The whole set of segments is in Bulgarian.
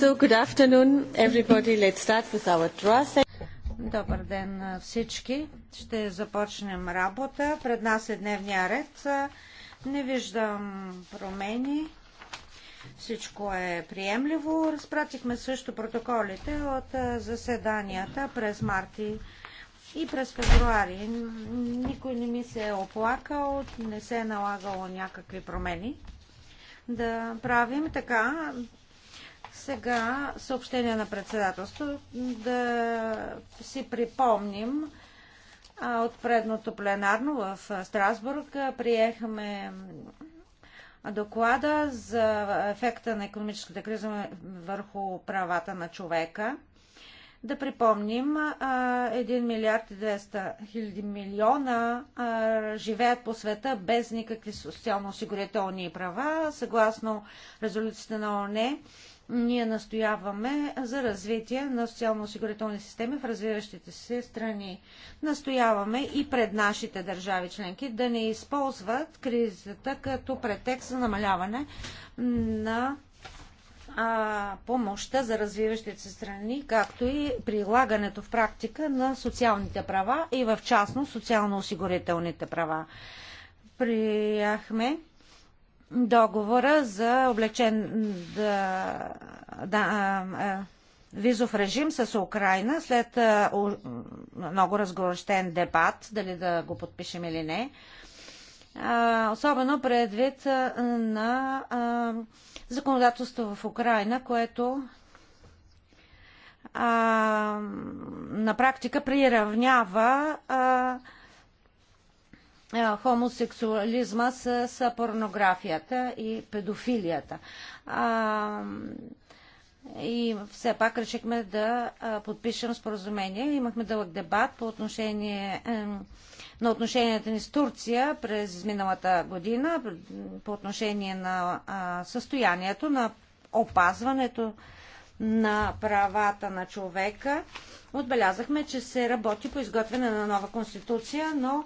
good afternoon, everybody. Let's start with our draft. Добър ден на всички. Ще започнем работа. Пред нас е дневния ред. Не виждам промени. Всичко е приемливо. Разпратихме също протоколите от заседанията през марти и през февруари. Никой не ми се е оплакал, не се е налагало някакви промени да правим така. Сега съобщение на председателство да си припомним от предното пленарно в Страсбург приехаме доклада за ефекта на економическата криза върху правата на човека. Да припомним, 1 милиард и 200 хиляди милиона живеят по света без никакви социално-осигурителни права, съгласно резолюцията на ОНЕ ние настояваме за развитие на социално-осигурителни системи в развиващите се страни. Настояваме и пред нашите държави членки да не използват кризата като претекст за намаляване на а, помощта за развиващите се страни, както и прилагането в практика на социалните права и в частност социално-осигурителните права. Прияхме договора за облегчен да, да, визов режим с Украина след много разгорещен дебат, дали да го подпишем или не. Особено предвид на законодателство в Украина, което на практика приравнява хомосексуализма с, с порнографията и педофилията. А, и все пак решихме да подпишем споразумение. Имахме дълъг дебат по отношение на отношенията ни с Турция през миналата година, по отношение на състоянието, на опазването на правата на човека. Отбелязахме, че се работи по изготвяне на нова конституция, но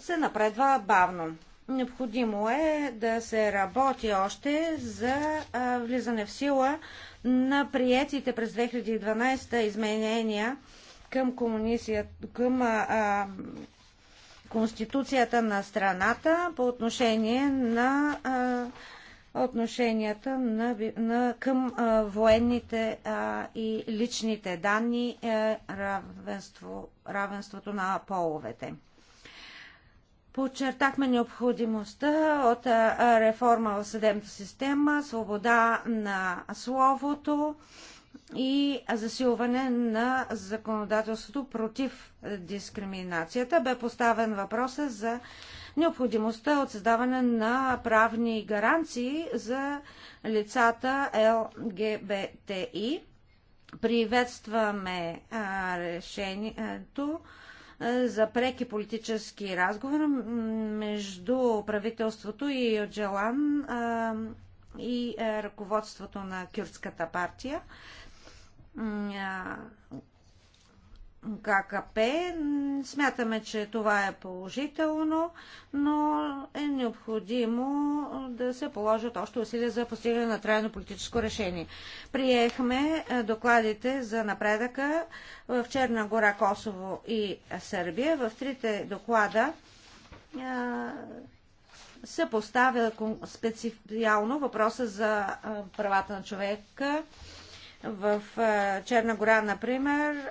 се напредва бавно. Необходимо е да се работи още за влизане в сила на приетите през 2012 изменения към, към а, а, Конституцията на страната по отношение на а, отношенията на, на, към а, военните а, и личните данни, а, е, равенство, равенството на половете. Подчертахме необходимостта от реформа в съдебната система, свобода на словото и засилване на законодателството против дискриминацията. Бе поставен въпроса за необходимостта от създаване на правни гаранции за лицата ЛГБТИ. Приветстваме решението за преки политически разговор между правителството и Оджалан и ръководството на Кюрдската партия. ГКП. Смятаме, че това е положително, но е необходимо да се положат още усилия за постигане на трайно политическо решение. Приехме е, докладите за напредъка в Черна гора, Косово и Сърбия. В трите доклада е, се поставя специално въпроса за е, правата на човека. В Черна гора, например,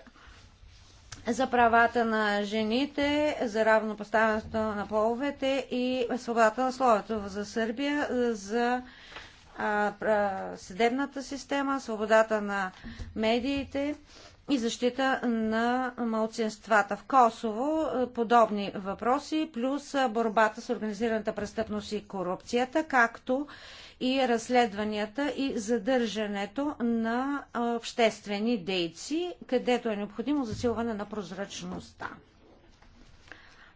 за правата на жените, за равнопоставянето на половете и свободата на словото за Сърбия, за съдебната система, свободата на медиите и защита на малцинствата. В Косово подобни въпроси, плюс борбата с организираната престъпност и корупцията, както и разследванията и задържането на обществени дейци, където е необходимо засилване на прозрачността.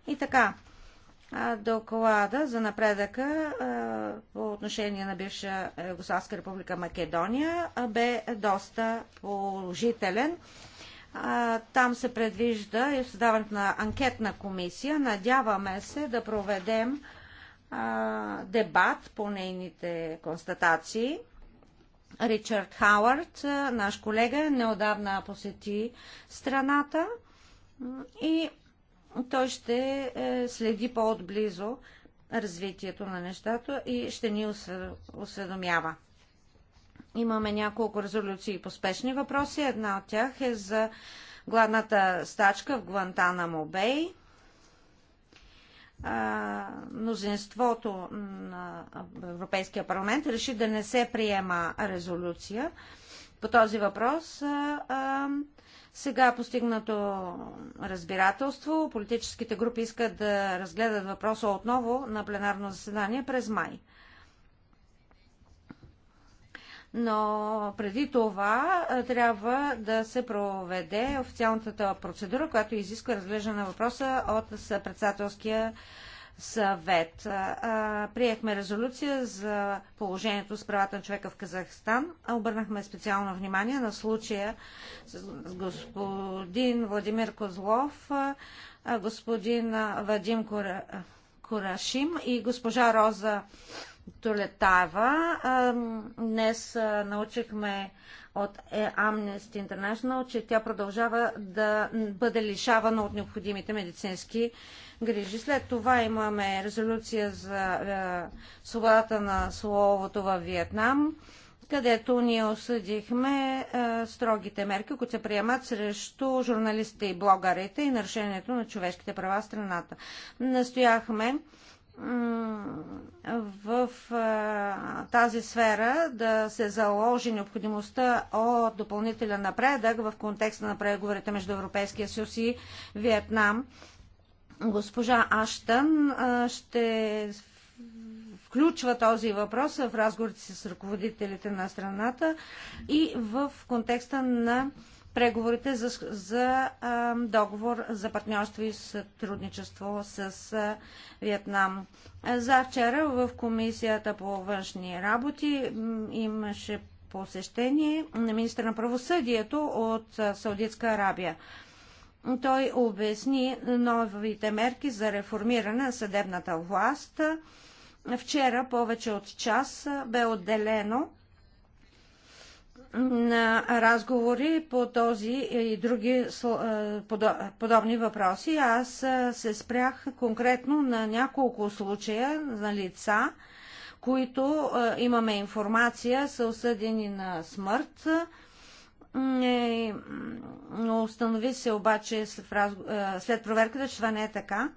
И така, доклада за напредъка по отношение на бивша Югославска република Македония бе доста положителен. Там се предвижда и създаването на анкетна комисия. Надяваме се да проведем дебат по нейните констатации. Ричард Хауърд, наш колега, неодавна посети страната и той ще е, следи по-отблизо развитието на нещата и ще ни осведомява. Имаме няколко резолюции по спешни въпроси. Една от тях е за гладната стачка в Гвантанамо Бей – мнозинството на Европейския парламент реши да не се приема резолюция по този въпрос. Сега е постигнато разбирателство. Политическите групи искат да разгледат въпроса отново на пленарно заседание през май но преди това трябва да се проведе официалната процедура, която изисква разглеждане на въпроса от председателския съвет. Приехме резолюция за положението с правата на човека в Казахстан. Обърнахме специално внимание на случая с господин Владимир Козлов, господин Вадим Курашим и госпожа Роза Толетаева. Днес научихме от е, Amnesty International, че тя продължава да бъде лишавана от необходимите медицински грижи. След това имаме резолюция за е, свободата на словото във Виетнам, където ние осъдихме е, строгите мерки, които се приемат срещу журналистите и блогърите и нарушението на човешките права в страната. Настояхме в тази сфера да се заложи необходимостта от допълнителен напредък в контекста на преговорите между Европейския съюз и Виетнам. Госпожа Аштън ще включва този въпрос в разговорите с ръководителите на страната и в контекста на преговорите за, за а, договор за партньорство и сътрудничество с а, Виетнам. За вчера в Комисията по външни работи имаше посещение на министър на правосъдието от Саудитска Арабия. Той обясни новите мерки за реформиране на съдебната власт. Вчера повече от час бе отделено на разговори по този и други подобни въпроси. Аз се спрях конкретно на няколко случая на лица, които имаме информация, са осъдени на смърт. Е, установи се обаче след проверката, че това не е така.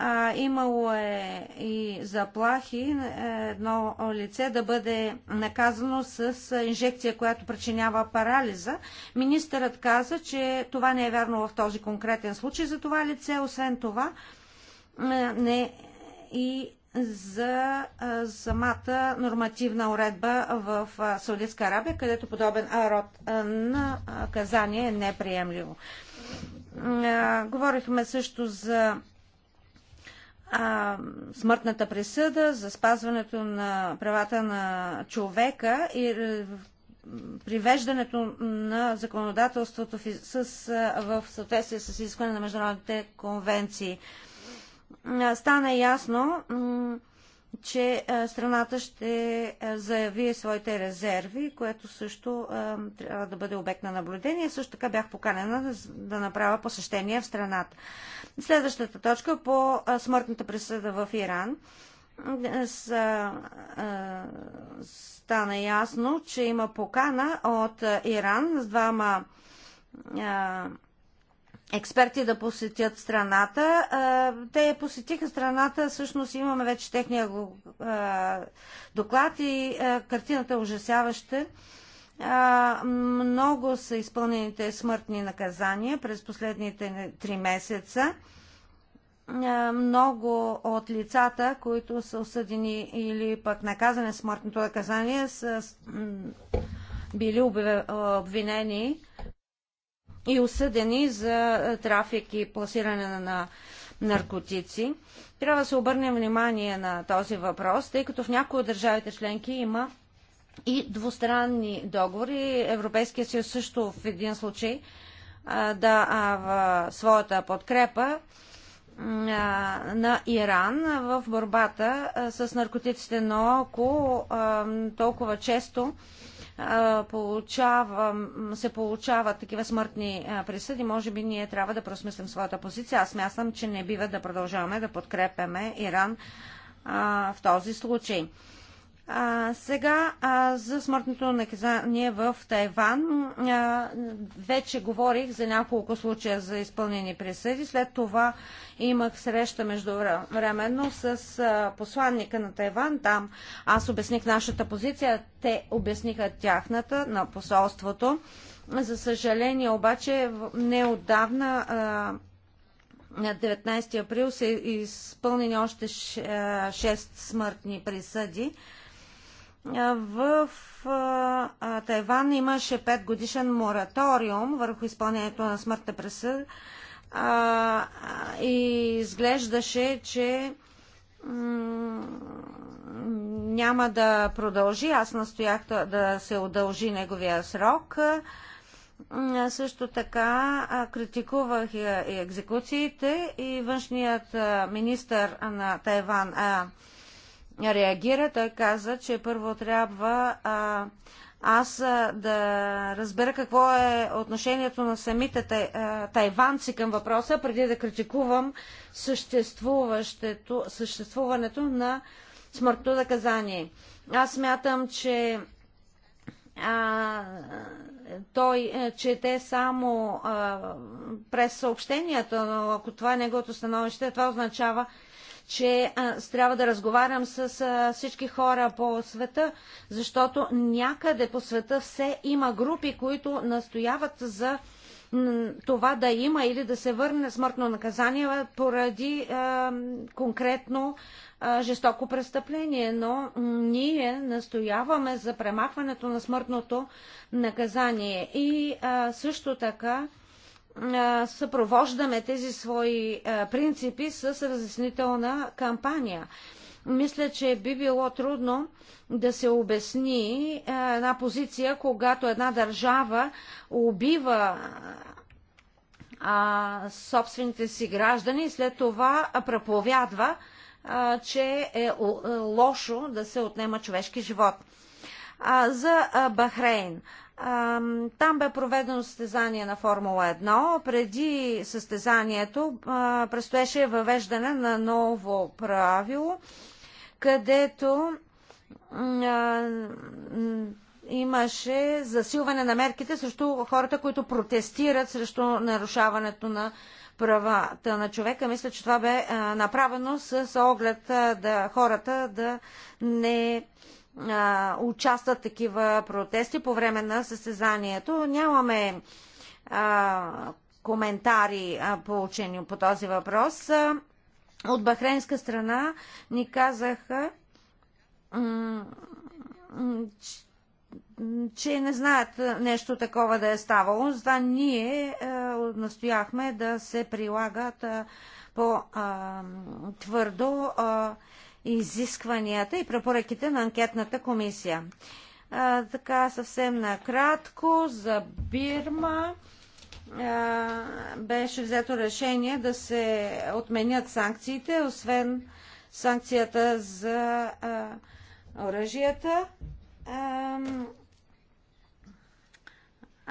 А, имало е и заплахи е, едно лице да бъде наказано с е, инжекция, която причинява парализа. Министърът каза, че това не е вярно в този конкретен случай за това лице. Освен това, е, не и за самата нормативна уредба в Саудитска Арабия, където подобен род на наказание е неприемливо. говорихме също за а, смъртната присъда, за спазването на правата на човека и е, привеждането на законодателството в, с, в съответствие с изискване на международните конвенции. Стана ясно, че страната ще заяви своите резерви, което също трябва да бъде обект на наблюдение. Също така бях поканена да направя посещение в страната. Следващата точка по смъртната присъда в Иран. стана ясно, че има покана от Иран с двама експерти да посетят страната. Те посетиха страната, всъщност имаме вече техния доклад и картината е ужасяваща. Много са изпълнените смъртни наказания през последните три месеца. Много от лицата, които са осъдени или пък наказани смъртното наказание, са били обвинени и осъдени за трафик и пласиране на наркотици. Трябва да се обърнем внимание на този въпрос, тъй като в някои от държавите членки има и двустранни договори. Европейския съюз също в един случай да в своята подкрепа на Иран в борбата с наркотиците, но ако толкова често получавам, се получават такива смъртни присъди, може би ние трябва да просмислим своята позиция. Аз мятам, че не бива да продължаваме да подкрепяме Иран в този случай. А, сега а, за смъртното наказание в Тайван. А, вече говорих за няколко случая за изпълнени присъди. След това имах среща междувременно с а, посланника на Тайван. Там аз обясних нашата позиция, те обясниха тяхната на посолството. За съжаление обаче неодавна а, на 19 април са изпълнени още 6 смъртни присъди в Тайван имаше 5 годишен мораториум върху изпълнението на смъртта присъда и изглеждаше, че няма да продължи. Аз настоях да се удължи неговия срок. Също така критикувах и екзекуциите и външният министр на Тайван реагира. Той каза, че първо трябва а, аз а, да разбера какво е отношението на самите тай, а, тайванци към въпроса, преди да критикувам съществуването на смъртното наказание. Аз мятам, че а, той е, чете само а, през съобщенията, но ако това е неговото становище, това означава, че аз трябва да разговарям с а, всички хора по света, защото някъде по света все има групи, които настояват за това да има или да се върне смъртно наказание поради а, конкретно а, жестоко престъпление, но ние настояваме за премахването на смъртното наказание и а, също така съпровождаме тези свои принципи с разяснителна кампания. Мисля, че би било трудно да се обясни една позиция, когато една държава убива собствените си граждани и след това проповядва, че е, е лошо да се отнема човешки живот. за Бахрейн. Там бе проведено състезание на Формула 1. Преди състезанието предстоеше въвеждане на ново правило, където имаше засилване на мерките срещу хората, които протестират срещу нарушаването на правата на човека. Мисля, че това бе направено с оглед да хората да не а, участват такива протести по време на състезанието. Нямаме а, коментари а, получени по този въпрос. От Бахренска страна ни казаха, че не знаят нещо такова да е ставало, затова ние настояхме да се прилагат по-твърдо изискванията и препоръките на анкетната комисия. А, така съвсем накратко за Бирма а, беше взето решение да се отменят санкциите, освен санкцията за оръжията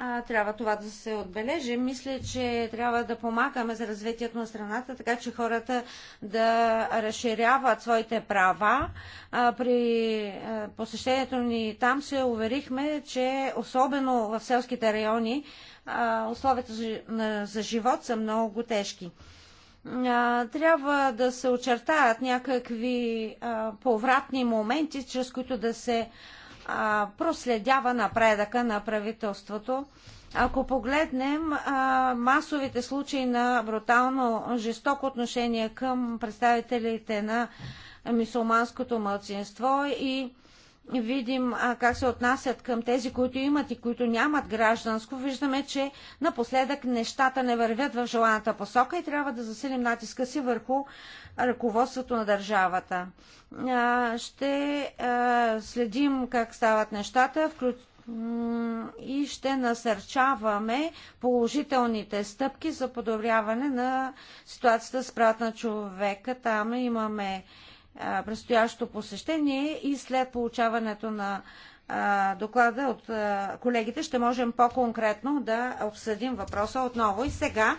а, трябва това да се отбележи. Мисля, че трябва да помагаме за развитието на страната, така че хората да разширяват своите права. А, при а, посещението ни там се уверихме, че особено в селските райони а, условията за, на, за живот са много тежки. А, трябва да се очертаят някакви а, повратни моменти, чрез които да се а, а, проследява напредъка на правителството. Ако погледнем а, масовите случаи на брутално жестоко отношение към представителите на мисулманското мълцинство и видим а, как се отнасят към тези, които имат и които нямат гражданско, виждаме, че напоследък нещата не вървят в желаната посока и трябва да засилим натиска си върху ръководството на държавата. А, ще а, следим как стават нещата вклю... и ще насърчаваме положителните стъпки за подобряване на ситуацията с правата на човека. Там имаме предстоящо посещение и след получаването на доклада от колегите ще можем по-конкретно да обсъдим въпроса отново. И сега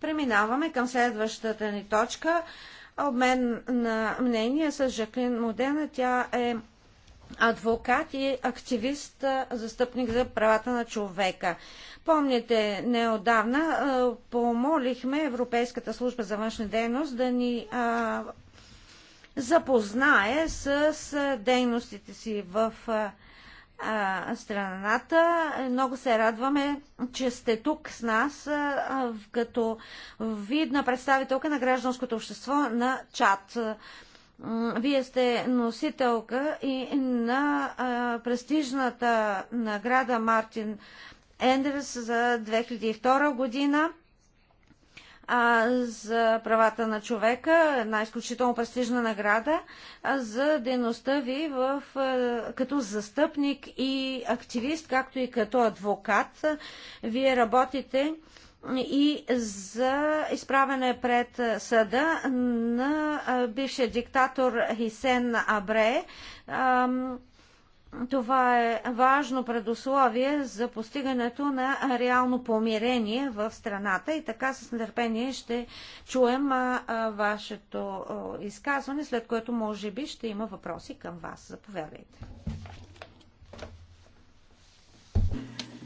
преминаваме към следващата ни точка. Обмен на мнение с Жаклин Модена. Тя е адвокат и активист, застъпник за правата на човека. Помните, неодавна помолихме Европейската служба за външна дейност да ни а, запознае с дейностите си в страната. Много се радваме, че сте тук с нас като видна представителка на гражданското общество на чат. Вие сте носителка и на престижната награда Мартин Ендерс за 2002 година а, за правата на човека, една изключително престижна награда а, за дейността ви в, а, като застъпник и активист, както и като адвокат. Вие работите и за изправене пред съда на бившия диктатор Хисен Абре. Това е важно предусловие за постигането на реално помирение в страната и така с нетърпение ще чуем а, а, вашето а, изказване, след което може би ще има въпроси към вас. Заповядайте.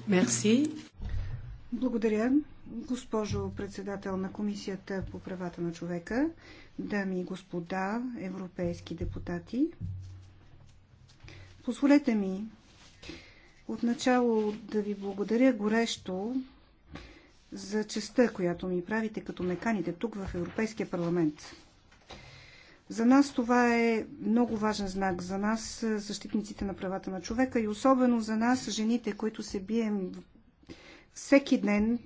Мерси. Благодаря, госпожо председател на Комисията по правата на човека, дами и господа европейски депутати. Позволете ми отначало да ви благодаря горещо за честа, която ми правите като меканите тук в Европейския парламент. За нас това е много важен знак, за нас е, защитниците на правата на човека и особено за нас жените, които се бием всеки ден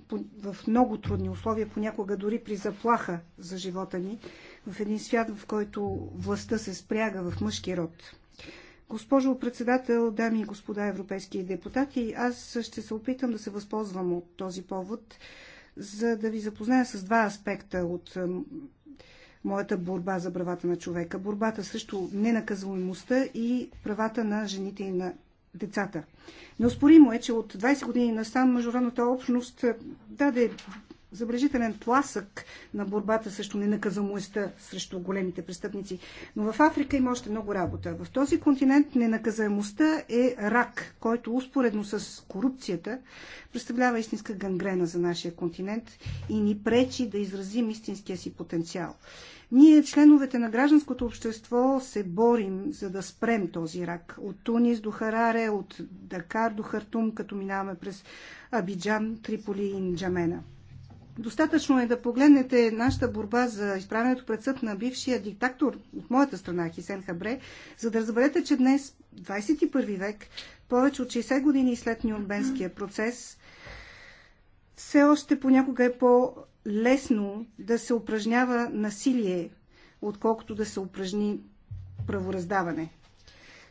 в много трудни условия, понякога дори при заплаха за живота ни, в един свят, в който властта се спряга в мъжки род. Госпожо председател, дами и господа европейски депутати, аз ще се опитам да се възползвам от този повод, за да ви запозная с два аспекта от моята борба за правата на човека. Борбата срещу ненаказуемостта и правата на жените и на децата. Неоспоримо е, че от 20 години насам международната общност е, даде забележителен тласък на борбата срещу ненаказамостта, срещу големите престъпници. Но в Африка има още много работа. В този континент ненаказаемостта е рак, който успоредно с корупцията представлява истинска гангрена за нашия континент и ни пречи да изразим истинския си потенциал. Ние, членовете на гражданското общество, се борим за да спрем този рак. От Тунис до Хараре, от Дакар до Хартум, като минаваме през Абиджан, Триполи и Нджамена. Достатъчно е да погледнете нашата борба за изправенето пред съд на бившия диктатор от моята страна, Хисен Хабре, за да разберете, че днес, 21 век, повече от 60 години след Нюрнбенския процес, все още понякога е по-лесно да се упражнява насилие, отколкото да се упражни правораздаване.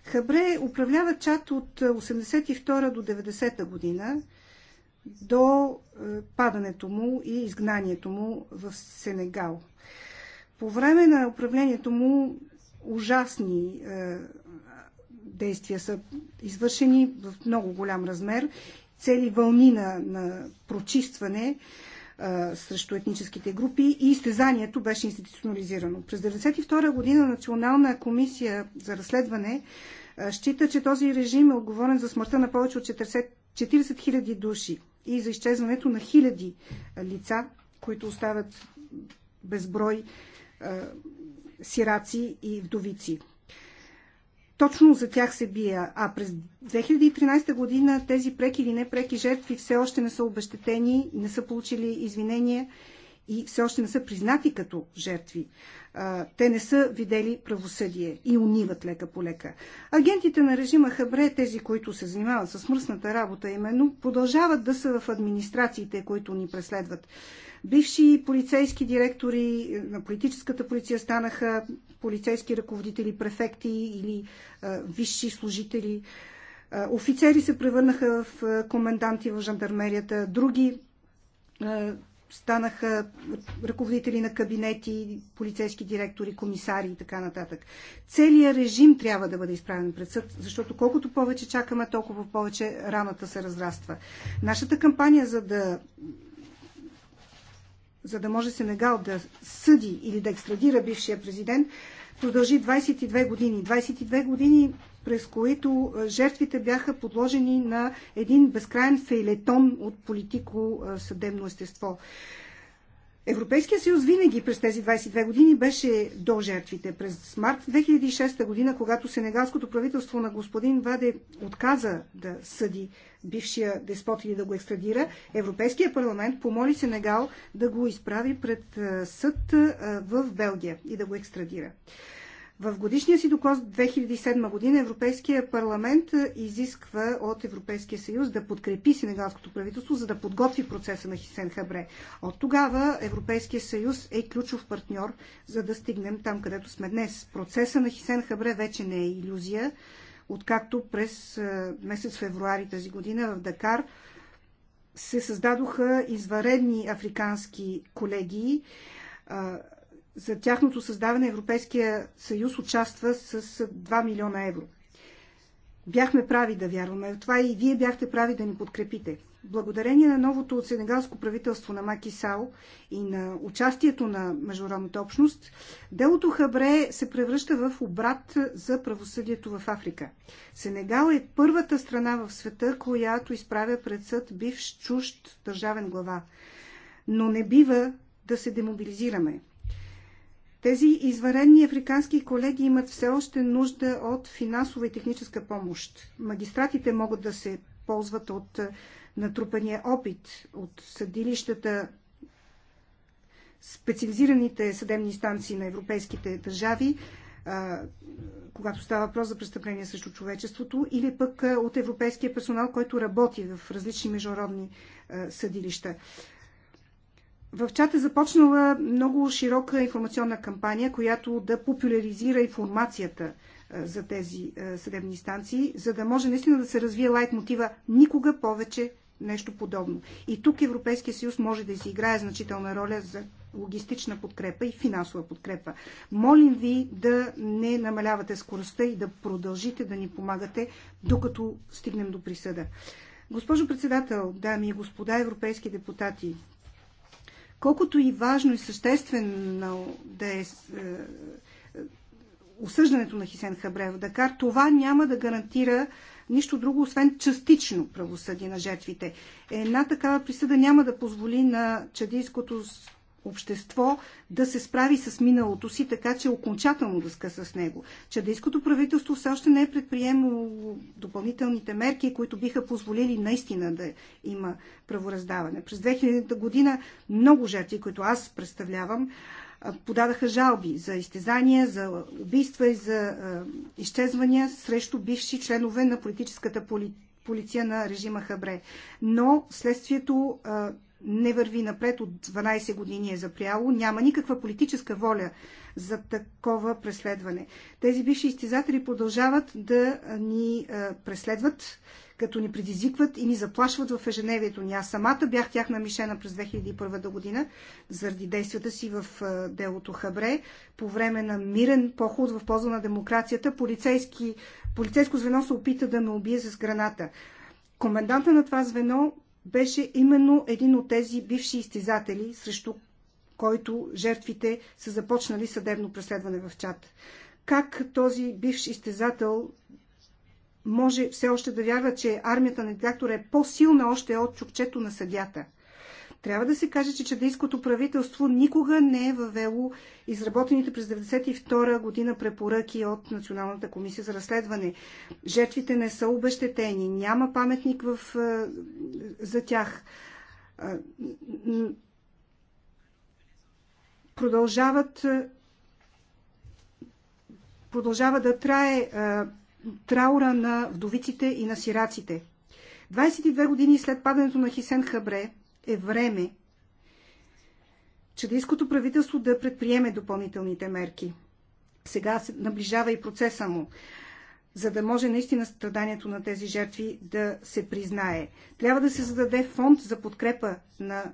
Хабре управлява чат от 82 до 90 година до е, падането му и изгнанието му в Сенегал. По време на управлението му ужасни е, действия са извършени в много голям размер. Цели вълни на, на прочистване а, е, срещу етническите групи и изтезанието беше институционализирано. През 1992 година Национална комисия за разследване а, счита, че този режим е отговорен за смъртта на повече от 40 000 души и за изчезването на хиляди лица, които остават безброй сираци и вдовици. Точно за тях се бия. А през 2013 година тези преки или непреки жертви все още не са обещетени, не са получили извинения и все още не са признати като жертви. Те не са видели правосъдие и униват лека по лека. Агентите на режима Хабре, тези, които се занимават с мръсната работа именно, продължават да са в администрациите, които ни преследват. Бивши полицейски директори на политическата полиция станаха полицейски ръководители, префекти или а, висши служители. А, офицери се превърнаха в коменданти в жандармерията. Други станаха ръководители на кабинети, полицейски директори, комисари и така нататък. Целият режим трябва да бъде изправен пред съд, защото колкото повече чакаме, толкова повече раната се разраства. Нашата кампания за да за да може Сенегал да съди или да екстрадира бившия президент, продължи 22 години. 22 години, през които жертвите бяха подложени на един безкрайен фейлетон от политико-съдебно естество. Европейския съюз винаги през тези 22 години беше до жертвите. През март 2006 година, когато сенегалското правителство на господин Ваде отказа да съди бившия деспот или да го екстрадира, Европейския парламент помоли Сенегал да го изправи пред съд в Белгия и да го екстрадира. В годишния си доклад 2007 година Европейския парламент изисква от Европейския съюз да подкрепи сенегалското правителство, за да подготви процеса на Хисен Хабре. От тогава Европейския съюз е ключов партньор, за да стигнем там, където сме днес. Процеса на Хисен Хабре вече не е иллюзия, откакто през месец февруари тази година в Дакар се създадоха изваредни африкански колегии, за тяхното създаване Европейския съюз участва с 2 милиона евро. Бяхме прави да вярваме в това и вие бяхте прави да ни подкрепите. Благодарение на новото от сенегалско правителство на Маки Сао и на участието на международната общност, делото Хабре се превръща в обрат за правосъдието в Африка. Сенегал е първата страна в света, която изправя пред съд бивш чужд държавен глава. Но не бива да се демобилизираме. Тези изваредни африкански колеги имат все още нужда от финансова и техническа помощ. Магистратите могат да се ползват от е, натрупания опит, от съдилищата, специализираните съдебни инстанции на европейските държави, е, когато става въпрос за престъпления срещу човечеството, или пък е, от европейския персонал, който работи в различни международни съдилища в чат е започнала много широка информационна кампания, която да популяризира информацията е, за тези е, съдебни инстанции, за да може наистина да се развие лайт мотива никога повече нещо подобно. И тук Европейския съюз може да изиграе значителна роля за логистична подкрепа и финансова подкрепа. Молим ви да не намалявате скоростта и да продължите да ни помагате, докато стигнем до присъда. Госпожо председател, дами и господа европейски депутати, Колкото и важно и съществено да е, е осъждането на Хисен Хабре в Дакар, това няма да гарантира нищо друго, освен частично правосъдие на жертвите. Една такава присъда няма да позволи на чадийското общество да се справи с миналото си, така че окончателно да скъса с него. Чадейското правителство все още не е предприемало допълнителните мерки, които биха позволили наистина да има правораздаване. През 2000 година много жертви, които аз представлявам, подадаха жалби за изтезания, за убийства и за изчезвания срещу бивши членове на политическата поли... полиция на режима Хабре. Но следствието не върви напред от 12 години е запряло, няма никаква политическа воля за такова преследване. Тези бивши изтезатели продължават да ни е, преследват, като ни предизвикват и ни заплашват в ежедневието ни. Аз самата бях тяхна мишена през 2001 година заради действията си в е, делото Хабре по време на мирен поход в полза на демокрацията. Полицейски, полицейско звено се опита да ме убие с граната. Коменданта на това звено беше именно един от тези бивши изтезатели, срещу който жертвите са започнали съдебно преследване в чат. Как този бивш изтезател може все още да вярва, че армията на диктатора е по-силна още от чукчето на съдята – трябва да се каже, че чадейското правителство никога не е въвело изработените през 1992 година препоръки от Националната комисия за разследване. Жертвите не са обещетени, няма паметник в, е, за тях. Е, продължават е, продължава да трае траура на вдовиците и на сираците. 22 години след падането на Хисен Хабре, е време чадийското правителство да предприеме допълнителните мерки. Сега се наближава и процеса му, за да може наистина страданието на тези жертви да се признае. Трябва да се зададе фонд за подкрепа на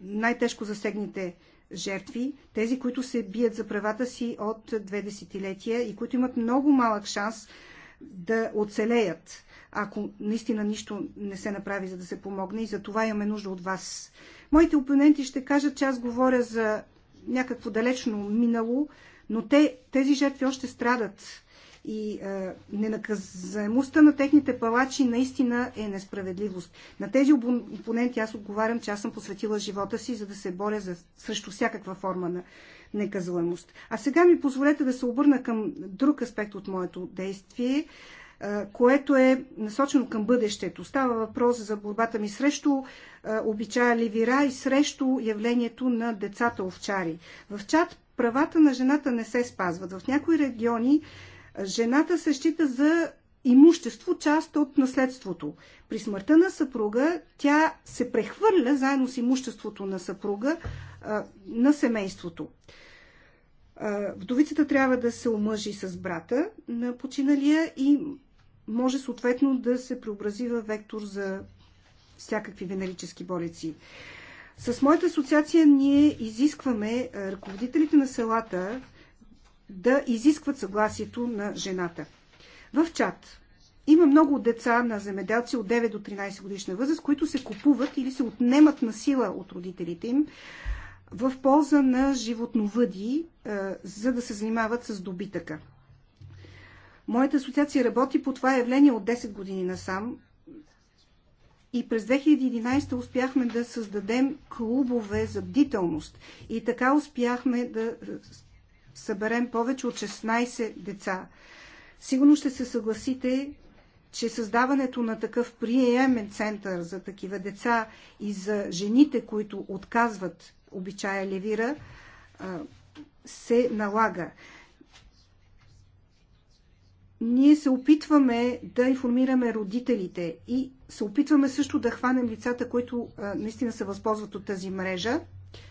най-тежко засегните жертви, тези, които се бият за правата си от две десетилетия и които имат много малък шанс да оцелеят ако наистина нищо не се направи, за да се помогне и за това имаме нужда от вас. Моите опоненти ще кажат, че аз говоря за някакво далечно минало, но те, тези жертви още страдат. И е, ненаказаемостта на техните палачи наистина е несправедливост. На тези опоненти аз отговарям, че аз съм посветила живота си, за да се боря за, срещу всякаква форма на неказуемост. А сега ми позволете да се обърна към друг аспект от моето действие което е насочено към бъдещето. Става въпрос за борбата ми срещу обичая Ливира и срещу явлението на децата овчари. В чат правата на жената не се спазват. В някои региони жената се счита за имущество, част от наследството. При смъртта на съпруга тя се прехвърля заедно с имуществото на съпруга на семейството. Вдовицата трябва да се омъжи с брата на починалия и може съответно да се преобрази в вектор за всякакви венерически болици. С моята асоциация ние изискваме ръководителите на селата да изискват съгласието на жената. В чат има много деца на земеделци от 9 до 13 годишна възраст, които се купуват или се отнемат на сила от родителите им в полза на животновъди, за да се занимават с добитъка. Моята асоциация работи по това явление от 10 години насам и през 2011 успяхме да създадем клубове за бдителност и така успяхме да е, съберем повече от 16 деца. Сигурно ще се съгласите, че създаването на такъв приемен център за такива деца и за жените, които отказват обичая Левира, се налага ние се опитваме да информираме родителите и се опитваме също да хванем лицата, които а, наистина се възползват от тази мрежа,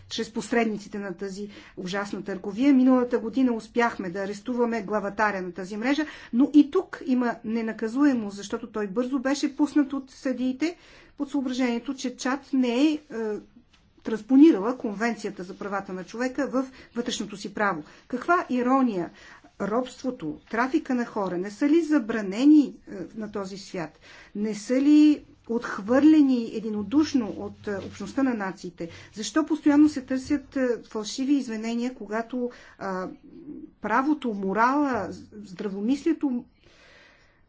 чрез посредниците на тази ужасна търговия. Миналата година успяхме да арестуваме главатаря на тази мрежа, но и тук има ненаказуемо, защото той бързо беше пуснат от съдиите под съображението, че чат не е, е транспонирала Конвенцията за правата на човека в вътрешното си право. Каква ирония! робството, трафика на хора не са ли забранени е, на този свят? Не са ли отхвърлени единодушно от е, общността на нациите? Защо постоянно се търсят е, фалшиви извинения, когато правото, морала, здравомислието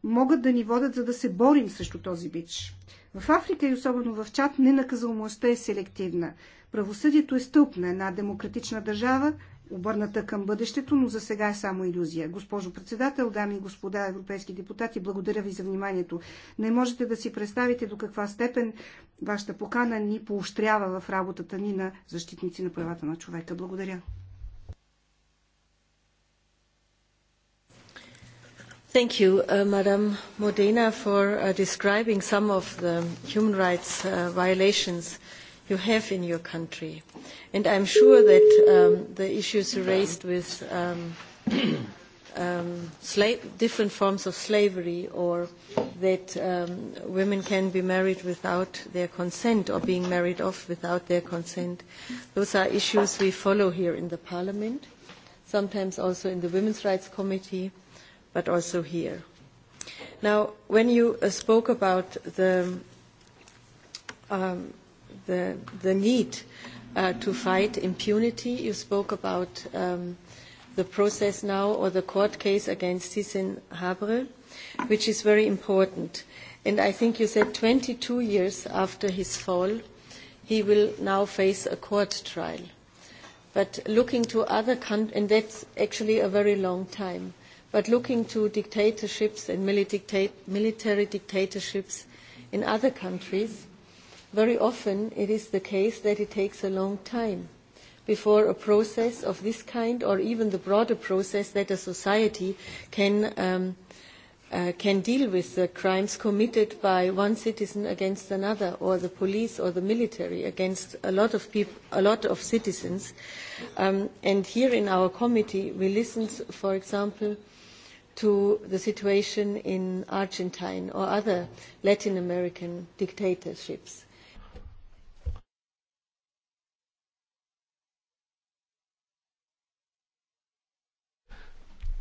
могат да ни водят, за да се борим срещу този бич? В Африка и особено в Чад ненаказалността е селективна. Правосъдието е стълб на една демократична държава обърната към бъдещето, но за сега е само иллюзия. Госпожо председател, дами и господа европейски депутати, благодаря ви за вниманието. Не можете да си представите до каква степен вашата покана ни поощрява в работата ни на защитници на правата на човека. Благодаря. Thank you, uh, Madam Modena, for uh, describing some of the human rights uh, violations you have in your country. And I'm sure that um, the issues raised with um, um, slave, different forms of slavery or that um, women can be married without their consent or being married off without their consent, those are issues we follow here in the Parliament, sometimes also in the Women's Rights Committee, but also here. Now, when you uh, spoke about the um, the, the need uh, to fight impunity. You spoke about um, the process now or the court case against Sissin Habre, which is very important. And I think you said 22 years after his fall, he will now face a court trial. But looking to other countries, and that's actually a very long time, but looking to dictatorships and military dictatorships in other countries, Very often it is the case that it takes a long time before a process of this kind or even the broader process that a society can um, can deal with the crimes committed by one citizen against another, or the police or the military against a lot of peop- a lot of citizens. and here in our committee, we listened, for example, to the situation in Argentine or other Latin American dictatorships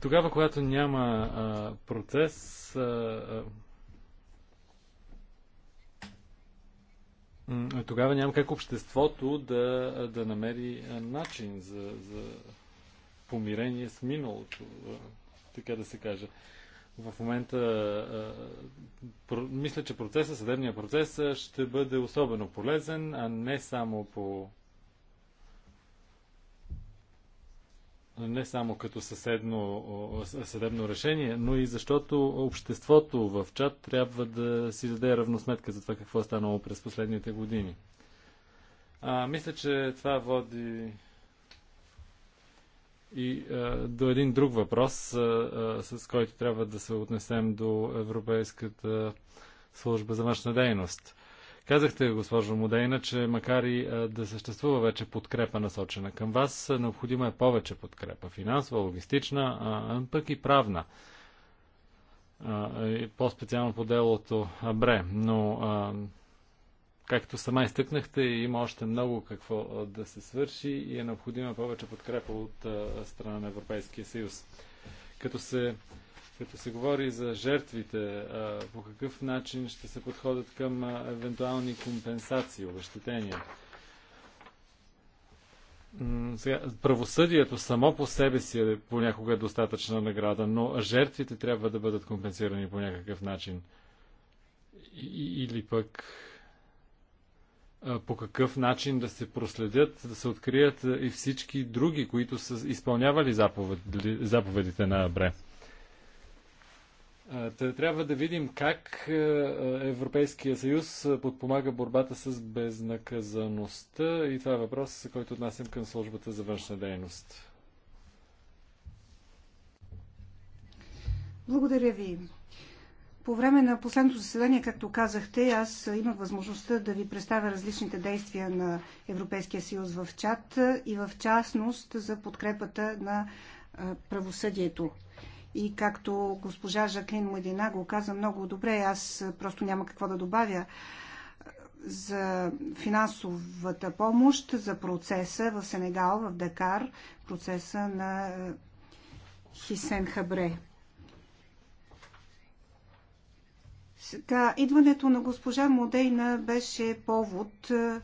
Тогава, когато няма а, процес, а, а, тогава няма как обществото да, да намери начин за, за помирение с миналото, така да се каже. В момента про, мисля, че процесът, съдебния процес ще бъде особено полезен, а не само по не само като съседно, съдебно решение, но и защото обществото в чат трябва да си даде равносметка за това какво е станало през последните години. А, мисля, че това води и а, до един друг въпрос, а, а, с който трябва да се отнесем до Европейската служба за външна дейност. Казахте, госпожо Модейна, че макар и да съществува вече подкрепа насочена към вас, необходима е повече подкрепа. Финансова, логистична, а пък и правна. По-специално по делото Абре. Но, както сама изтъкнахте, има още много какво да се свърши и е необходима повече подкрепа от страна на Европейския съюз. Като се като се говори за жертвите, по какъв начин ще се подходят към евентуални компенсации, обещетения? Сега, правосъдието само по себе си е понякога достатъчна награда, но жертвите трябва да бъдат компенсирани по някакъв начин. И, или пък по какъв начин да се проследят, да се открият и всички други, които са изпълнявали заповед, заповедите на Абре. Трябва да видим как Европейския съюз подпомага борбата с безнаказаността и това е въпрос, който отнасям към службата за външна дейност. Благодаря ви. По време на последното заседание, както казахте, аз имах възможността да ви представя различните действия на Европейския съюз в чат и в частност за подкрепата на правосъдието. И както госпожа Жаклин Младина го каза много добре, аз просто няма какво да добавя за финансовата помощ, за процеса в Сенегал, в Дакар, процеса на е, Хисен Хабре. Сега, идването на госпожа Модейна беше повод е,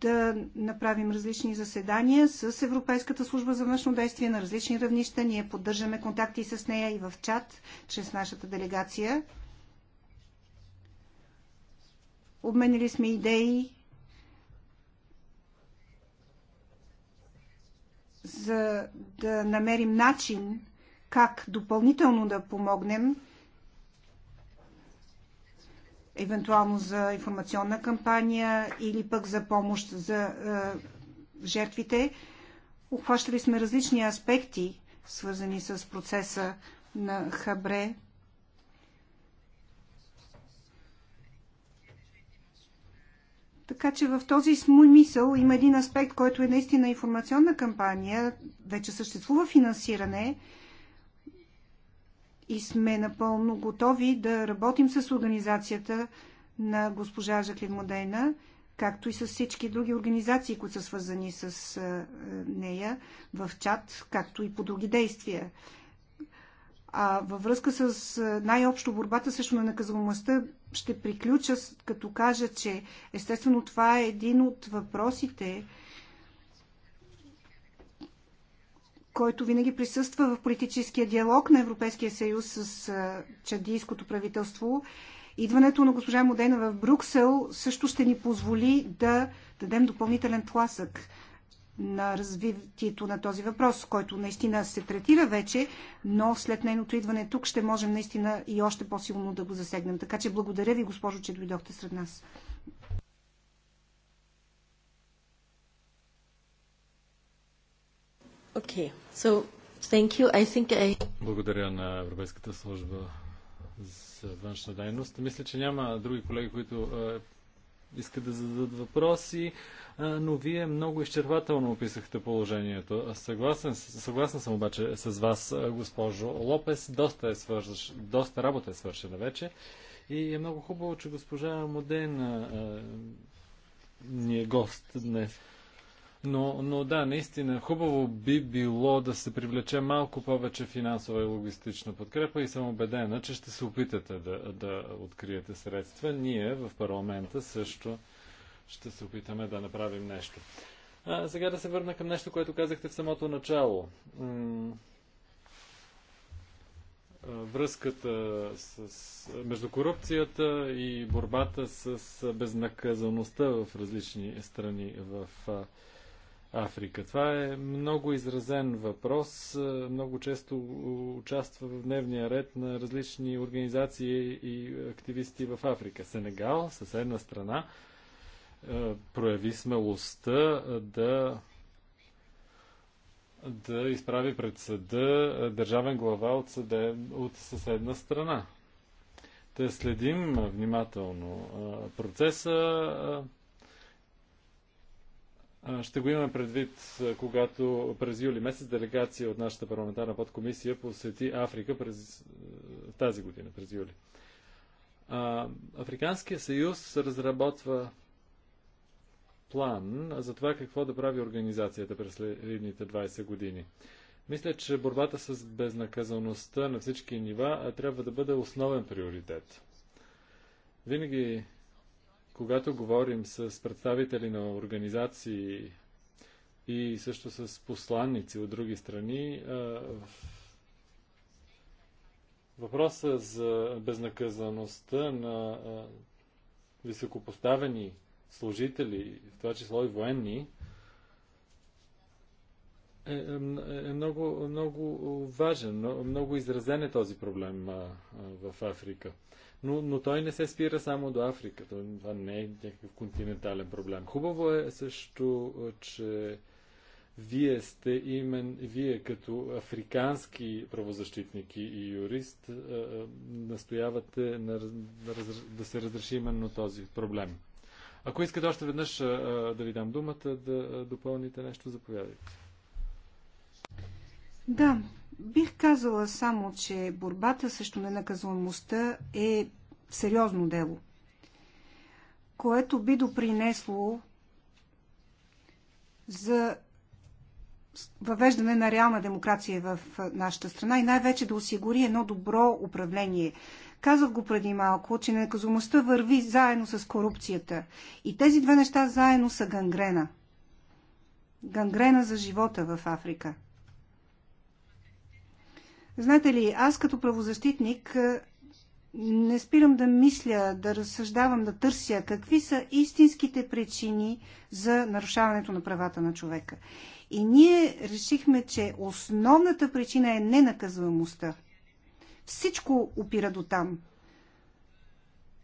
да направим различни заседания с Европейската служба за външно действие на различни равнища. Ние поддържаме контакти с нея и в чат, чрез нашата делегация. Обменили сме идеи за да намерим начин как допълнително да помогнем евентуално за информационна кампания или пък за помощ за е, жертвите. Охващали сме различни аспекти, свързани с процеса на Хабре. Така че в този смисъл има един аспект, който е наистина информационна кампания. Вече съществува финансиране, и сме напълно готови да работим с организацията на госпожа Жаклин Модейна, както и с всички други организации, които са свързани с нея в чат, както и по други действия. А във връзка с най-общо борбата също на наказуемостта ще приключа като кажа, че естествено това е един от въпросите, който винаги присъства в политическия диалог на Европейския съюз с чадийското правителство. Идването на госпожа Модена в Брюксел също ще ни позволи да дадем допълнителен тласък на развитието на този въпрос, който наистина се третира вече, но след нейното идване тук ще можем наистина и още по-силно да го засегнем. Така че благодаря ви, госпожо, че дойдохте сред нас. Okay. So, thank you. I think I... Благодаря на Европейската служба за външна дейност. Мисля, че няма други колеги, които е, искат да зададат въпроси, е, но вие много изчервателно описахте положението. Съгласен, съгласен съм обаче с вас, е, госпожо Лопес. Доста, е свърш, доста работа е свършена вече. И е много хубаво, че госпожа Моден ни е гост днес. Но, но да, наистина хубаво би било да се привлече малко повече финансова и логистична подкрепа и съм убедена, че ще се опитате да, да откриете средства. Ние в парламента също ще се опитаме да направим нещо. А, сега да се върна към нещо, което казахте в самото начало. М връзката с, между корупцията и борбата с безнаказаността в различни страни в Африка. Това е много изразен въпрос. Е, много често участва в дневния ред на различни организации и активисти в Африка. Сенегал, съседна страна, е, прояви смелостта е, да да изправи пред съда държавен глава от, съде, от съседна страна. Те следим внимателно процеса ще го имаме предвид, когато през юли месец делегация от нашата парламентарна подкомисия посети Африка през тази година, през юли. Африканския съюз разработва план за това какво да прави организацията през следните 20 години. Мисля, че борбата с безнаказаността на всички нива трябва да бъде основен приоритет. Винаги когато говорим с представители на организации и също с посланници от други страни, въпроса за безнаказаността на високопоставени служители, в това число и военни, е, е, е много, много важен, много изразен е този проблем в Африка но, но той не се спира само до Африка. Това не е някакъв континентален проблем. Хубаво е също, че вие сте имен, вие като африкански правозащитник и юрист настоявате на, на, да се разреши именно този проблем. Ако искате още веднъж да ви дам думата да допълните нещо, заповядайте. Да, Бих казала само, че борбата срещу ненаказуемостта е сериозно дело, което би допринесло за въвеждане на реална демокрация в нашата страна и най-вече да осигури едно добро управление. Казах го преди малко, че ненаказуемостта върви заедно с корупцията. И тези две неща заедно са гангрена. Гангрена за живота в Африка – Знаете ли, аз като правозащитник не спирам да мисля, да разсъждавам, да търся какви са истинските причини за нарушаването на правата на човека. И ние решихме, че основната причина е ненаказуемостта. Всичко опира до там.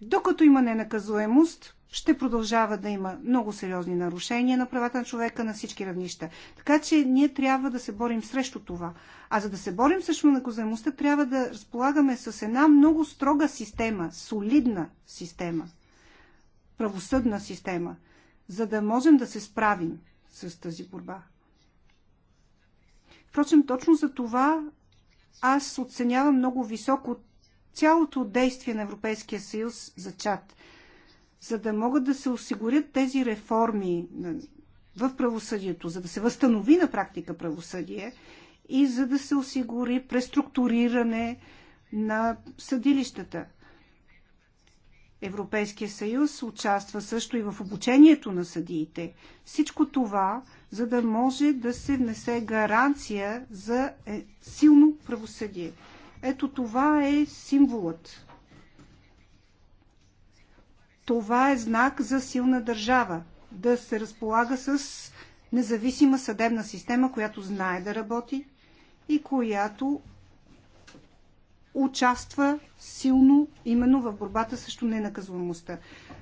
Докато има ненаказуемост, ще продължава да има много сериозни нарушения на правата на човека на всички равнища. Така че ние трябва да се борим срещу това. А за да се борим срещу наказуемостта, трябва да разполагаме с една много строга система, солидна система, правосъдна система, за да можем да се справим с тази борба. Впрочем, точно за това аз оценявам много високо цялото действие на Европейския съюз за чат – за да могат да се осигурят тези реформи в правосъдието, за да се възстанови на практика правосъдие и за да се осигури преструктуриране на съдилищата. Европейския съюз участва също и в обучението на съдиите. Всичко това, за да може да се внесе гаранция за е, силно правосъдие. Ето това е символът това е знак за силна държава. Да се разполага с независима съдебна система, която знае да работи и която участва силно именно в борбата срещу ненаказуемостта.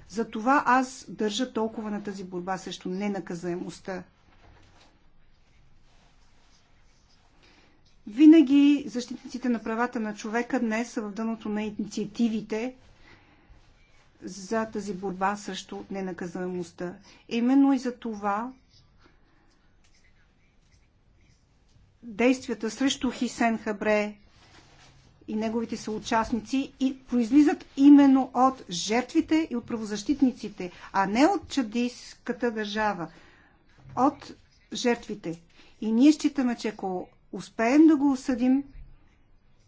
Затова аз държа толкова на тази борба срещу ненаказуемостта. Винаги защитниците на правата на човека днес са в дъното на инициативите за тази борба срещу ненаказаемостта. Именно и за това действията срещу Хисен Хабре и неговите съучастници и произлизат именно от жертвите и от правозащитниците, а не от чадийската държава, от жертвите. И ние считаме, че ако успеем да го осъдим,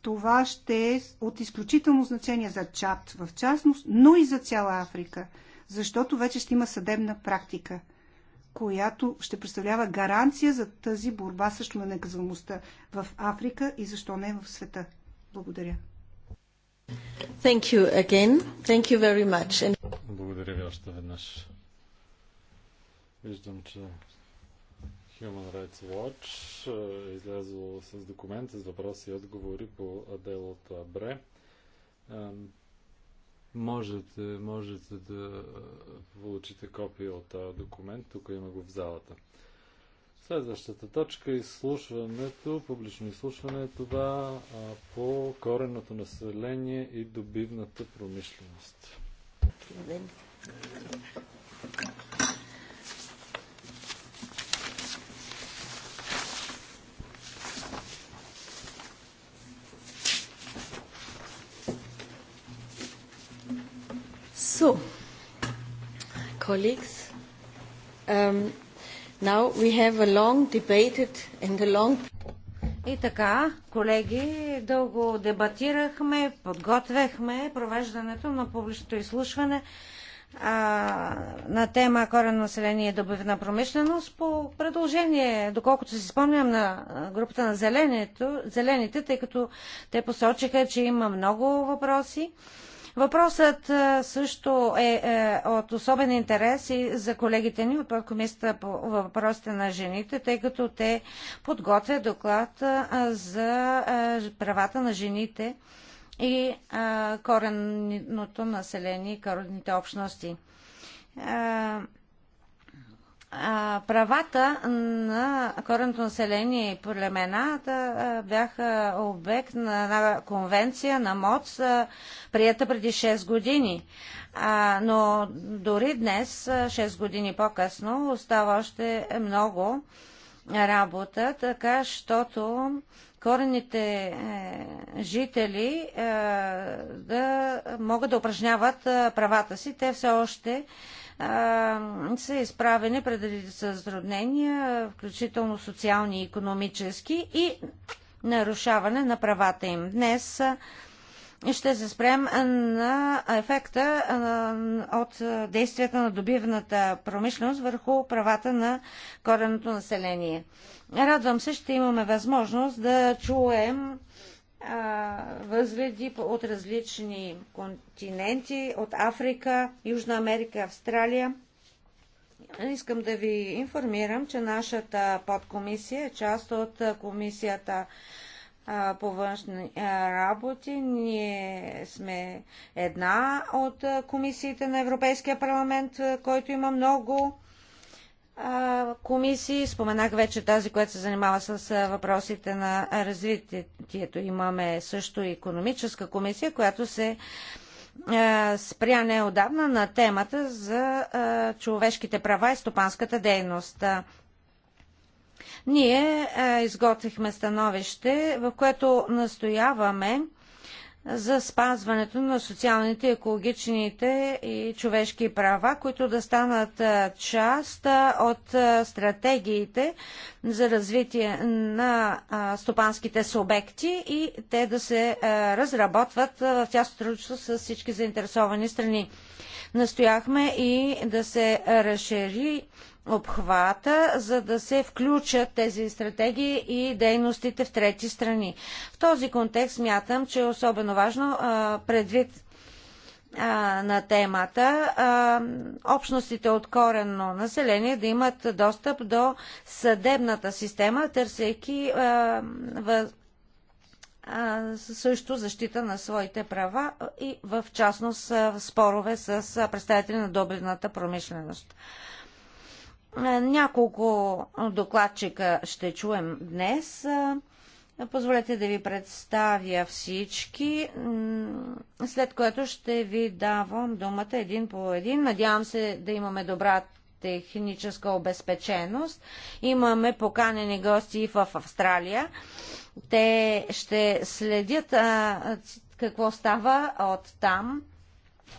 това ще е от изключително значение за Чад в частност, но и за цяла Африка, защото вече ще има съдебна практика, която ще представлява гаранция за тази борба също на неказвамостта в Африка и защо не в света. Благодаря. Thank you again. Thank you very much. And... Благодаря ви още веднъж. Виждам, че Human Rights Watch е излязло с документ с въпроси и отговори по делото Абре. Е, можете, можете да е, получите копия от този документ. Тук има го в залата. Следващата точка е изслушването, публично изслушване е това а, по коренното население и добивната промишленост. So, colleagues, um, now we have a long debated and a long... И така, колеги, дълго дебатирахме, подготвяхме провеждането на публичното изслушване а, на тема корен население и добивна промишленост по предложение, доколкото си спомням, на групата на зелените, зелените, тъй като те посочиха, че има много въпроси. Въпросът също е, е, от особен интерес и за колегите ни от Комисията по въпросите на жените, тъй като те подготвят доклад за правата на жените и коренното население и коренните общности правата на коренното население и племената бяха обект на една конвенция на МОЦ, прията преди 6 години. А, но дори днес, 6 години по-късно, остава още много работа, така, щото корените е, жители е, да могат да упражняват е, правата си. Те все още са изправени пред редица затруднения, включително социални и економически и нарушаване на правата им. Днес ще се спрем на ефекта от действията на добивната промишленост върху правата на кореното население. Радвам се, ще имаме възможност да чуем възгледи от различни континенти, от Африка, Южна Америка, Австралия. Искам да ви информирам, че нашата подкомисия е част от комисията по външни работи. Ние сме една от комисиите на Европейския парламент, който има много комисии. Споменах вече тази, която се занимава с въпросите на развитието. Имаме също и економическа комисия, която се спря неодавна на темата за човешките права и стопанската дейност. Ние изготвихме становище, в което настояваме за спазването на социалните, екологичните и човешки права, които да станат част от стратегиите за развитие на стопанските субекти и те да се разработват в тясно сътрудничество с всички заинтересовани страни. Настояхме и да се разшири обхвата, за да се включат тези стратегии и дейностите в трети страни. В този контекст мятам, че е особено важно предвид на темата общностите от коренно население да имат достъп до съдебната система, търсейки също защита на своите права и в частност в спорове с представители на добивната промишленост. Е, няколко докладчика ще чуем днес. Е, позволете да ви представя всички, след което ще ви давам думата един по един. Надявам се да имаме добра техническа обезпеченост. Имаме поканени гости в Австралия. Те ще следят какво става от там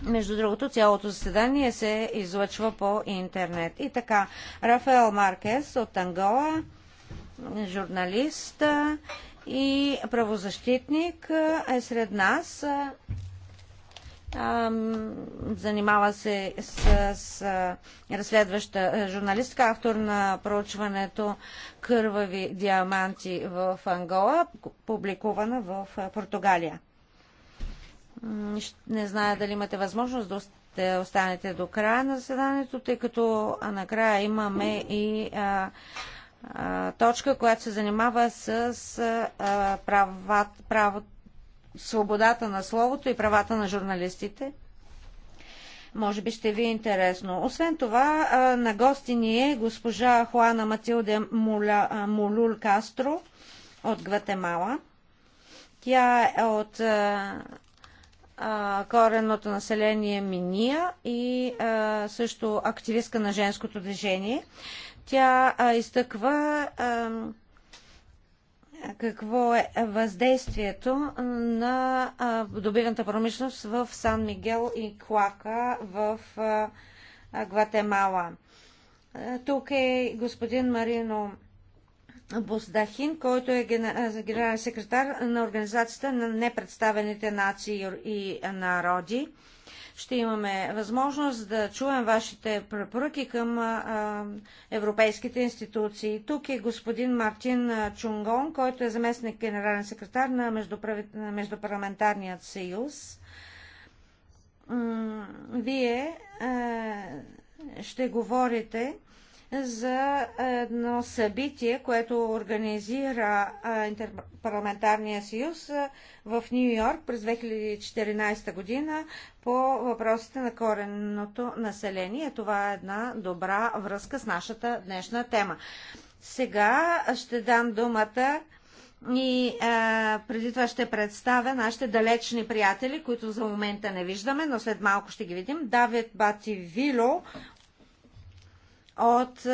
между другото, цялото заседание се излъчва по интернет. И така, Рафаел Маркес от Ангола, журналист и правозащитник е сред нас. Занимава се с, с разследваща журналистка, автор на проучването Кървави диаманти в Ангола, публикувана в Португалия. Не зная дали имате възможност да останете до края на заседанието, тъй като накрая имаме и точка, която се занимава с права, право, свободата на словото и правата на журналистите. Може би ще ви е интересно. Освен това, на гости ни е госпожа Хуана Матилде Молул Кастро от Гватемала. Тя е от коренното население Миния и също активистка на женското движение. Тя изтъква какво е въздействието на добивната промишленост в Сан Мигел и Клака в Гватемала. Тук е господин Марино Боздахин, който е генерален секретар на Организацията на непредставените нации и народи. Ще имаме възможност да чуем вашите препоръки към европейските институции. Тук е господин Мартин Чунгон, който е заместник генерален секретар на, Междупарламентарният съюз. Вие ще говорите за едно събитие, което организира Интерпарламентарния съюз в Нью Йорк през 2014 година по въпросите на коренното население. Това е една добра връзка с нашата днешна тема. Сега ще дам думата и а, преди това ще представя нашите далечни приятели, които за момента не виждаме, но след малко ще ги видим. Давид Бативило от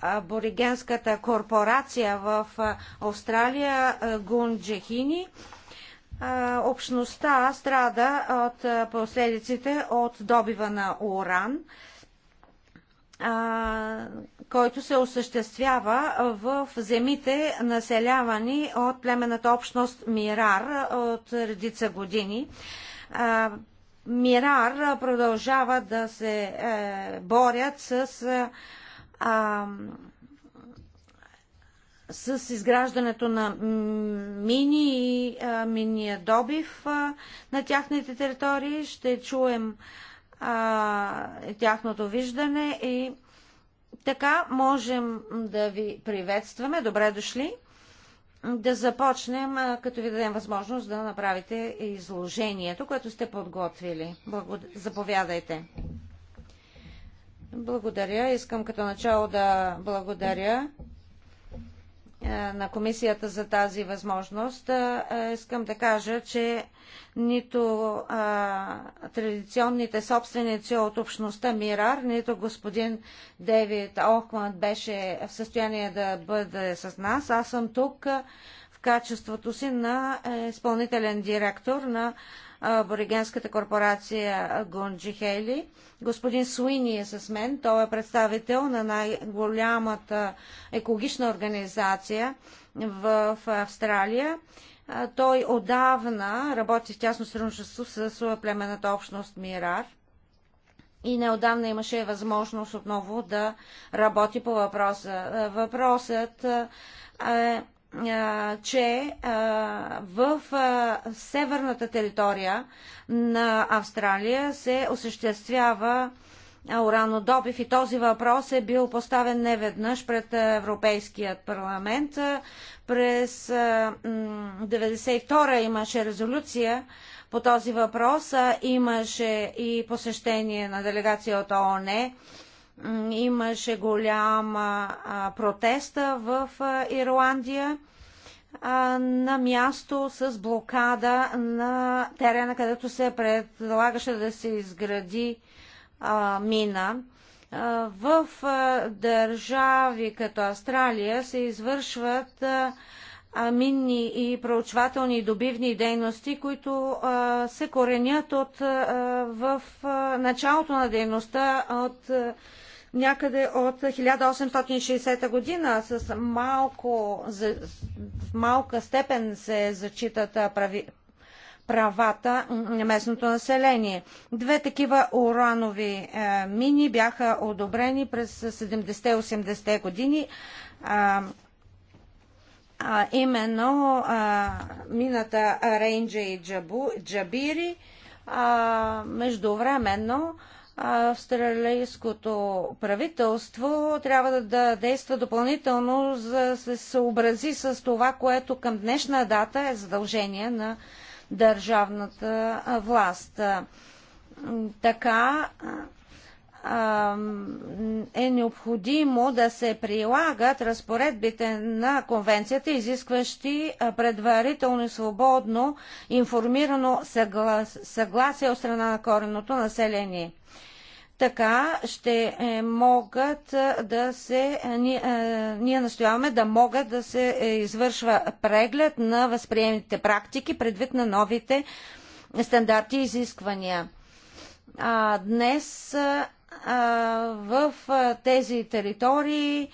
аборигенската корпорация в Австралия Гунджехини. Общността страда от последиците от добива на уран, който се осъществява в земите, населявани от племената общност Мирар от редица години Мирар продължава да се е, борят с, е, с изграждането на мини и е, миния добив е, на тяхните територии. Ще чуем е, тяхното виждане и така можем да ви приветстваме. Добре дошли! да започнем, като ви дадем възможност да направите изложението, което сте подготвили. Благо... Заповядайте. Благодаря. Искам като начало да благодаря е, на комисията за тази възможност. Е, е, искам да кажа, че нито а, традиционните собственици от общността Мирар, нито господин Девид Охманд беше в състояние да бъде с нас. Аз съм тук в качеството си на изпълнителен директор на аборигенската корпорация Гунджи Хейли. Господин Суини е с мен. Той е представител на най-голямата екологична организация в Австралия. Той отдавна работи в тясно сътрудничество с племената общност Мирар. И неодавна имаше възможност отново да работи по въпроса. Въпросът е че в северната територия на Австралия се осъществява уранодобив и този въпрос е бил поставен неведнъж пред Европейският парламент. През 1992 имаше резолюция по този въпрос, имаше и посещение на делегация от ООН Имаше голям протеста в Ирландия на място с блокада на терена, където се предлагаше да се изгради мина. в държави като Австралия се извършват минни и проучвателни добивни дейности, които се коренят от, в началото на дейността от някъде от 1860 година. С малко, за, в малка степен се зачитат прави, правата на местното население. Две такива уранови е, мини бяха одобрени през 70-80 години. а, именно а, мината Рейнджа и Джабу, Джабири. А, междувременно а, австралийското правителство трябва да, да действа допълнително, за да се съобрази с това, което към днешна дата е задължение на държавната власт. Така е необходимо да се прилагат разпоредбите на конвенцията, изискващи предварително и свободно информирано съгласие от страна на кореното население. Така ще е, могат да се. Ние настояваме да могат да се е, извършва преглед на възприемните практики предвид на новите стандарти и изисквания. А, днес в тези територии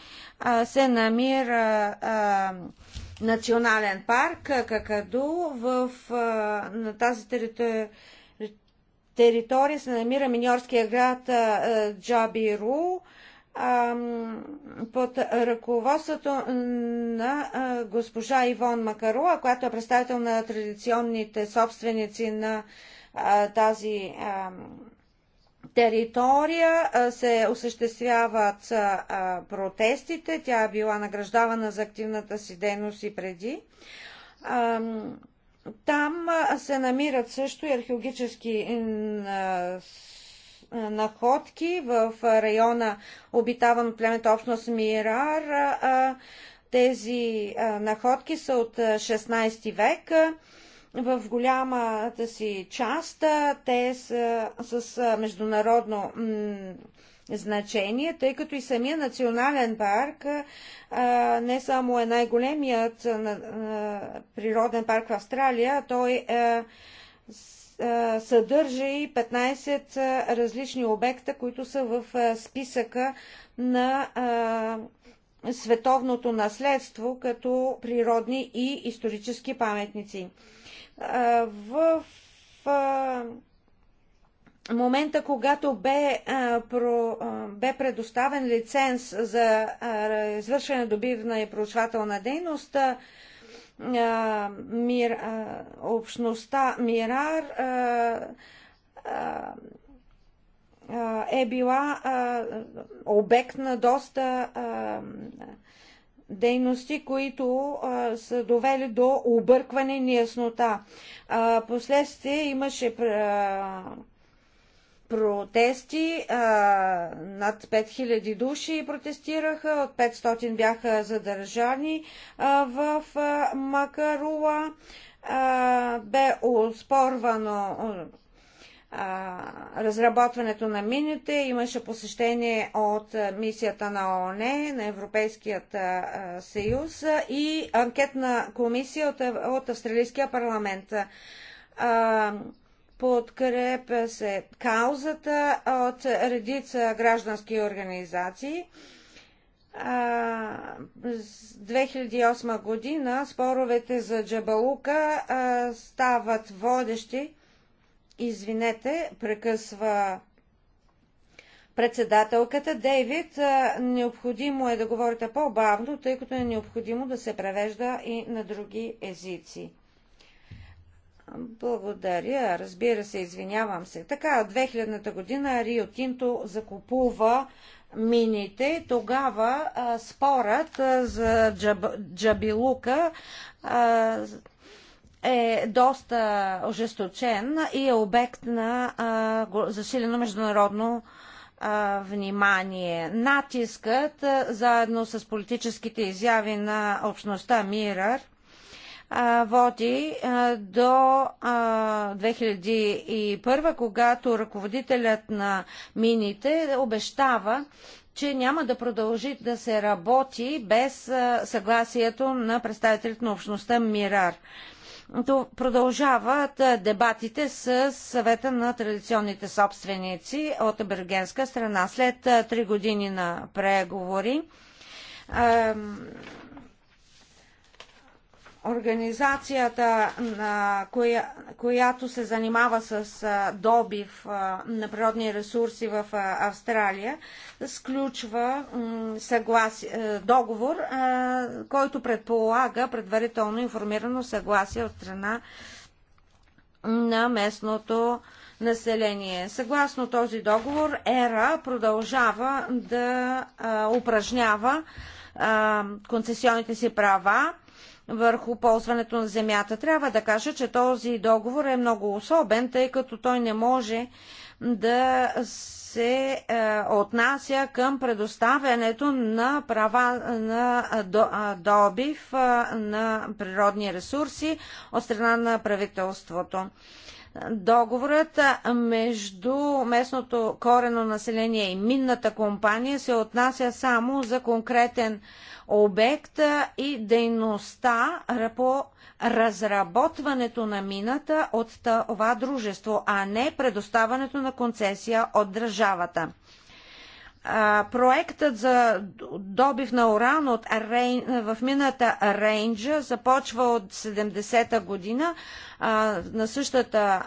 се намира национален парк Какаду. В, на тази територия територия се намира миньорския град Джабиру под ръководството на госпожа Ивон Макаруа, която е представител на традиционните собственици на тази територия се осъществяват протестите. Тя е била награждавана за активната си дейност и преди. Там се намират също и археологически находки в района, обитаван от племето общност Мирар. Тези находки са от 16 век в голямата си част те са с международно значение, тъй като и самия национален парк а, не само е най-големият природен парк в Австралия, той е, съдържа и 15 различни обекта, които са в списъка на световното наследство като природни и исторически паметници в момента, когато бе, а, про, а, бе предоставен лиценз за а, извършване на добивна и проучвателна дейност, а, мир, а, общността Мирар а, а, е била а, обект на доста а, дейности, които а, са довели до объркване и неяснота. А, последствие имаше а, протести, а, над 5000 души протестираха, от 500 бяха задържани а, в а, Макарула. А, бе оспорвано разработването на мините. Имаше посещение от мисията на ООН, на Европейският съюз и анкетна комисия от, Австралийския парламент. подкрепя се каузата от редица граждански организации. 2008 година споровете за Джабалука стават водещи Извинете, прекъсва председателката. Дейвид, необходимо е да говорите по-бавно, тъй като е необходимо да се превежда и на други езици. Благодаря, разбира се, извинявам се. Така, 2000-та година Рио Тинто закупува мините. Тогава а, спорът а, за джаб, Джабилука а, е доста ожесточен и е обект на а, засилено международно а, внимание. Натискът, а, заедно с политическите изяви на общността Мирър, води до 2001, когато ръководителят на мините обещава, че няма да продължи да се работи без съгласието на представителите на общността Мирар. Продължават дебатите с съвета на традиционните собственици от абергенска страна. След три години на преговори Организацията, на коя, която се занимава с добив на природни ресурси в Австралия, сключва е, договор, който предполага предварително информирано съгласие от страна на местното население. Съгласно този договор, ЕРА продължава да упражнява концесионните си права върху ползването на земята. Трябва да кажа, че този договор е много особен, тъй като той не може да се е, отнася към предоставянето на права на е, е, добив е, на природни ресурси от страна на правителството. Договорът между местното корено население и минната компания се отнася само за конкретен обект и дейността по разработването на мината от това дружество, а не предоставането на концесия от държавата. Проектът за добив на уран от Рейн, в мината Рейнджа започва от 70-та година а, на същата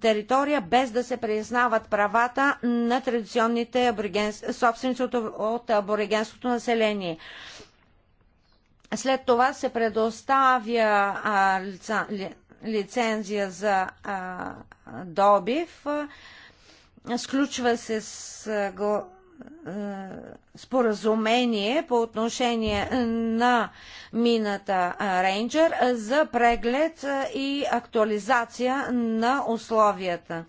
територия, без да се признават правата на традиционните абориген... собственици от, от аборигенското население. След това се предоставя а, лица, ли, лицензия за а, добив. Сключва се с е, споразумение по отношение на мината Рейнджер за преглед и актуализация на условията.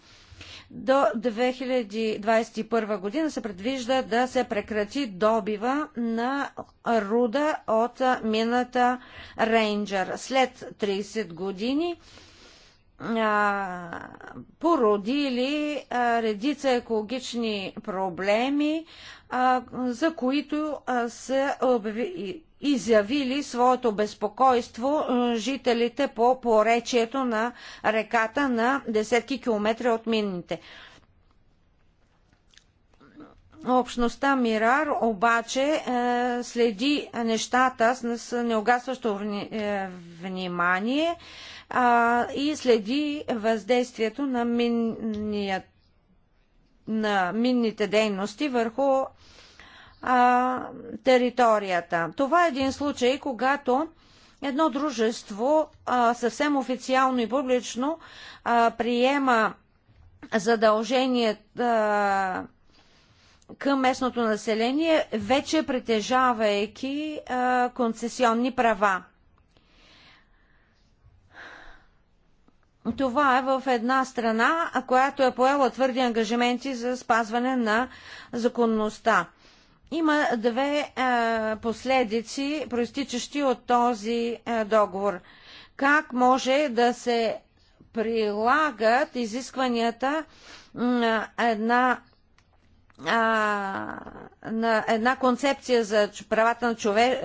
До 2021 година се предвижда да се прекрати добива на руда от мината Рейнджер. След 30 години а, породили а, редица екологични проблеми, а, за които са обяви, изявили своето безпокойство жителите по поречието на реката на десетки километри от минните. Общността Мирар обаче е, следи нещата с неугасващо е, внимание. Е, а, и следи въздействието на, минния, на минните дейности върху а, територията. Това е един случай, когато едно дружество а, съвсем официално и публично а, приема задължение към местното население, вече притежавайки а, концесионни права. Това е в една страна, която е поела твърди ангажименти за спазване на законността. Има две е, последици, проистичащи от този е, договор. Как може да се прилагат изискванията на една, на една концепция за правата на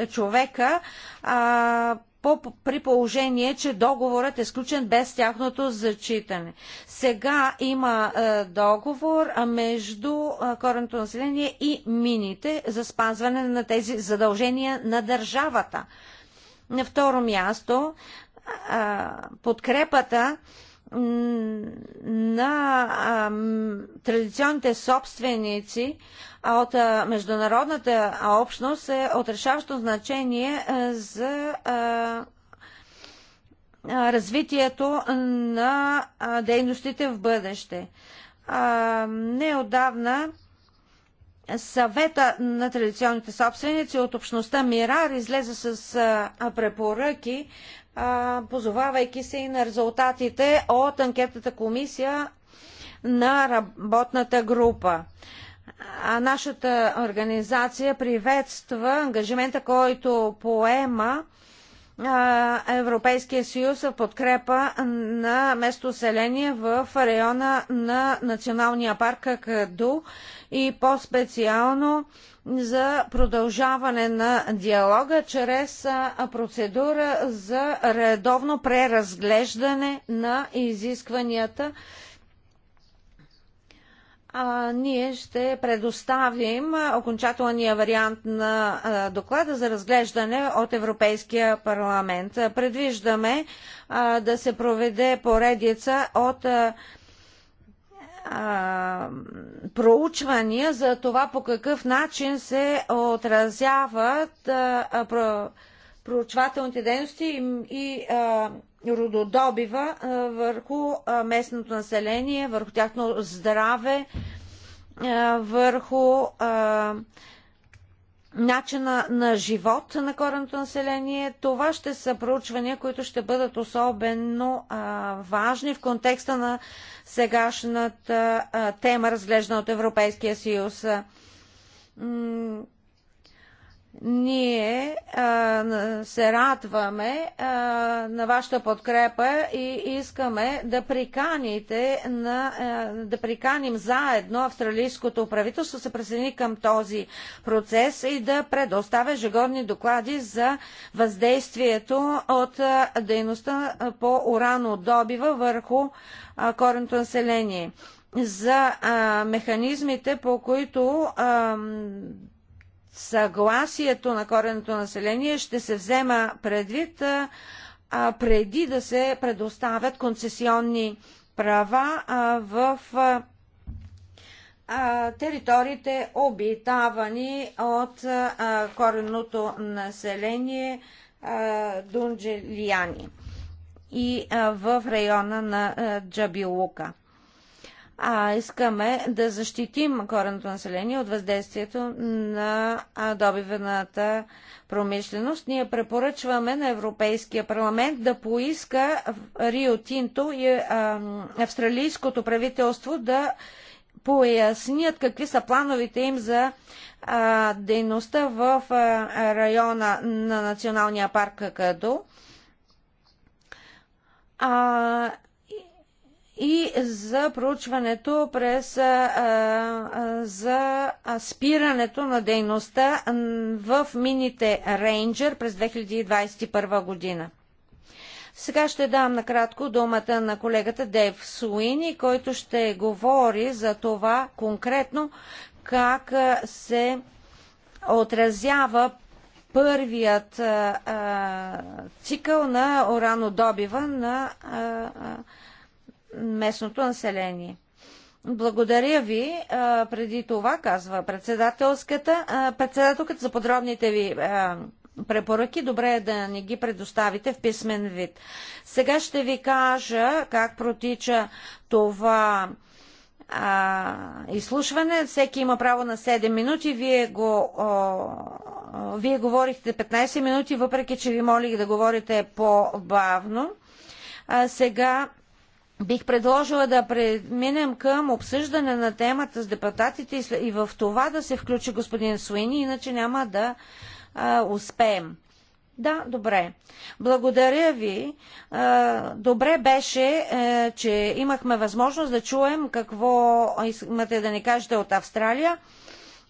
човека по, при положение, че договорът е сключен без тяхното зачитане. Сега има е, договор между е, коренното население и мините за спазване на тези задължения на държавата. На второ място, е, подкрепата е, на традиционните собственици от международната общност е от решаващо значение за развитието на дейностите в бъдеще. Неодавна съвета на традиционните собственици от общността Мирар излезе с препоръки позовавайки се и на резултатите от анкетната комисия на работната група. А нашата организация приветства ангажимента, който поема Европейския съюз в подкрепа на местоселение в района на националния парк Каду и по-специално за продължаване на диалога чрез процедура за редовно преразглеждане на изискванията а, ние ще предоставим окончателния вариант на а, доклада за разглеждане от Европейския парламент. Предвиждаме а, да се проведе поредица от а, а, проучвания за това по какъв начин се отразяват а, про, проучвателните дейности и, и а, рододобива върху местното население, върху тяхно здраве, върху начина на живот на коренното население. Това ще са проучвания, които ще бъдат особено важни в контекста на сегашната тема, разглеждана от Европейския съюз. Ние а, се радваме а, на вашата подкрепа и искаме да приканите на, а, да приканим заедно австралийското правителство се присъедини към този процес и да предоставя ежегодни доклади за въздействието от а, дейността по урано добива върху коренто население. За а, механизмите, по които а, съгласието на кореното население ще се взема предвид а, преди да се предоставят концесионни права а, в а, териториите обитавани от а, коренното население Дунджелияни и в района на Джабилука а искаме да защитим коренното население от въздействието на добивената промишленост. Ние препоръчваме на Европейския парламент да поиска Рио Тинто и австралийското правителство да пояснят какви са плановете им за дейността в района на националния парк Какадо. А, и за проучването през а, а, за спирането на дейността в мините Рейнджер през 2021 година. Сега ще дам накратко думата на колегата Дейв Суини, който ще говори за това конкретно как се отразява първият а, цикъл на уранодобива на а, местното население. Благодаря ви. А, преди това, казва председателската, а, председателката за подробните ви а, препоръки. Добре е да не ги предоставите в писмен вид. Сега ще ви кажа как протича това а, изслушване. Всеки има право на 7 минути. Вие, го, о, вие говорихте 15 минути, въпреки че ви молих да говорите по-бавно. А сега бих предложила да преминем към обсъждане на темата с депутатите и в това да се включи господин Суини, иначе няма да а, успеем. Да, добре. Благодаря ви. Добре беше, е, че имахме възможност да чуем какво имате да ни кажете от Австралия.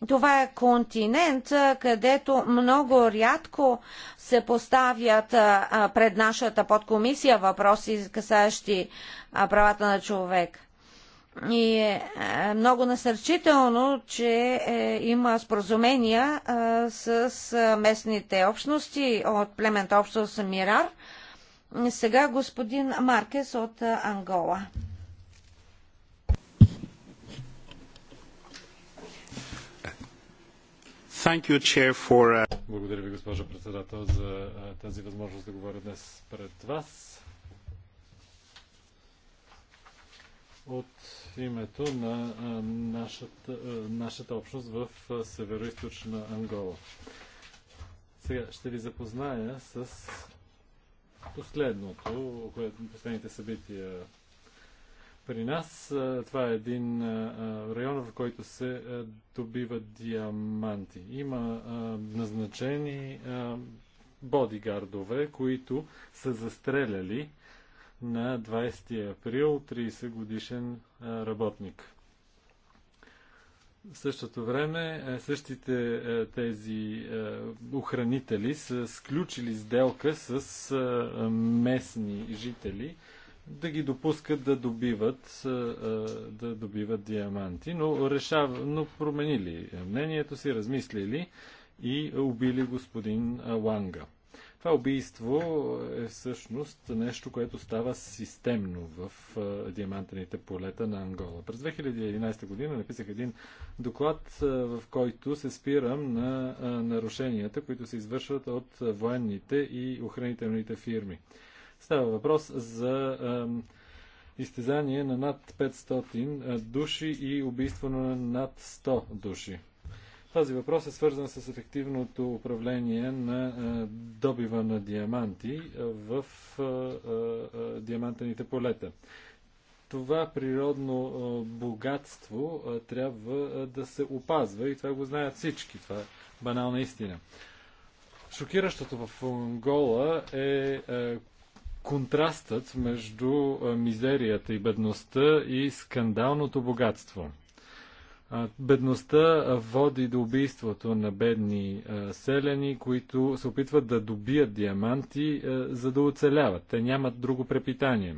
Това е континент, където много рядко се поставят пред нашата подкомисия въпроси, касаещи правата на човек. И е, е много насърчително, че е, има споразумения е, с местните общности от племената общност Мирар. Сега господин Маркес от Ангола. Uh, Благодаря ви, госпожо председател, за тази възможност да говоря днес пред вас. От името на нашата, нашата общност в северо Ангола. Сега ще ви запозная с последното, последните събития при нас това е един район, в който се добиват диаманти. Има назначени бодигардове, които са застреляли на 20 април 30 годишен работник. В същото време е, същите е, тези е, охранители са сключили сделка с местни жители да ги допускат да добиват, да добиват диаманти, но, решав, но променили мнението си, размислили и убили господин Ланга. Това убийство е всъщност нещо, което става системно в диамантените полета на Ангола. През 2011 година написах един доклад, в който се спирам на нарушенията, които се извършват от военните и охранителните фирми. Става въпрос за изтезание на над 500 души и убийство на над 100 души. Този въпрос е свързан с ефективното управление на добива на диаманти в диамантените полета. Това природно богатство трябва да се опазва и това го знаят всички. Това е банална истина. Шокиращото в Ангола е контрастът между мизерията и бедността и скандалното богатство. Бедността води до убийството на бедни селяни, които се опитват да добият диаманти, за да оцеляват. Те нямат друго препитание.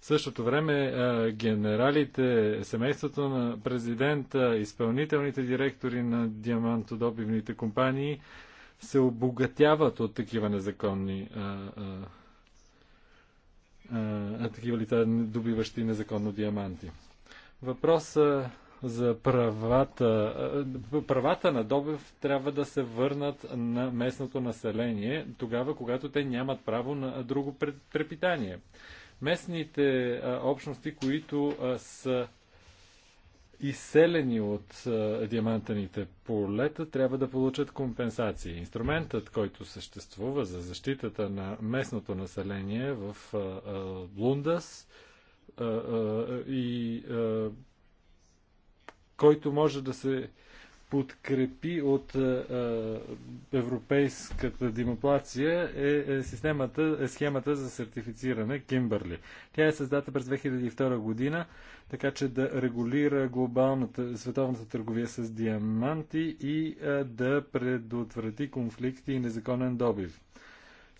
В същото време генералите, семейството на президента, изпълнителните директори на диамантодобивните компании се обогатяват от такива незаконни а, а, а, такива лица, добиващи незаконно диаманти. Въпросът за правата, правата на добив трябва да се върнат на местното население, тогава, когато те нямат право на друго препитание. Местните общности, които са изселени от а, полета, трябва да получат компенсации. Инструментът, който съществува за защитата на местното население в а, а, Лундас а, а, и а, който може да се подкрепи от е, е, европейската демоплация е, е, системата, е схемата за сертифициране Кимбърли. Тя е създата през 2002 година, така че да регулира глобалната, световната търговия с диаманти и да предотврати конфликти и незаконен добив.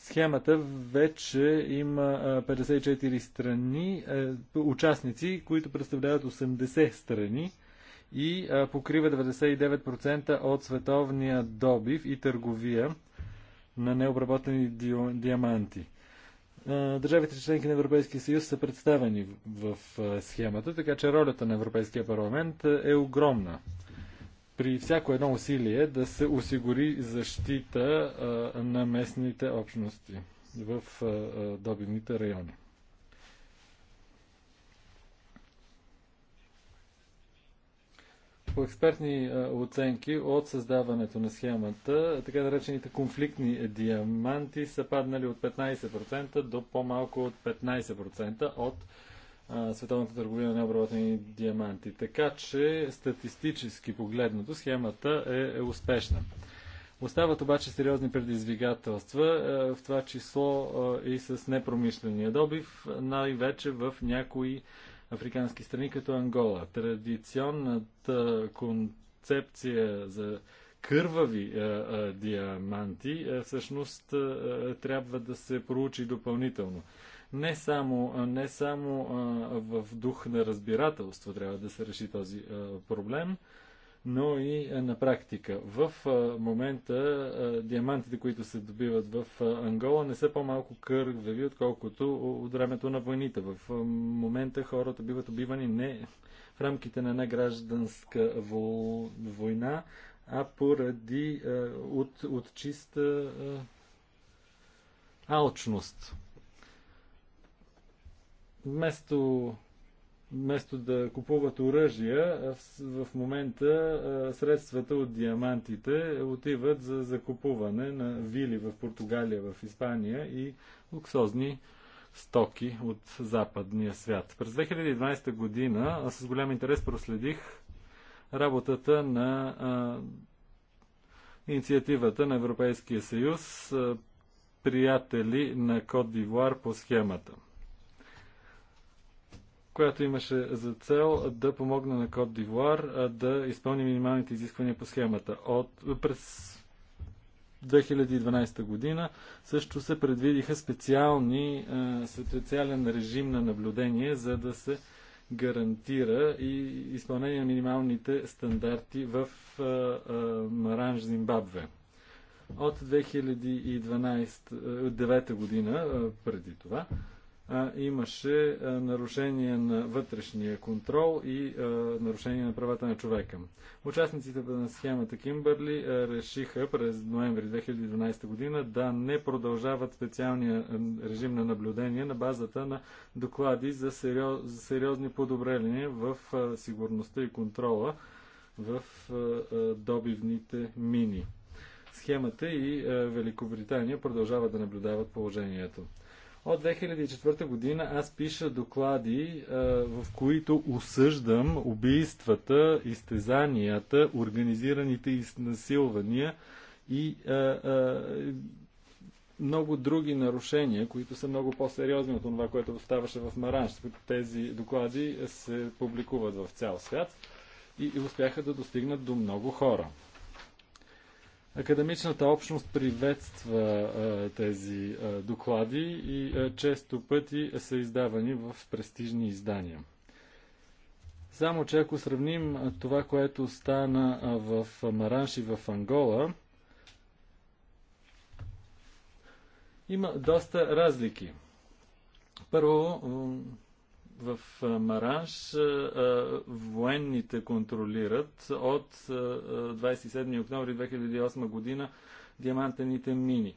Схемата вече има 54 страни, участници, които представляват 80 страни и а, покрива 99% от световния добив и търговия на необработени диаманти. Държавите членки на Европейския съюз са представени в схемата, така че ролята на Европейския парламент е огромна. При всяко едно усилие да се осигури защита на местните общности в добивните райони. по експертни оценки от създаването на схемата, така наречените конфликтни диаманти са паднали от 15% до по-малко от 15% от световната търговия на необработени диаманти. Така че статистически погледнато схемата е, е успешна. Остават обаче сериозни предизвикателства, в това число и с непромишления добив, най-вече в някои африкански страни, като Ангола. Традиционната концепция за кървави а, е, а, е, диаманти а, е, всъщност а, трябва да се проучи допълнително. Не само, не само а, в дух на разбирателство трябва да се реши този а, проблем, но и е, на практика. В е, момента е, диамантите, които се добиват в Ангола, не са по-малко кървеви, отколкото от времето на войните. В момента хората биват убивани не в рамките на една гражданска война, а поради от, от чиста алчност. Вместо вместо да купуват оръжия, в, в момента а, средствата от диамантите отиват за закупуване на вили в Португалия, в Испания и луксозни стоки от западния свят. През 2012 година аз с голям интерес проследих работата на а, инициативата на Европейския съюз а, приятели на Кот Дивуар по схемата – която имаше за цел да помогне на Кот Дивуар да изпълни минималните изисквания по схемата. От, през 2012 година също се предвидиха специални, специален режим на наблюдение, за да се гарантира и изпълнение на минималните стандарти в Маранж, Зимбабве. От 2012 година преди това а, имаше а, нарушение на вътрешния контрол и а, нарушение на правата на човека. Участниците на схемата Кимбърли а, решиха през ноември 2012 година да не продължават специалния режим на наблюдение на базата на доклади за, сериоз, за сериозни подобрения в а, сигурността и контрола в а, а, добивните мини. Схемата и а, Великобритания продължават да наблюдават положението. От 2004 година аз пиша доклади, в които осъждам убийствата, изтезанията, организираните изнасилвания и много други нарушения, които са много по-сериозни от това, което ставаше в Маранж. Тези доклади се публикуват в цял свят и успяха да достигнат до много хора. Академичната общност приветства а, тези а, доклади и а, често пъти са издавани в престижни издания. Само, че ако сравним това, което стана в Маранш и в Ангола, има доста разлики. Първо, в Маранш военните контролират от 27 октомври 2008 година диамантените мини.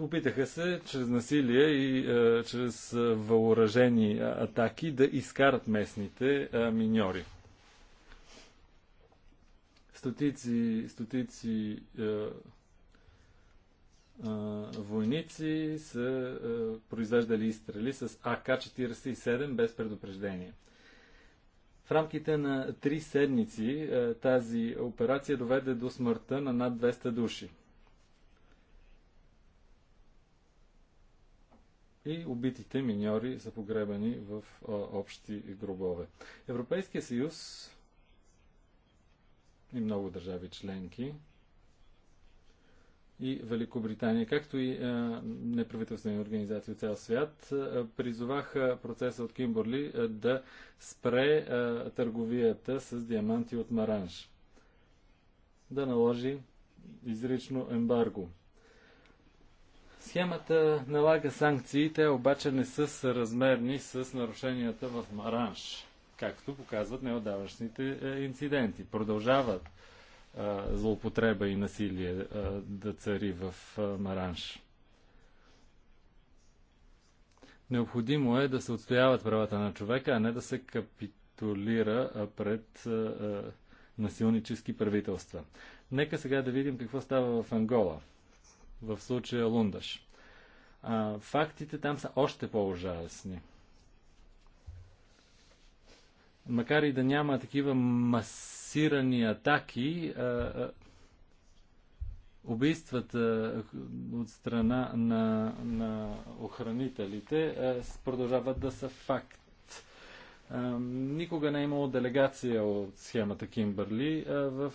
опитаха се чрез насилие и а, чрез въоръжени атаки да изкарат местните а, миньори. Стотици, стотици войници са произвеждали изстрели с АК-47 без предупреждение. В рамките на три седмици тази операция доведе до смъртта на над 200 души. И убитите миньори са погребани в общи гробове. Европейския съюз и много държави членки и Великобритания, както и е, неправителствени организации от цял свят, е, призоваха процеса от Кимбърли е, да спре търговията с диаманти от Маранж, да наложи изрично ембарго. Схемата налага санкции, те обаче не са съразмерни с нарушенията в Маранж, както показват неодавашните инциденти. Продължават злоупотреба и насилие да цари в Маранш. Необходимо е да се отстояват правата на човека, а не да се капитулира пред насилнически правителства. Нека сега да видим какво става в Ангола, в случая Лундаш. фактите там са още по-ужасни. Макар и да няма такива мас масирани атаки, убийствата от страна на, на охранителите продължават да са факт. Никога не е имало делегация от схемата Кимбърли в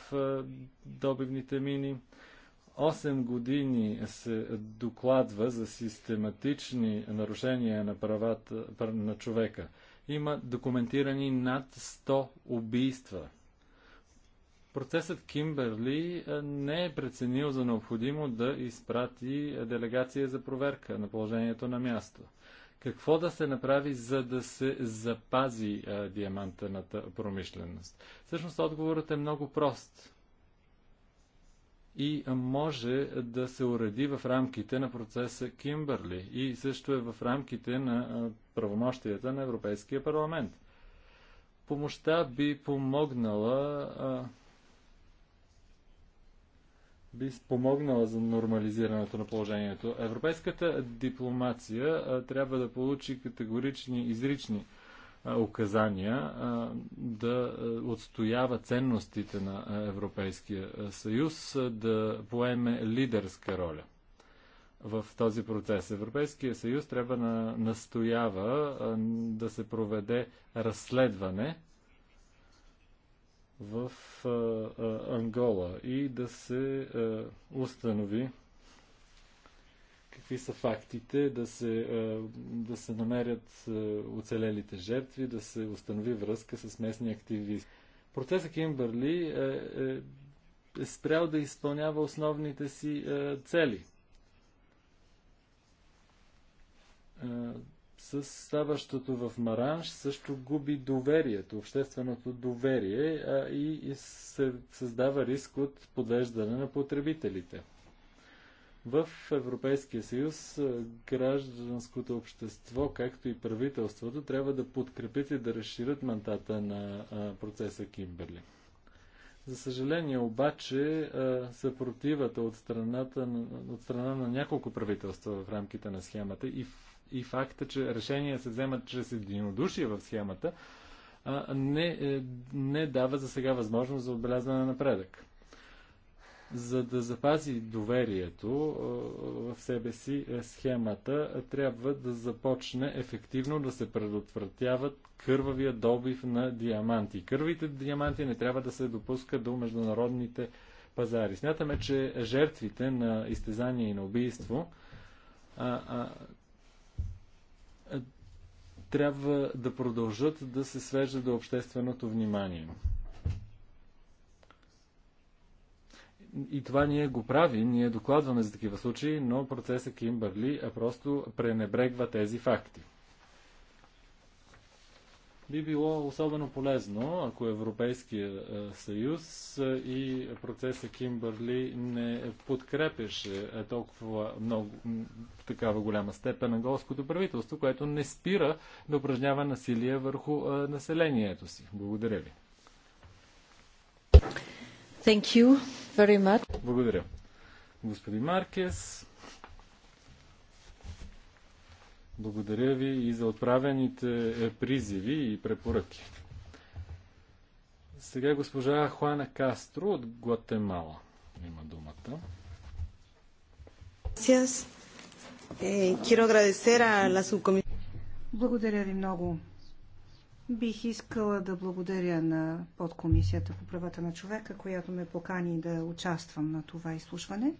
добивните мини. 8 години се докладва за систематични нарушения на правата на човека. Има документирани над 100 убийства Процесът Кимберли не е преценил за необходимо да изпрати делегация за проверка на положението на място. Какво да се направи, за да се запази а, диамантената промишленост? Всъщност отговорът е много прост и може да се уреди в рамките на процеса Кимберли и също е в рамките на правомощията на Европейския парламент. Помощта би помогнала а, би спомогнала за нормализирането на положението. Европейската дипломация трябва да получи категорични, изрични указания да отстоява ценностите на Европейския съюз, да поеме лидерска роля в този процес. Европейския съюз трябва да настоява да се проведе разследване в а, а, Ангола и да се а, установи какви са фактите, да се, да се намерят оцелелите жертви, да се установи връзка с местни активисти. Процесът Кимбърли е, е, е спрял да изпълнява основните си е, цели с ставащото в Маранж също губи доверието, общественото доверие а, и, и се създава риск от подвеждане на потребителите. В Европейския съюз гражданското общество, както и правителството, трябва да подкрепят и да разширят мандата на процеса Кимберли. За съжаление обаче съпротивата от, страната, от страна на няколко правителства в рамките на схемата и и факта, че решения се вземат чрез единодушие в схемата, не, е, не дава за сега възможност за отбелязване на напредък. За да запази доверието е, в себе си е, схемата, трябва да започне ефективно да се предотвратяват кървавия добив на диаманти. Кървите диаманти не трябва да се допускат до международните пазари. Смятаме, че жертвите на изтезание и на убийство а, а, е, трябва да продължат да се свеждат до общественото внимание. И това ние го правим, ние докладваме за такива случаи, но процесът Кимбърли е просто пренебрегва тези факти би било особено полезно, ако Европейския е, съюз е, и процеса Кимбърли не подкрепяше е, толкова много, такава голяма степен на голското правителство, което не спира да упражнява насилие върху населението си. Благодаря ви. Thank you very much. Благодаря. Господин Маркес. Благодаря ви и за отправените е, призиви и препоръки. Сега госпожа Хуана Кастро от Гватемала има думата. Е, благодаря ви много. Бих искала да благодаря на подкомисията по правата на човека, която ме покани да участвам на това изслушване.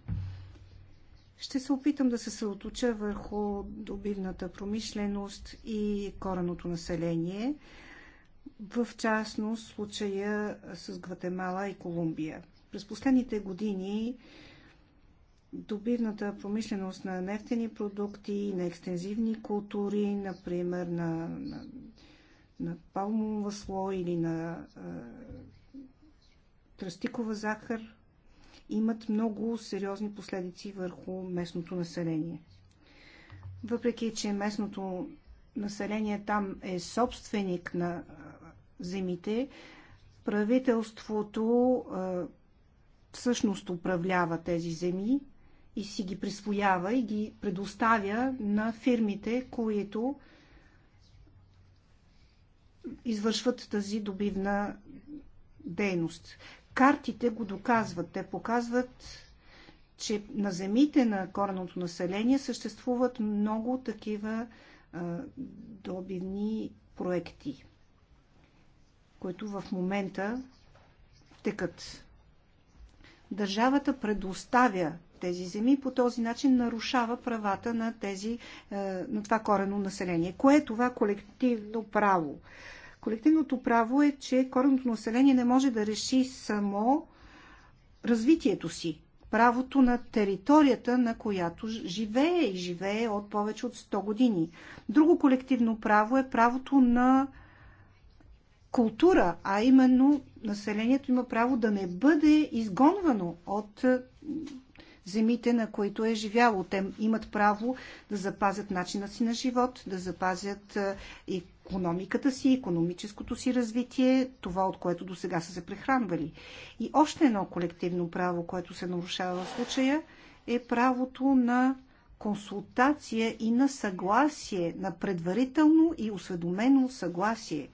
Ще се опитам да се съоточа върху добивната промишленост и кореното население, в частност случая с Гватемала и Колумбия. През последните години добивната промишленост на нефтени продукти, на екстензивни култури, например на, на, на палмово масло или на е, тръстикова захар, имат много сериозни последици върху местното население. Въпреки, че местното население там е собственик на земите, правителството всъщност управлява тези земи и си ги присвоява и ги предоставя на фирмите, които извършват тази добивна дейност. Картите го доказват. Те показват, че на земите на коренното население съществуват много такива а, добивни проекти, които в момента текат. Държавата предоставя тези земи, по този начин нарушава правата на, тези, на това корено население. Кое е това колективно право? Колективното право е, че коренното население не може да реши само развитието си, правото на територията, на която живее и живее от повече от 100 години. Друго колективно право е правото на култура, а именно населението има право да не бъде изгонвано от е, земите, на които е живяло. Те имат право да запазят начина си на живот, да запазят е, и економиката си, економическото си развитие, това от което до сега са се прехранвали. И още едно колективно право, което се нарушава в случая, е правото на консултация и на съгласие, на предварително и осведомено съгласие.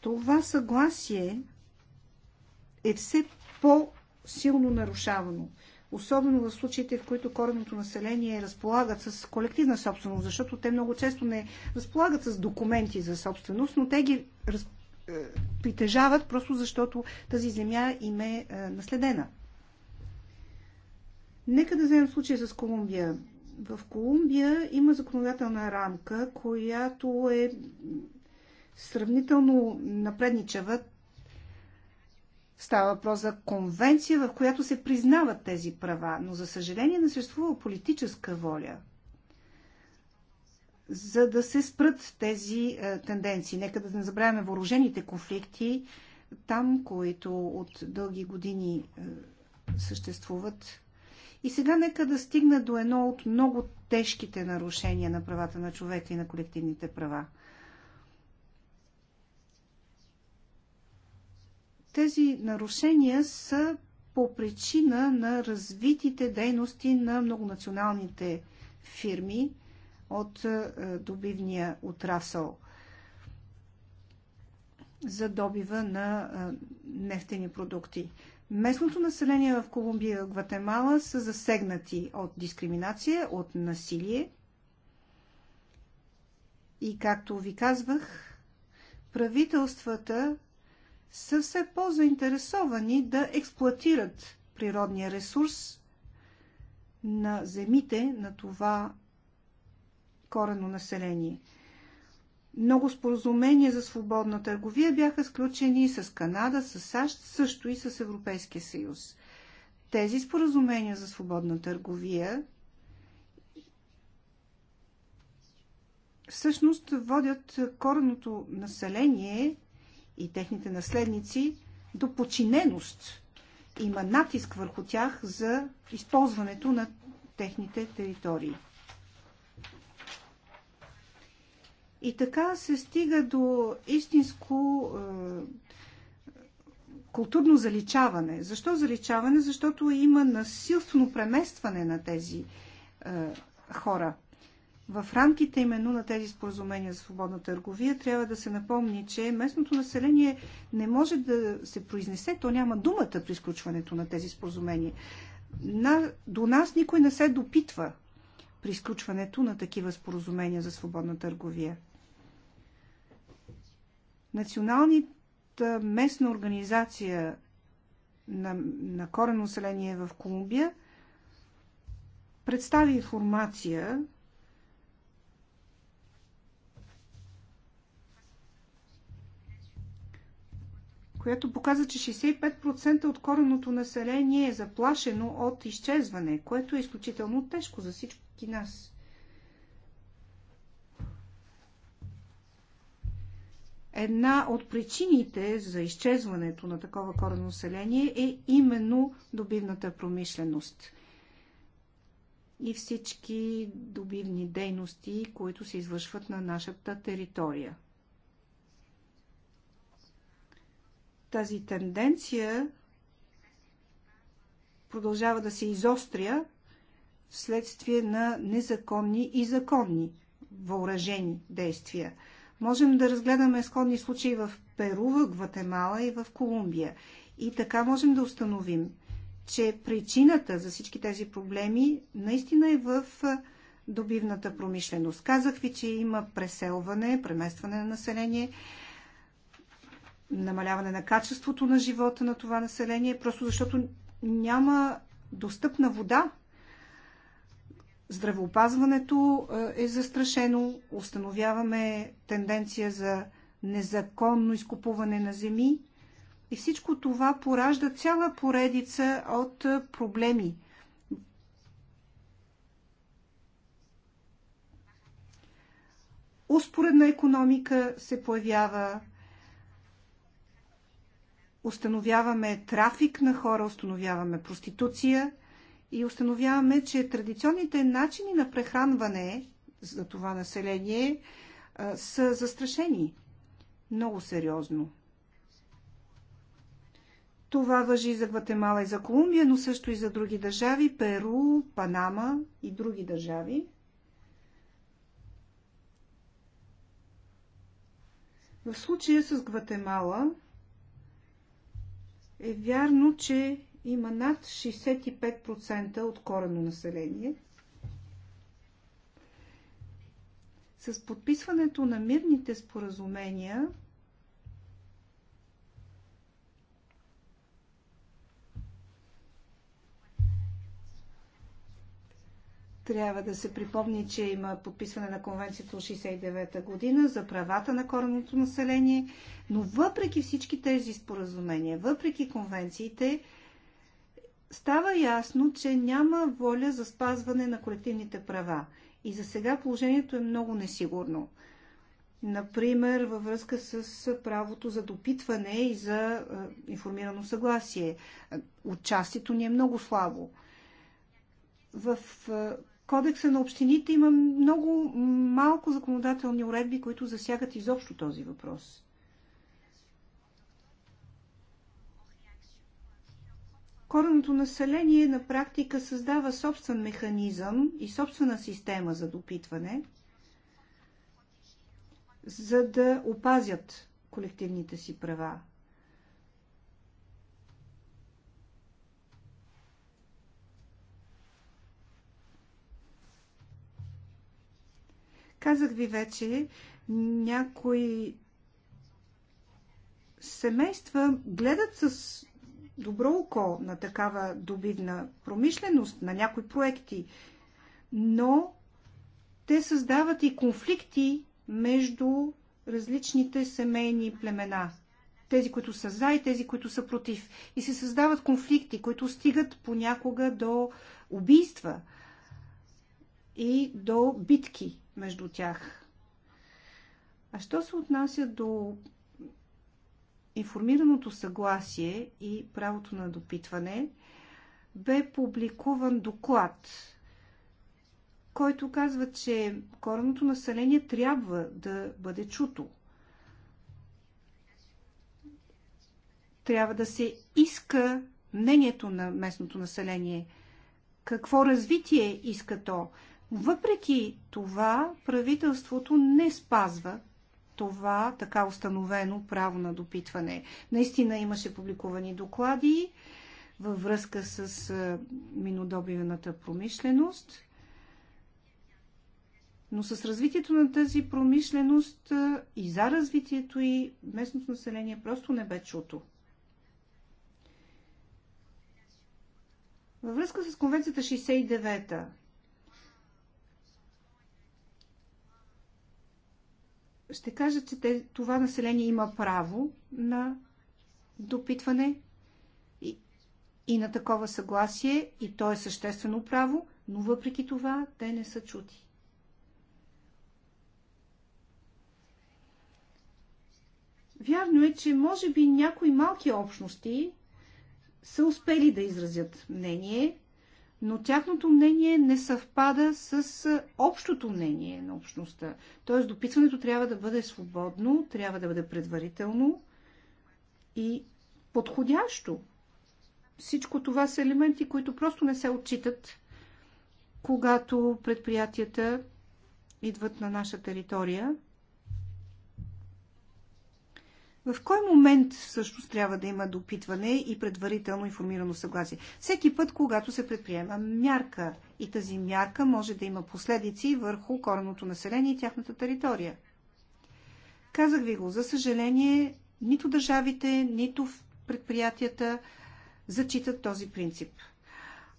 Това съгласие е все по-силно нарушавано особено в случаите, в които коренното население разполагат с колективна собственост, защото те много често не разполагат с документи за собственост, но те ги раз... Е, притежават просто защото тази земя им е, е наследена. Нека да вземем случай с Колумбия. В Колумбия има законодателна рамка, която е сравнително напредничава. Става въпрос за конвенция, в която се признават тези права, но за съжаление не съществува политическа воля за да се спрат тези е, тенденции. Нека да не забравяме въоружените конфликти, там, които от дълги години е, съществуват. И сега нека да стигна до едно от много тежките нарушения на правата на човека и на колективните права – Тези нарушения са по причина на развитите дейности на многонационалните фирми от е, добивния отрасъл за добива на е, нефтени продукти. Местното население в Колумбия и Гватемала са засегнати от дискриминация, от насилие. И както ви казвах, правителствата са все по-заинтересовани да експлуатират природния ресурс на земите на това корено население. Много споразумения за свободна търговия бяха сключени с Канада, с САЩ, също и с Европейския съюз. Тези споразумения за свободна търговия всъщност водят кореното население и техните наследници до починеност Има натиск върху тях за използването на техните територии. И така се стига до истинско е, културно заличаване. Защо заличаване? Защото има насилствено преместване на тези е, хора. В рамките именно на тези споразумения за свободна търговия трябва да се напомни, че местното население не може да се произнесе, то няма думата при изключването на тези споразумения. На, до нас никой не се допитва при изключването на такива споразумения за свободна търговия. Националната местна организация на, на корено население в Колумбия представи информация която показва, че 65% от коренното население е заплашено от изчезване, което е изключително тежко за всички нас. Една от причините за изчезването на такова корено население е именно добивната промишленост и всички добивни дейности, които се извършват на нашата територия. Тази тенденция продължава да се изостря вследствие на незаконни и законни въоръжени действия. Можем да разгледаме сходни случаи в Перу, в Гватемала и в Колумбия. И така можем да установим, че причината за всички тези проблеми наистина е в добивната промишленост. Казах ви, че има преселване, преместване на население намаляване на качеството на живота на това население, просто защото няма достъпна вода. Здравеопазването е, е застрашено. Установяваме тенденция за незаконно изкупуване на земи. И всичко това поражда цяла поредица от е, проблеми. Успоредна економика се появява, установяваме трафик на хора, установяваме проституция и установяваме, че традиционните начини на прехранване за това население са застрашени. Много сериозно. Това въжи и за Гватемала и за Колумбия, но също и за други държави Перу, Панама и други държави. В случая с Гватемала е вярно, че има над 65% от корено население. С подписването на мирните споразумения Трябва да се припомни, че има подписване на конвенцията от 69-та година за правата на коренното население, но въпреки всички тези споразумения, въпреки конвенциите, става ясно, че няма воля за спазване на колективните права. И за сега положението е много несигурно. Например, във връзка с правото за допитване и за е, информирано съгласие. Участието ни е много слабо. В Кодекса на общините има много малко законодателни уредби, които засягат изобщо този въпрос. Коренното население на практика създава собствен механизъм и собствена система за допитване, за да опазят колективните си права. Казах ви вече, някои семейства гледат с добро око на такава добивна промишленост, на някои проекти, но те създават и конфликти между различните семейни племена. Тези, които са за и тези, които са против. И се създават конфликти, които стигат понякога до убийства и до битки между тях. А що се отнася до информираното съгласие и правото на допитване, бе публикуван доклад, който казва, че коренното население трябва да бъде чуто. Трябва да се иска мнението на местното население. Какво развитие иска то? Въпреки това, правителството не спазва това така установено право на допитване. Наистина имаше публикувани доклади във връзка с минодобивената промишленост, но с развитието на тази промишленост и за развитието и местното население просто не бе чуто. Във връзка с конвенцията 69-та ще кажа, че те, това население има право на допитване и, и на такова съгласие, и то е съществено право, но въпреки това те не са чути. Вярно е, че може би някои малки общности са успели да изразят мнение, но тяхното мнение не съвпада с общото мнение на общността. Тоест, допитването трябва да бъде свободно, трябва да бъде предварително и подходящо. Всичко това са елементи, които просто не се отчитат, когато предприятията идват на наша територия – в кой момент всъщност трябва да има допитване и предварително информирано съгласие? Всеки път, когато се предприема мярка и тази мярка може да има последици върху корното население и тяхната територия. Казах ви го, за съжаление, нито държавите, нито предприятията зачитат този принцип.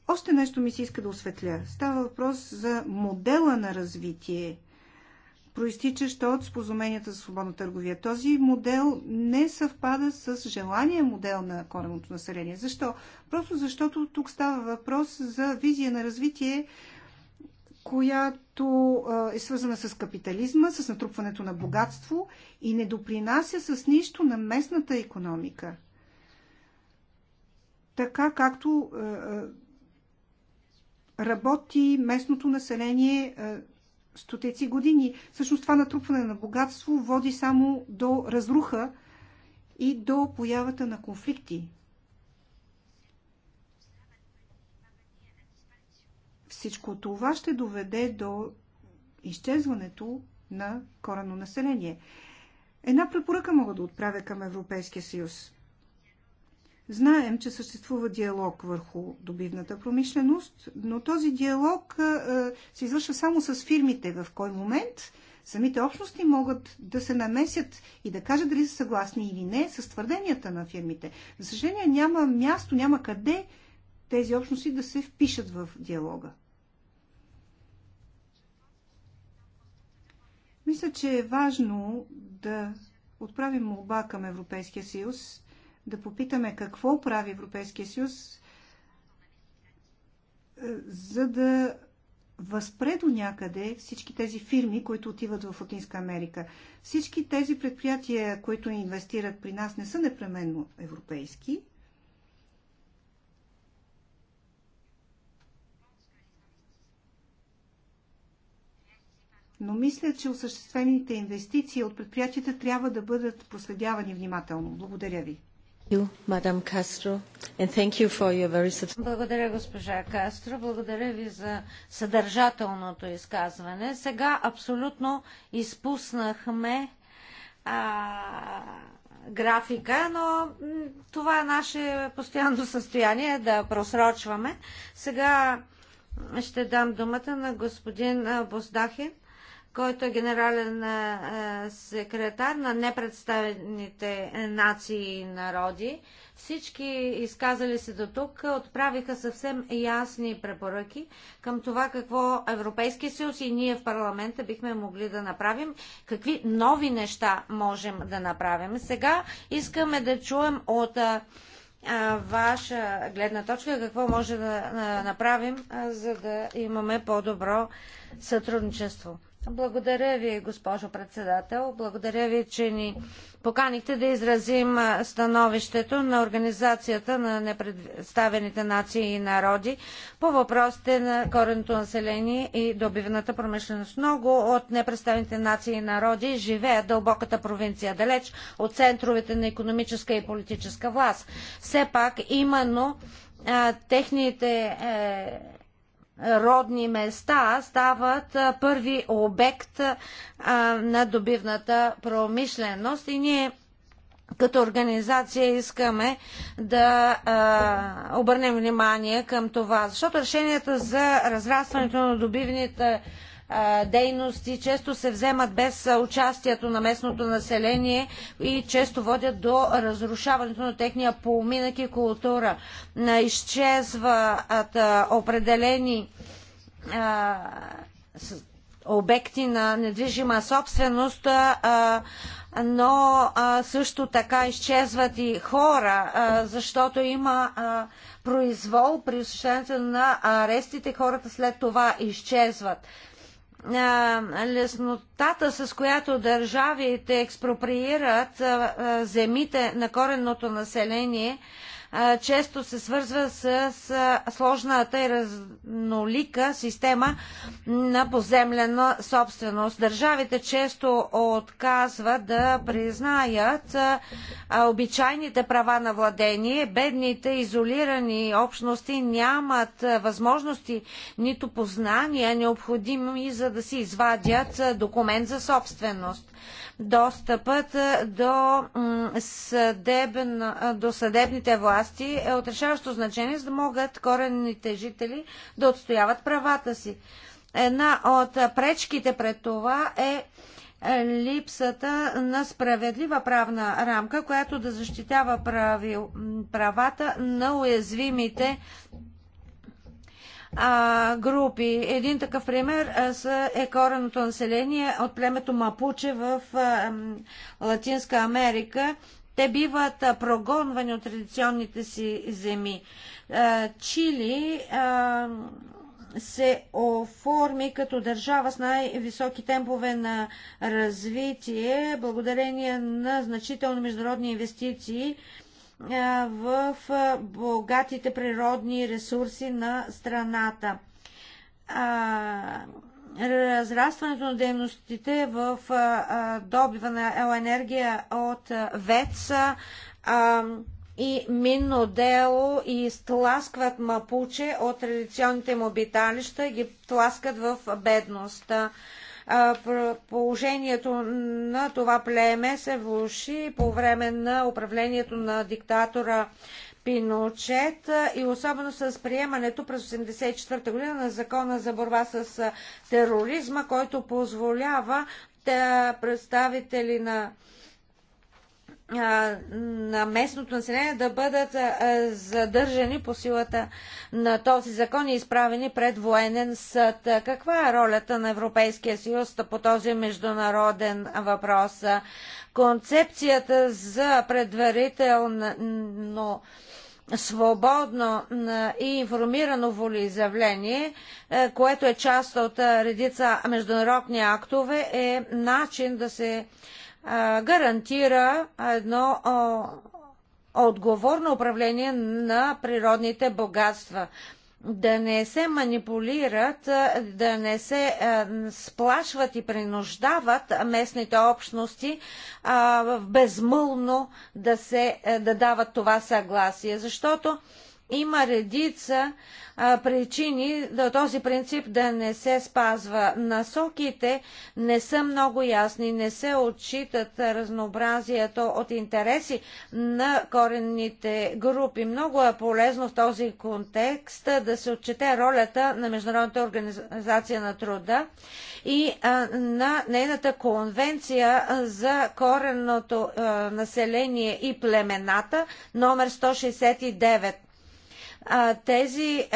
Още нещо ми се иска да осветля. Става въпрос за модела на развитие – проистичаща от споразуменията за свободна търговия. Този модел не съвпада с желания модел на коренното население. Защо? Просто защото тук става въпрос за визия на развитие, която е свързана с капитализма, с натрупването на богатство и не допринася с нищо на местната економика. Така както работи местното население стотици години. Всъщност това натрупване на богатство води само до разруха и до появата на конфликти. Всичко това ще доведе до изчезването на корено население. Една препоръка мога да отправя към Европейския съюз. Знаем, че съществува диалог върху добивната промишленост, но този диалог се извършва само с фирмите. В кой момент самите общности могат да се намесят и да кажат дали са съгласни или не с твърденията на фирмите. За съжаление, няма място, няма къде тези общности да се впишат в диалога. Мисля, че е важно да отправим молба към Европейския съюз да попитаме какво прави Европейския съюз, е, за да възпре до някъде всички тези фирми, които отиват в Латинска Америка. Всички тези предприятия, които инвестират при нас, не са непременно европейски. Но мисля, че осъществените инвестиции от предприятията трябва да бъдат проследявани внимателно. Благодаря ви. Благодаря, госпожа Кастро. Благодаря ви за съдържателното изказване. Сега абсолютно изпуснахме а, графика, но това е наше постоянно състояние да просрочваме. Сега ще дам думата на господин Боздахи който е генерален е, е, секретар на непредставените нации и народи. Всички изказали се до тук отправиха съвсем ясни препоръки към това какво Европейския съюз и ние в парламента бихме могли да направим, какви нови неща можем да направим. Сега искаме да чуем от е, ваша гледна точка, какво може да направим, за да имаме по-добро сътрудничество. Благодаря ви, госпожо председател. Благодаря ви, че ни поканихте да изразим становището на Организацията на непредставените нации и народи по въпросите на коренното население и добивната промишленост. Много от непредставените нации и народи живеят дълбоката провинция, далеч от центровете на економическа и политическа власт. Все пак, именно техните е, родни места стават първи обект на добивната промишленост и ние като организация искаме да а, обърнем внимание към това, защото решенията за разрастването на добивните дейности често се вземат без участието на местното население и често водят до разрушаването на техния полуминък и култура. Изчезват определени обекти на недвижима собственост, но също така изчезват и хора, защото има произвол при осъществяването на арестите, хората след това изчезват леснотата, с която държавите експроприират земите на коренното население, често се свързва с сложната и разнолика система на поземлена собственост. Държавите често отказват да признаят обичайните права на владение. Бедните, изолирани общности нямат възможности нито познания необходими за да си извадят документ за собственост достъпът до, съдебен, до съдебните власти е отрешаващо значение, за да могат коренните жители да отстояват правата си. Една от пречките пред това е, е липсата на справедлива правна рамка, която да защитава правил, правата на уязвимите а, групи. Един такъв пример а, е кореното население от племето Мапуче в а, Латинска Америка. Те биват а, прогонвани от традиционните си земи. А, Чили а, се оформи като държава с най-високи темпове на развитие, благодарение на значителни международни инвестиции в богатите природни ресурси на страната. Разрастването на дейностите в добива на енергия от ВЕЦ и минно дело и стласкват мапуче от традиционните му обиталища и ги тласкат в бедност положението на това племе се влуши по време на управлението на диктатора Пиночет и особено с приемането през 1984 година на закона за борба с тероризма, който позволява представители на на местното население да бъдат задържани по силата на този закон и изправени пред военен съд. Каква е ролята на Европейския съюз по този международен въпрос? Концепцията за предварително свободно и информирано волеизявление, което е част от редица международни актове, е начин да се гарантира едно отговорно управление на природните богатства. Да не се манипулират, да не се сплашват и принуждават местните общности безмълно да, се, да дават това съгласие, защото има редица а, причини да този принцип да не се спазва. Насоките не са много ясни, не се отчитат разнообразието от интереси на коренните групи. Много е полезно в този контекст да се отчете ролята на Международната организация на труда и а, на нейната конвенция за коренното а, население и племената номер 169 тези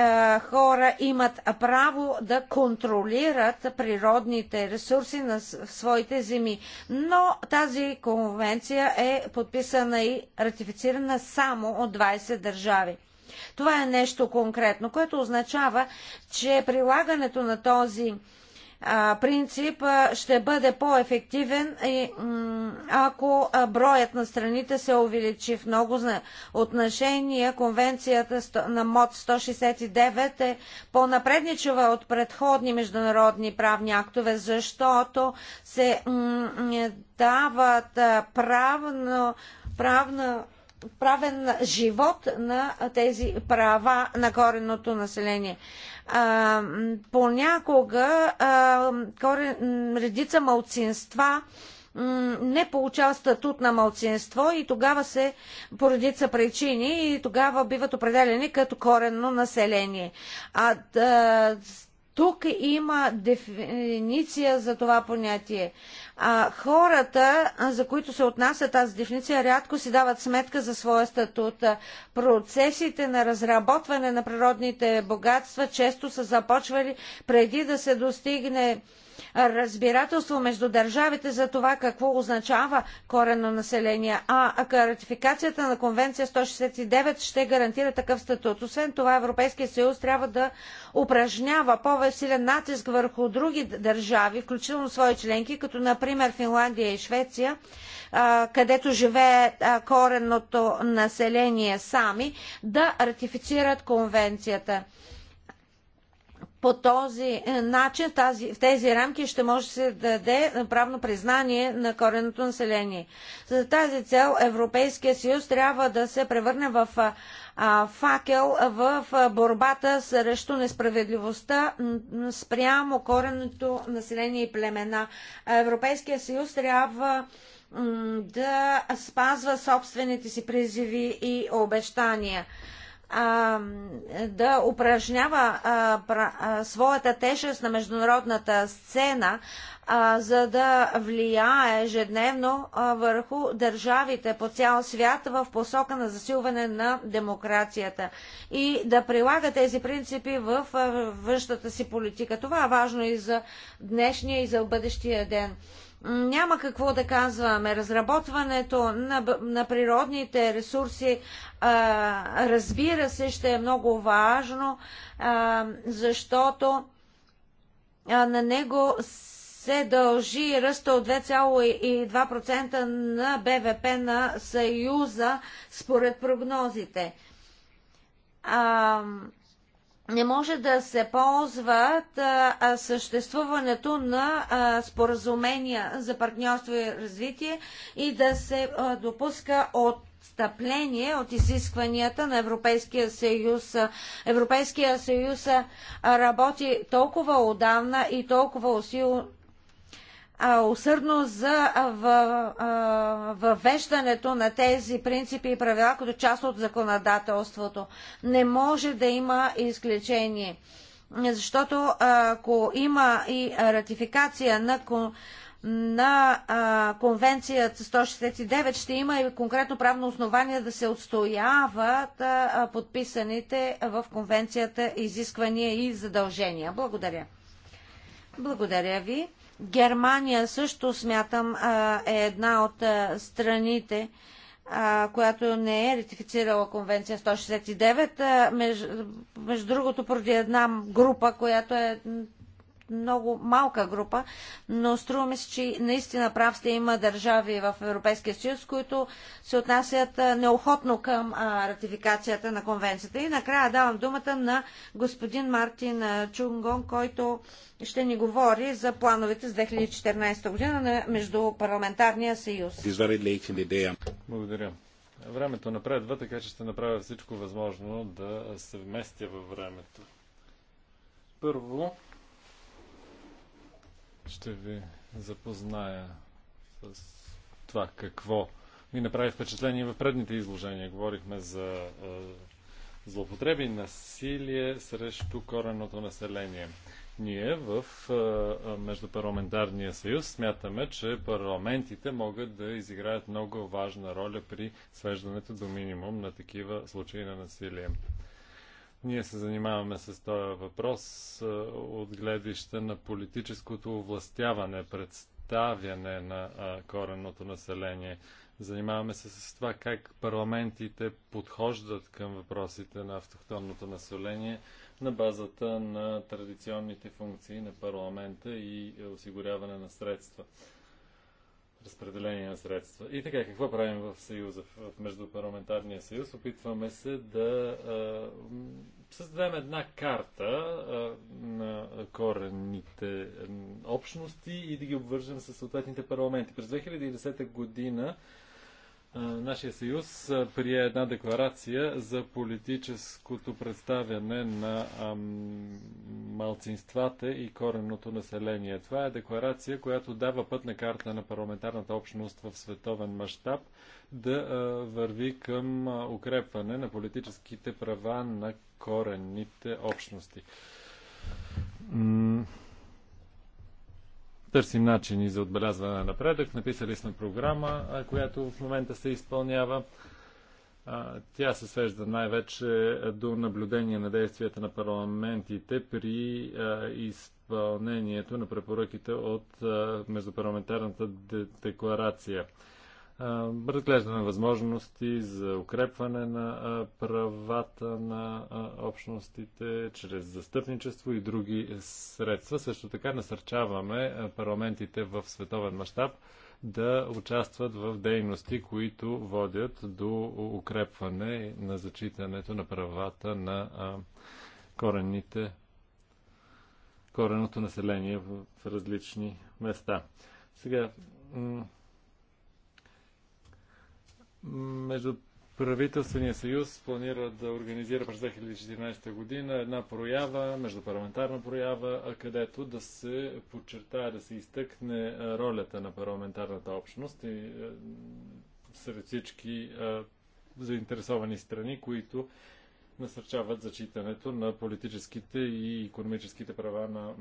хора имат право да контролират природните ресурси на своите земи. Но тази конвенция е подписана и ратифицирана само от 20 държави. Това е нещо конкретно, което означава, че прилагането на този принцип ще бъде по-ефективен, ако броят на страните се увеличи в много отношения. Конвенцията на МОД 169 е по-напредничева от предходни международни правни актове, защото се дават правно, правна правен живот на тези права на коренното население. А, понякога а, корен, редица малцинства не получава статут на малцинство и тогава се поредица причини и тогава биват определени като коренно население. А, а тук има дефиниция за това понятие а, хората, за които се отнася тази дефиниция, рядко си дават сметка за своя статут. Процесите на разработване на природните богатства често са започвали преди да се достигне разбирателство между държавите за това какво означава коренно население, а ратификацията на конвенция 169 ще гарантира такъв статут. Освен това, Европейския съюз трябва да упражнява по-весилен натиск върху други държави, включително свои членки, като например Финландия и Швеция, където живее коренното население сами, да ратифицират конвенцията. По този е, начин в, тази, в тези рамки ще може да се даде правно признание на кореното население. За тази цел Европейския съюз трябва да се превърне в факел в борбата срещу несправедливостта спрямо кореното население и племена. Европейския съюз трябва да спазва собствените си призиви и обещания да упражнява своята тежест на международната сцена, за да влияе ежедневно върху държавите по цял свят в посока на засилване на демокрацията и да прилага тези принципи в външната си политика. Това е важно и за днешния и за бъдещия ден няма какво да казваме. Разработването на, на природните ресурси, а, разбира се, ще е много важно, а, защото а, на него се дължи ръста от 2,2% на БВП на Съюза, според прогнозите. А, не може да се ползват съществуването на споразумения за партньорство и развитие и да се допуска от отстъпление от изискванията на Европейския съюз. Европейския съюз работи толкова отдавна и толкова усилно усърдно за въвеждането на тези принципи и правила като част от законодателството. Не може да има изключение, защото ако има и ратификация на на конвенцията 169 ще има и конкретно правно основание да се отстояват подписаните в конвенцията изисквания и задължения. Благодаря. Благодаря ви. Германия също смятам е една от страните, която не е ратифицирала конвенция 169, между, между другото поради една група, която е много малка група, но струва ми се, че наистина прав сте има държави в Европейския съюз, които се отнасят неохотно към ратификацията на конвенцията. И накрая давам думата на господин Мартин Чунгон, който ще ни говори за плановете с 2014 година на Междупарламентарния съюз. Благодаря. Времето напредва, така че ще направя всичко възможно да се вместя във времето. Първо, ще ви запозная с това какво ми направи впечатление в предните изложения. Говорихме за е, злоупотреби, насилие срещу кореното население. Ние в е, е, Междупарламентарния съюз смятаме, че парламентите могат да изиграят много важна роля при свеждането до минимум на такива случаи на насилие. Ние се занимаваме с този въпрос от гледище на политическото овластяване, представяне на коренното население. Занимаваме се с това как парламентите подхождат към въпросите на автохтонното население на базата на традиционните функции на парламента и е, осигуряване на средства разпределение на средства. И така, какво правим в Съюза, в Междупарламентарния съюз? Опитваме се да създадем една карта а, на коренните общности и да ги обвържем с съответните парламенти. През 2010 година а, нашия съюз прие една декларация за политическото представяне на а, малцинствата и коренното население. Това е декларация, която дава пътна карта на парламентарната общност в световен мащаб да а, върви към укрепване на политическите права на корените общности. Търсим начини за отбелязване на напредък. Написали сме програма, която в момента се изпълнява. Тя се свежда най-вече до наблюдение на действията на парламентите при изпълнението на препоръките от Междупарламентарната декларация – разглеждаме възможности за укрепване на правата на общностите чрез застъпничество и други средства. Също така насърчаваме парламентите в световен мащаб да участват в дейности, които водят до укрепване на зачитането на правата на корените, кореното население в различни места. Сега, между Правителствения съюз планира да организира през 2014 година една проява, междупарламентарна проява, където да се подчертае, да се изтъкне ролята на парламентарната общност и сред всички заинтересовани страни, които насърчават зачитането на политическите и економическите права на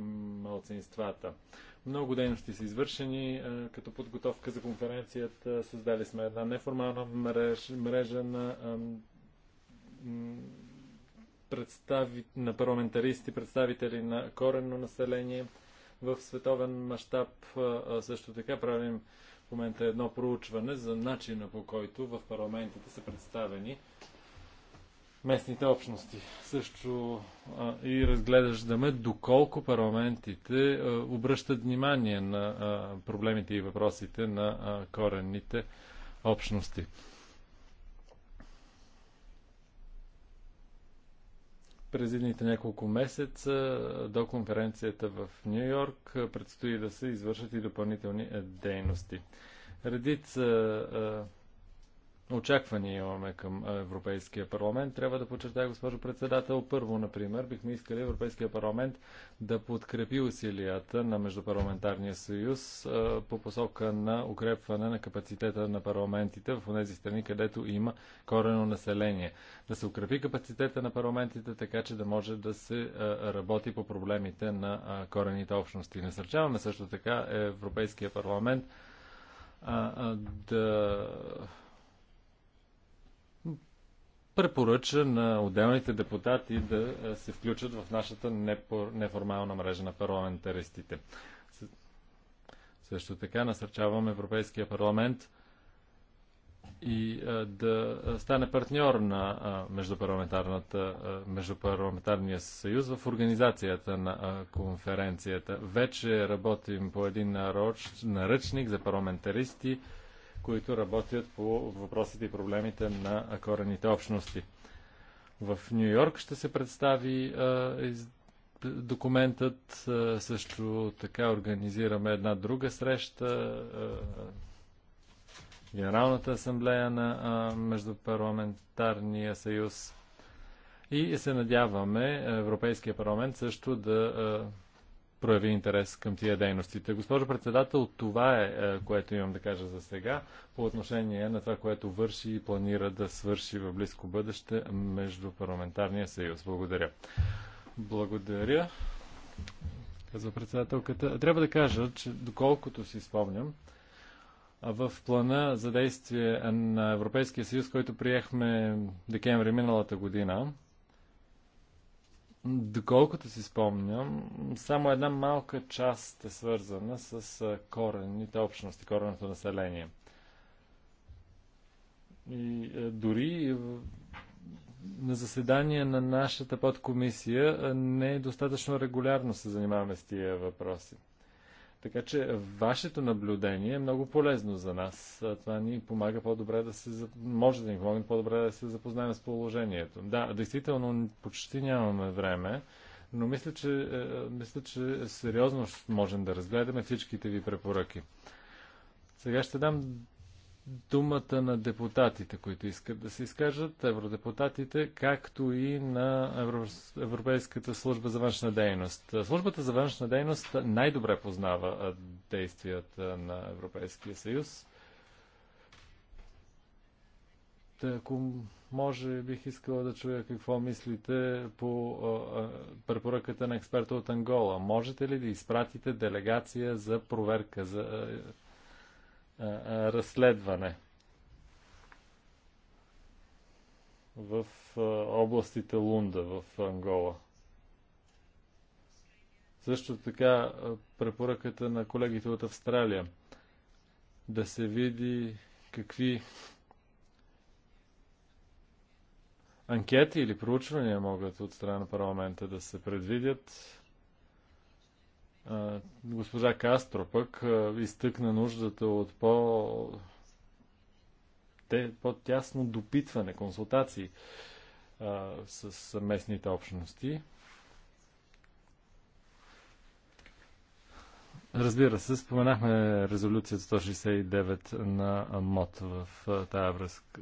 малцинствата. Много дейности са извършени е, като подготовка за конференцията. Създали сме една неформална мреж, мрежа на представи, на парламентаристи, представители на коренно население в световен мащаб. Е, също така правим в момента едно проучване за начина по който в парламентите са представени местните общности. Също а, и разглеждаме доколко парламентите а, обръщат внимание на а, проблемите и въпросите на а, коренните общности. През едните няколко месеца до конференцията в Нью Йорк предстои да се извършат и допълнителни дейности. Редица а, очаквания имаме към Европейския парламент. Трябва да подчертая, госпожо председател, първо, например, бихме искали Европейския парламент да подкрепи усилията на Междупарламентарния съюз по посока на укрепване на капацитета на парламентите в тези страни, където има корено население. Да се укрепи капацитета на парламентите, така че да може да се работи по проблемите на корените общности. Насърчаваме също така Европейския парламент да препоръча на отделните депутати да е, се включат в нашата неформална мрежа на парламентаристите. Също така насърчавам Европейския парламент и е, да е, стане партньор на междупарламентарната, Междупарламентарния съюз в организацията на конференцията. Вече работим по един наръчник за парламентаристи, които работят по въпросите и проблемите на корените общности. В Нью Йорк ще се представи а, из... документът. А, също така организираме една друга среща. А, Генералната асамблея на а, Междупарламентарния съюз. И се надяваме Европейския парламент също да а, прояви интерес към тия дейностите. Госпожо председател, това е, е, което имам да кажа за сега по отношение на това, което върши и планира да свърши в близко бъдеще между парламентарния съюз. Благодаря. Благодаря. Казва председателката. Трябва да кажа, че доколкото си спомням, в плана за действие на Европейския съюз, който приехме декември миналата година, Доколкото си спомням, само една малка част е свързана с коренните общности, кореното население. И дори на заседание на нашата подкомисия не е достатъчно регулярно се занимаваме с тия въпроси. Така че вашето наблюдение е много полезно за нас. Това ни помага по-добре да се... Може да ни помогне по-добре да се запознаем с положението. Да, действително почти нямаме време, но мисля, че, е, мисля, че сериозно можем да разгледаме всичките ви препоръки. Сега ще дам думата на депутатите, които искат да се изкажат, евродепутатите, както и на Европейската служба за външна дейност. Службата за външна дейност най-добре познава действията на Европейския съюз. ако може, бих искала да чуя какво мислите по препоръката на експерта от Ангола. Можете ли да изпратите делегация за проверка, за разследване в областите Лунда в Ангола. Също така препоръката на колегите от Австралия да се види какви анкети или проучвания могат от страна на парламента да се предвидят Госпожа Кастро пък изтъкна нуждата от по... Те, по-тясно допитване, консултации а, с местните общности. Разбира се, споменахме резолюцията 169 на МОД в тази връзка.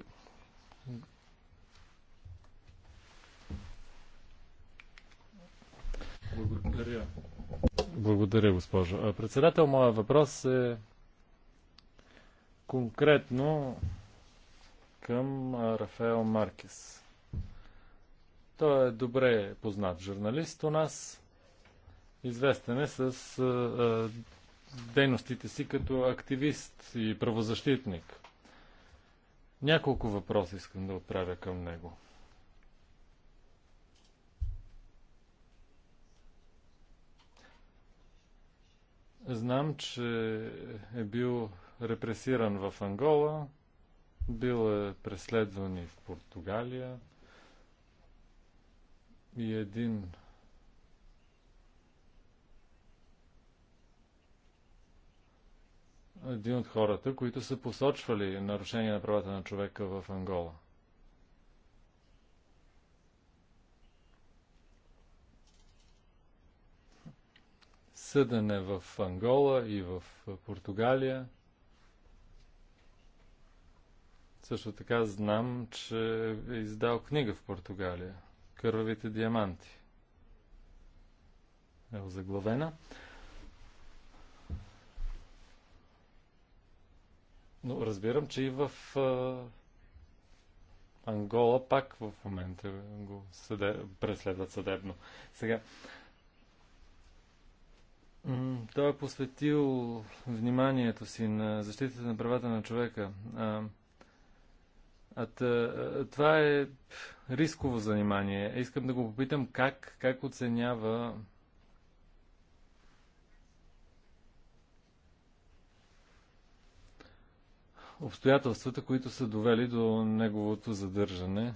Благодаря. Благодаря, госпожо. Председател, моя въпрос е конкретно към Рафаел Маркес. Той е добре познат журналист у нас. Известен е с дейностите си като активист и правозащитник. Няколко въпроса искам да отправя към него. Знам, че е бил репресиран в Ангола, бил е преследван и в Португалия и един един от хората, които са посочвали нарушение на правата на човека в Ангола. съдене в Ангола и в Португалия. Също така знам, че е издал книга в Португалия Кървавите диаманти. Е заглавена. Но разбирам, че и в Ангола пак в момента го преследват съдебно. Сега, той е посветил вниманието си на защитата на правата на човека. А, а, а, това е рисково занимание. Искам да го попитам как, как оценява обстоятелствата, които са довели до неговото задържане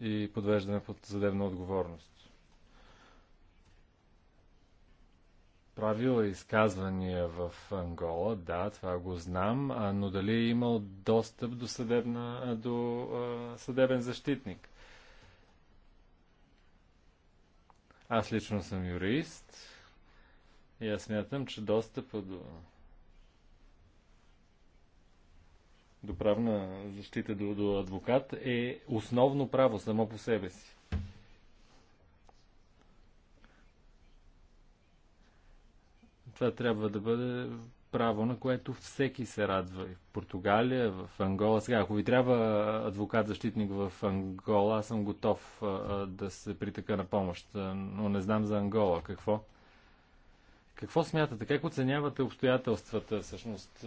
и подвеждане под съдебна отговорност. правила изказвания в Ангола, да, това го знам, но дали е имал достъп до, съдебна, до съдебен защитник? Аз лично съм юрист и аз смятам, че достъпа до до правна защита до, до адвокат е основно право само по себе си. това трябва да бъде право, на което всеки се радва. И в Португалия, в Ангола. Сега, ако ви трябва адвокат-защитник в Ангола, аз съм готов а, да се притъка на помощ, но не знам за Ангола. Какво? Какво смятате? Как оценявате обстоятелствата, всъщност,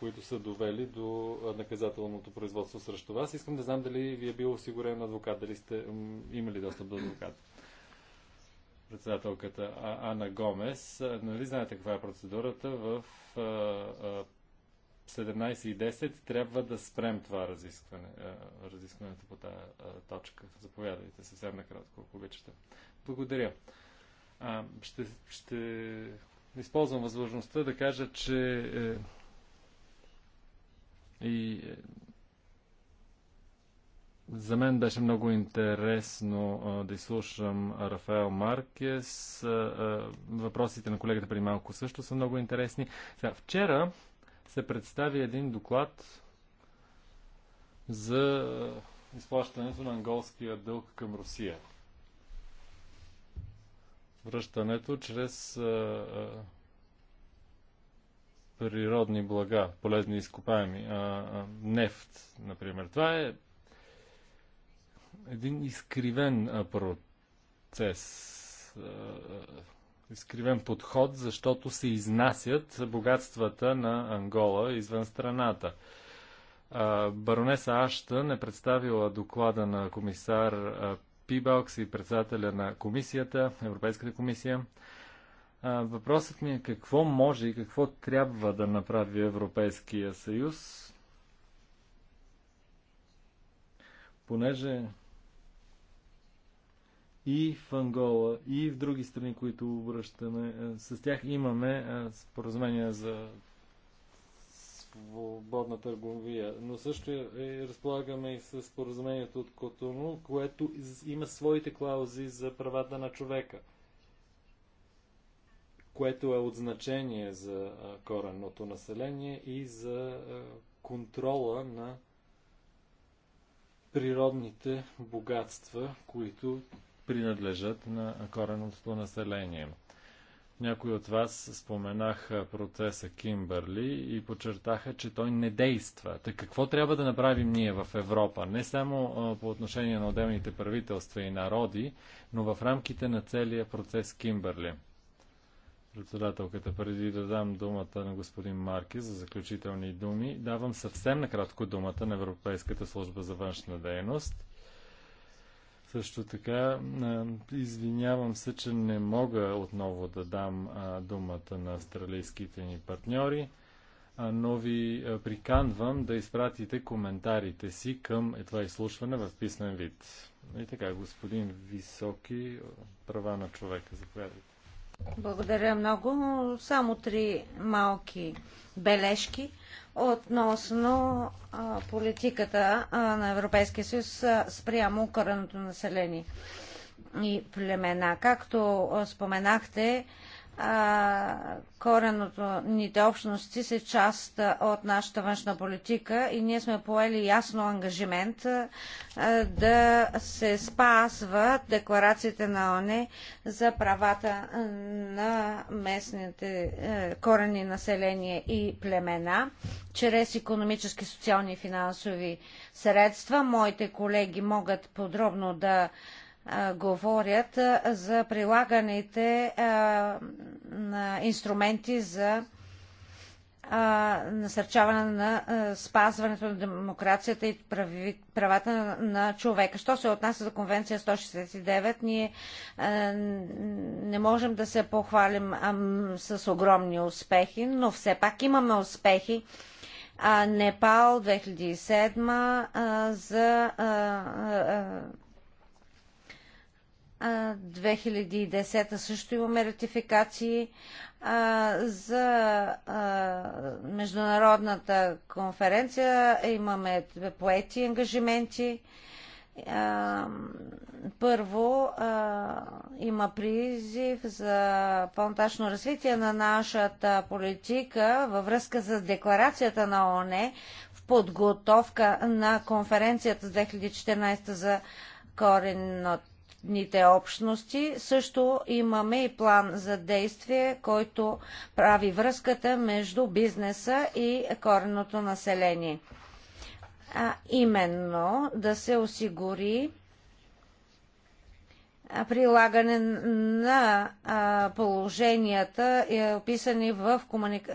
които са довели до наказателното производство срещу вас? Искам да знам дали ви е бил осигурен адвокат, дали сте имали достъп до адвокат председателката Ана Гомес. Нали знаете каква е процедурата? В 17.10 трябва да спрем това разискване, разискването по тази точка. Заповядайте съвсем накратко, ако обичате. Благодаря. Ще, ще използвам възможността да кажа, че е, и е, за мен беше много интересно а, да изслушам Рафаел Маркес. А, а, въпросите на колегата преди малко също са много интересни. Сега, вчера се представи един доклад за изплащането на анголския дълг към Русия. Връщането чрез а, а, природни блага, полезни изкопаеми, а, а, нефт, например. Това е един изкривен процес, изкривен подход, защото се изнасят богатствата на Ангола извън страната. Баронеса Аштън е представила доклада на комисар Пибалкс и председателя на комисията, Европейската комисия. Въпросът ми е какво може и какво трябва да направи Европейския съюз, понеже и в Ангола, и в други страни, които обръщаме. Е, с тях имаме е, споразумения за свободна търговия, но също и е, разполагаме и с споразумението от Котону, което има своите клаузи за правата на човека, което е от значение за коренното население и за контрола на природните богатства, които принадлежат на кореното население. Някои от вас споменаха процеса Кимбърли и подчертаха, че той не действа. Так какво трябва да направим ние в Европа? Не само по отношение на отделните правителства и народи, но в рамките на целия процес Кимбърли. Председателката, преди да дам думата на господин Марки за заключителни думи, давам съвсем накратко думата на Европейската служба за външна дейност – също така, извинявам се, че не мога отново да дам думата на австралийските ни партньори, но ви приканвам да изпратите коментарите си към е, това изслушване в писмен вид. И така, господин Високи, права на човека, заповядайте. Благодаря много. Само три малки бележки относно а, политиката а, на Европейския съюз спрямо укараното население и племена. Както споменахте, кореното ните общности са част от нашата външна политика и ние сме поели ясно ангажимент да се спазват декларациите на ОНЕ за правата на местните е, корени населения и племена чрез економически, социални и финансови средства. Моите колеги могат подробно да говорят за прилаганите инструменти за насърчаване на спазването на демокрацията и правата на човека. Що се отнася за конвенция 169, ние не можем да се похвалим с огромни успехи, но все пак имаме успехи. Непал 2007 за 2010 също имаме ратификации а, за а, международната конференция. Имаме поети ангажименти. А, първо има призив за по-нататъчно развитие на нашата политика във връзка с декларацията на ОНЕ в подготовка на конференцията 2014 за коренното местните общности. Също имаме и план за действие, който прави връзката между бизнеса и кореното население. А именно да се осигури прилагане на положенията, е описани в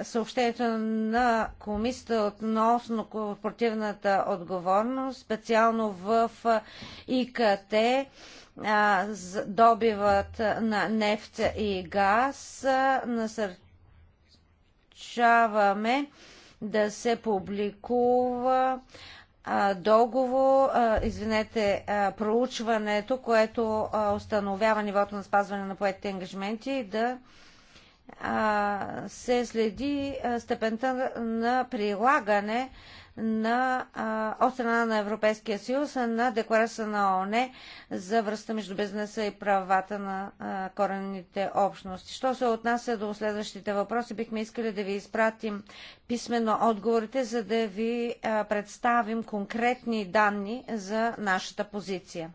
съобщението на комисията относно корпоративната отговорност, специално в ИКТ, добивът на нефт и газ, насърчаваме да се публикува договор, извинете, проучването, което установява нивото на спазване на поетите ангажименти и да се следи степента на прилагане на, а, от страна на Европейския съюз на декларация на ООН за връзка между бизнеса и правата на а, корените общности. Що се отнася до следващите въпроси, бихме искали да ви изпратим писменно отговорите, за да ви а, представим конкретни данни за нашата позиция.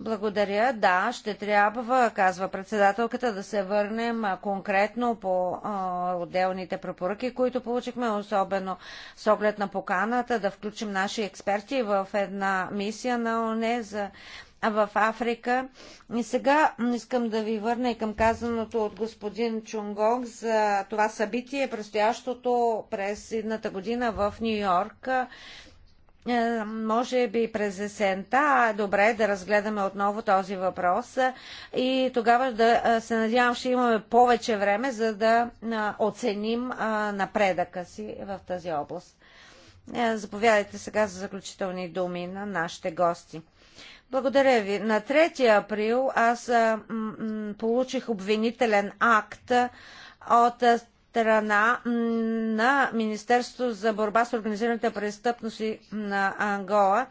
Благодаря. Да, ще трябва, казва председателката, да се върнем конкретно по а, отделните препоръки, които получихме, особено с оглед на поканата, да включим наши експерти в една мисия на ОНЕ за в Африка. И сега искам да ви върна и към казаното от господин Чунгок за това събитие, предстоящото през едната година в Нью Йорк. Е, може би през есента е добре да разгледаме отново този въпрос и тогава да е, се надявам, ще имаме повече време, за да е, оценим напредъка си в тази област. Заповядайте сега за заключителни думи на нашите гости. Благодаря ви. На 3 април аз получих обвинителен акт от страна на Министерството за борба с организираната престъпност на Ангола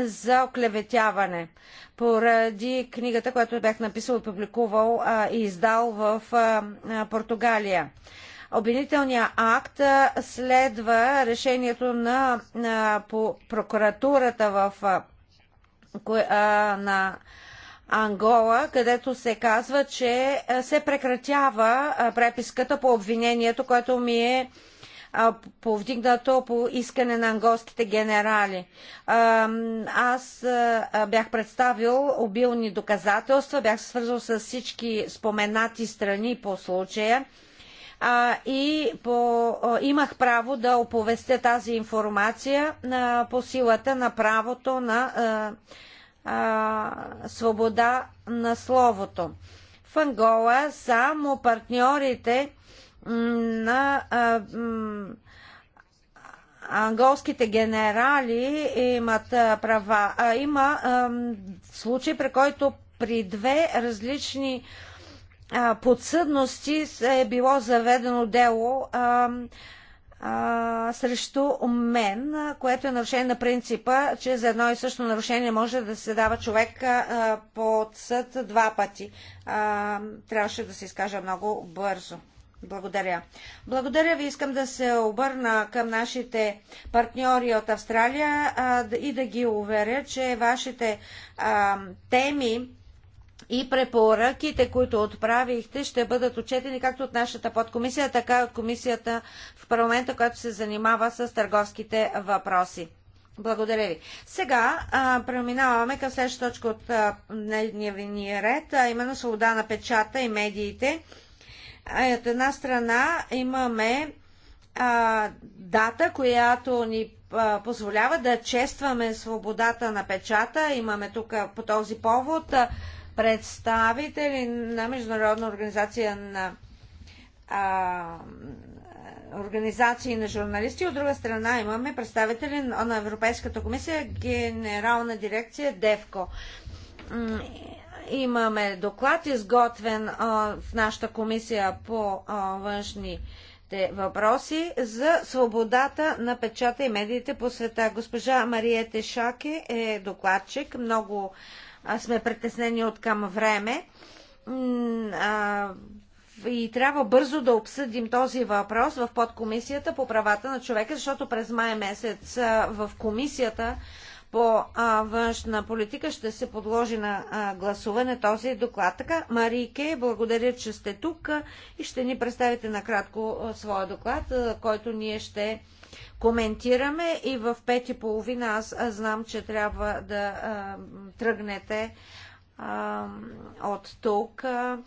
за оклеветяване. Поради книгата, която бях написал, публикувал и издал в а, а, Португалия. Обвинителният акт следва решението на, на по прокуратурата в, на Ангола, където се казва, че се прекратява преписката по обвинението, което ми е повдигнато по искане на анголските генерали. Аз бях представил обилни доказателства, бях се свързал с всички споменати страни по случая и по, имах право да оповестя тази информация по силата на правото на а, свобода на словото. В Ангола само партньорите на а, анголските генерали имат права. А има а, случай, при който при две различни а, подсъдности е било заведено дело. А, а, срещу мен, което е нарушение на принципа, че за едно и също нарушение може да се дава човек а, под съд два пъти. А, трябваше да се изкажа много бързо. Благодаря. Благодаря ви. Искам да се обърна към нашите партньори от Австралия а, и да ги уверя, че вашите а, теми и препоръките, които отправихте, ще бъдат отчетени както от нашата подкомисия, така и от комисията в парламента, която се занимава с търговските въпроси. Благодаря ви. Сега а, преминаваме към следващата точка от дневния ни ред, а именно свобода на печата и медиите. А, от една страна имаме а, дата, която ни а, позволява да честваме свободата на печата. Имаме тук по този повод а, представители на Международна организация на а, организации на журналисти. От друга страна имаме представители на Европейската комисия, генерална дирекция ДЕВКО. Имаме доклад, изготвен а, в нашата комисия по а, външни въпроси за свободата на печата и медиите по света. Госпожа Мария Тешаке е докладчик. Много сме притеснени от към време. И трябва бързо да обсъдим този въпрос в подкомисията по правата на човека, защото през май месец в комисията по външна политика ще се подложи на гласуване този доклад. Така, Марике, благодаря, че сте тук и ще ни представите накратко своя доклад, който ние ще коментираме и в пет и половина аз знам, че трябва да а, тръгнете а, от тук. А,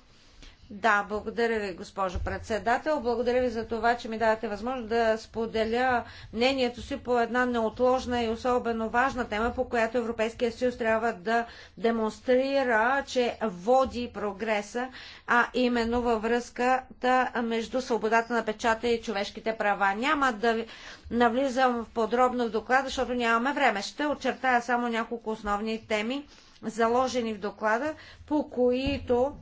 да, благодаря ви, госпожо председател. Благодаря ви за това, че ми давате възможност да споделя мнението си по една неотложна и особено важна тема, по която Европейския съюз трябва да демонстрира, че води прогреса, а именно във връзката между свободата на печата и човешките права. Няма да навлизам в подробно в доклада, защото нямаме време. Ще очертая само няколко основни теми, заложени в доклада, по които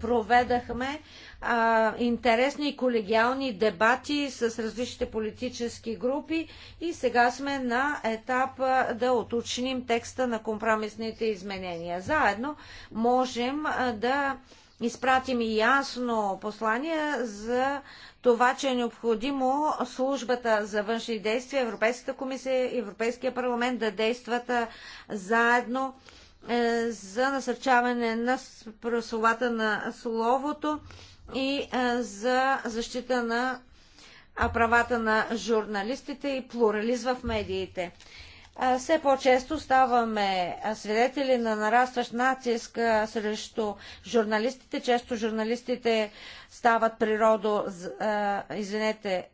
проведахме а, интересни и колегиални дебати с различните политически групи и сега сме на етап да уточним текста на компромисните изменения. Заедно можем а, да изпратим ясно послание за това, че е необходимо службата за външни действия, Европейската комисия и Европейския парламент да действат заедно е, за насърчаване на правословата на словото и е, за защита на правата на журналистите и плурализ в медиите. Е, все по-често ставаме свидетели на нарастващ натиск срещу журналистите. Често журналистите стават природо, извинете,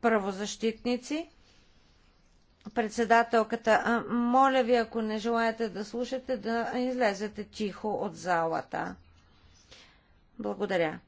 правозащитници – Председателката, моля ви, ако не желаете да слушате, да излезете тихо от залата. Благодаря.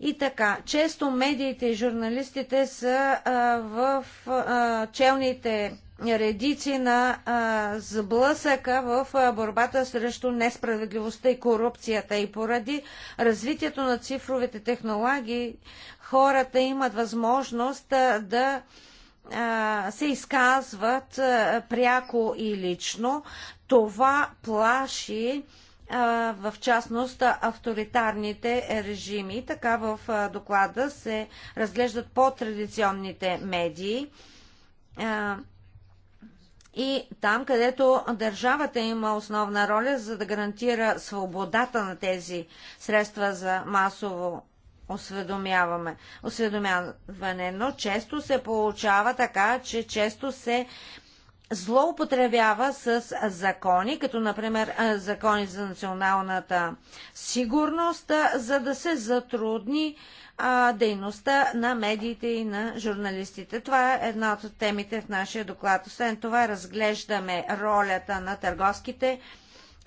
И така, често медиите и журналистите са а, в а, челните редици на а, сблъсъка в а, борбата срещу несправедливостта и корупцията. И поради развитието на цифровите технологии, хората имат възможност а, да се изказват пряко и лично. Това плаши в частност авторитарните режими. Така в доклада се разглеждат по-традиционните медии и там, където държавата има основна роля, за да гарантира свободата на тези средства за масово осведомяваме, осведомяване, но често се получава така, че често се злоупотребява с закони, като например закони за националната сигурност, за да се затрудни дейността на медиите и на журналистите. Това е една от темите в нашия доклад. Освен това разглеждаме ролята на търговските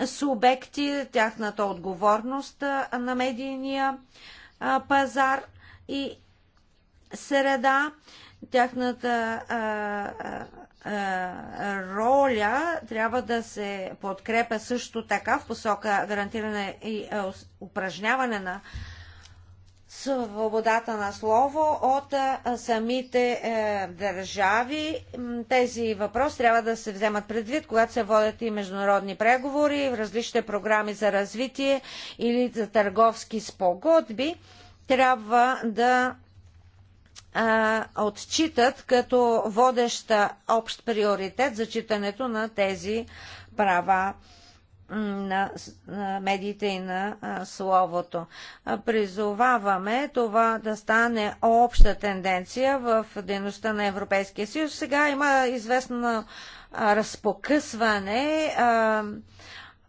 субекти, тяхната отговорност на медийния а, пазар и среда. Тяхната а, а, роля трябва да се подкрепя също така в посока гарантиране и упражняване на свободата на слово от самите е, държави. Тези въпроси трябва да се вземат предвид, когато се водят и международни преговори, различните програми за развитие или за търговски спогодби. Трябва да отчитат като водеща общ приоритет зачитането на тези права на медиите и на словото. Призоваваме това да стане обща тенденция в дейността на Европейския съюз. Сега има известно разпокъсване.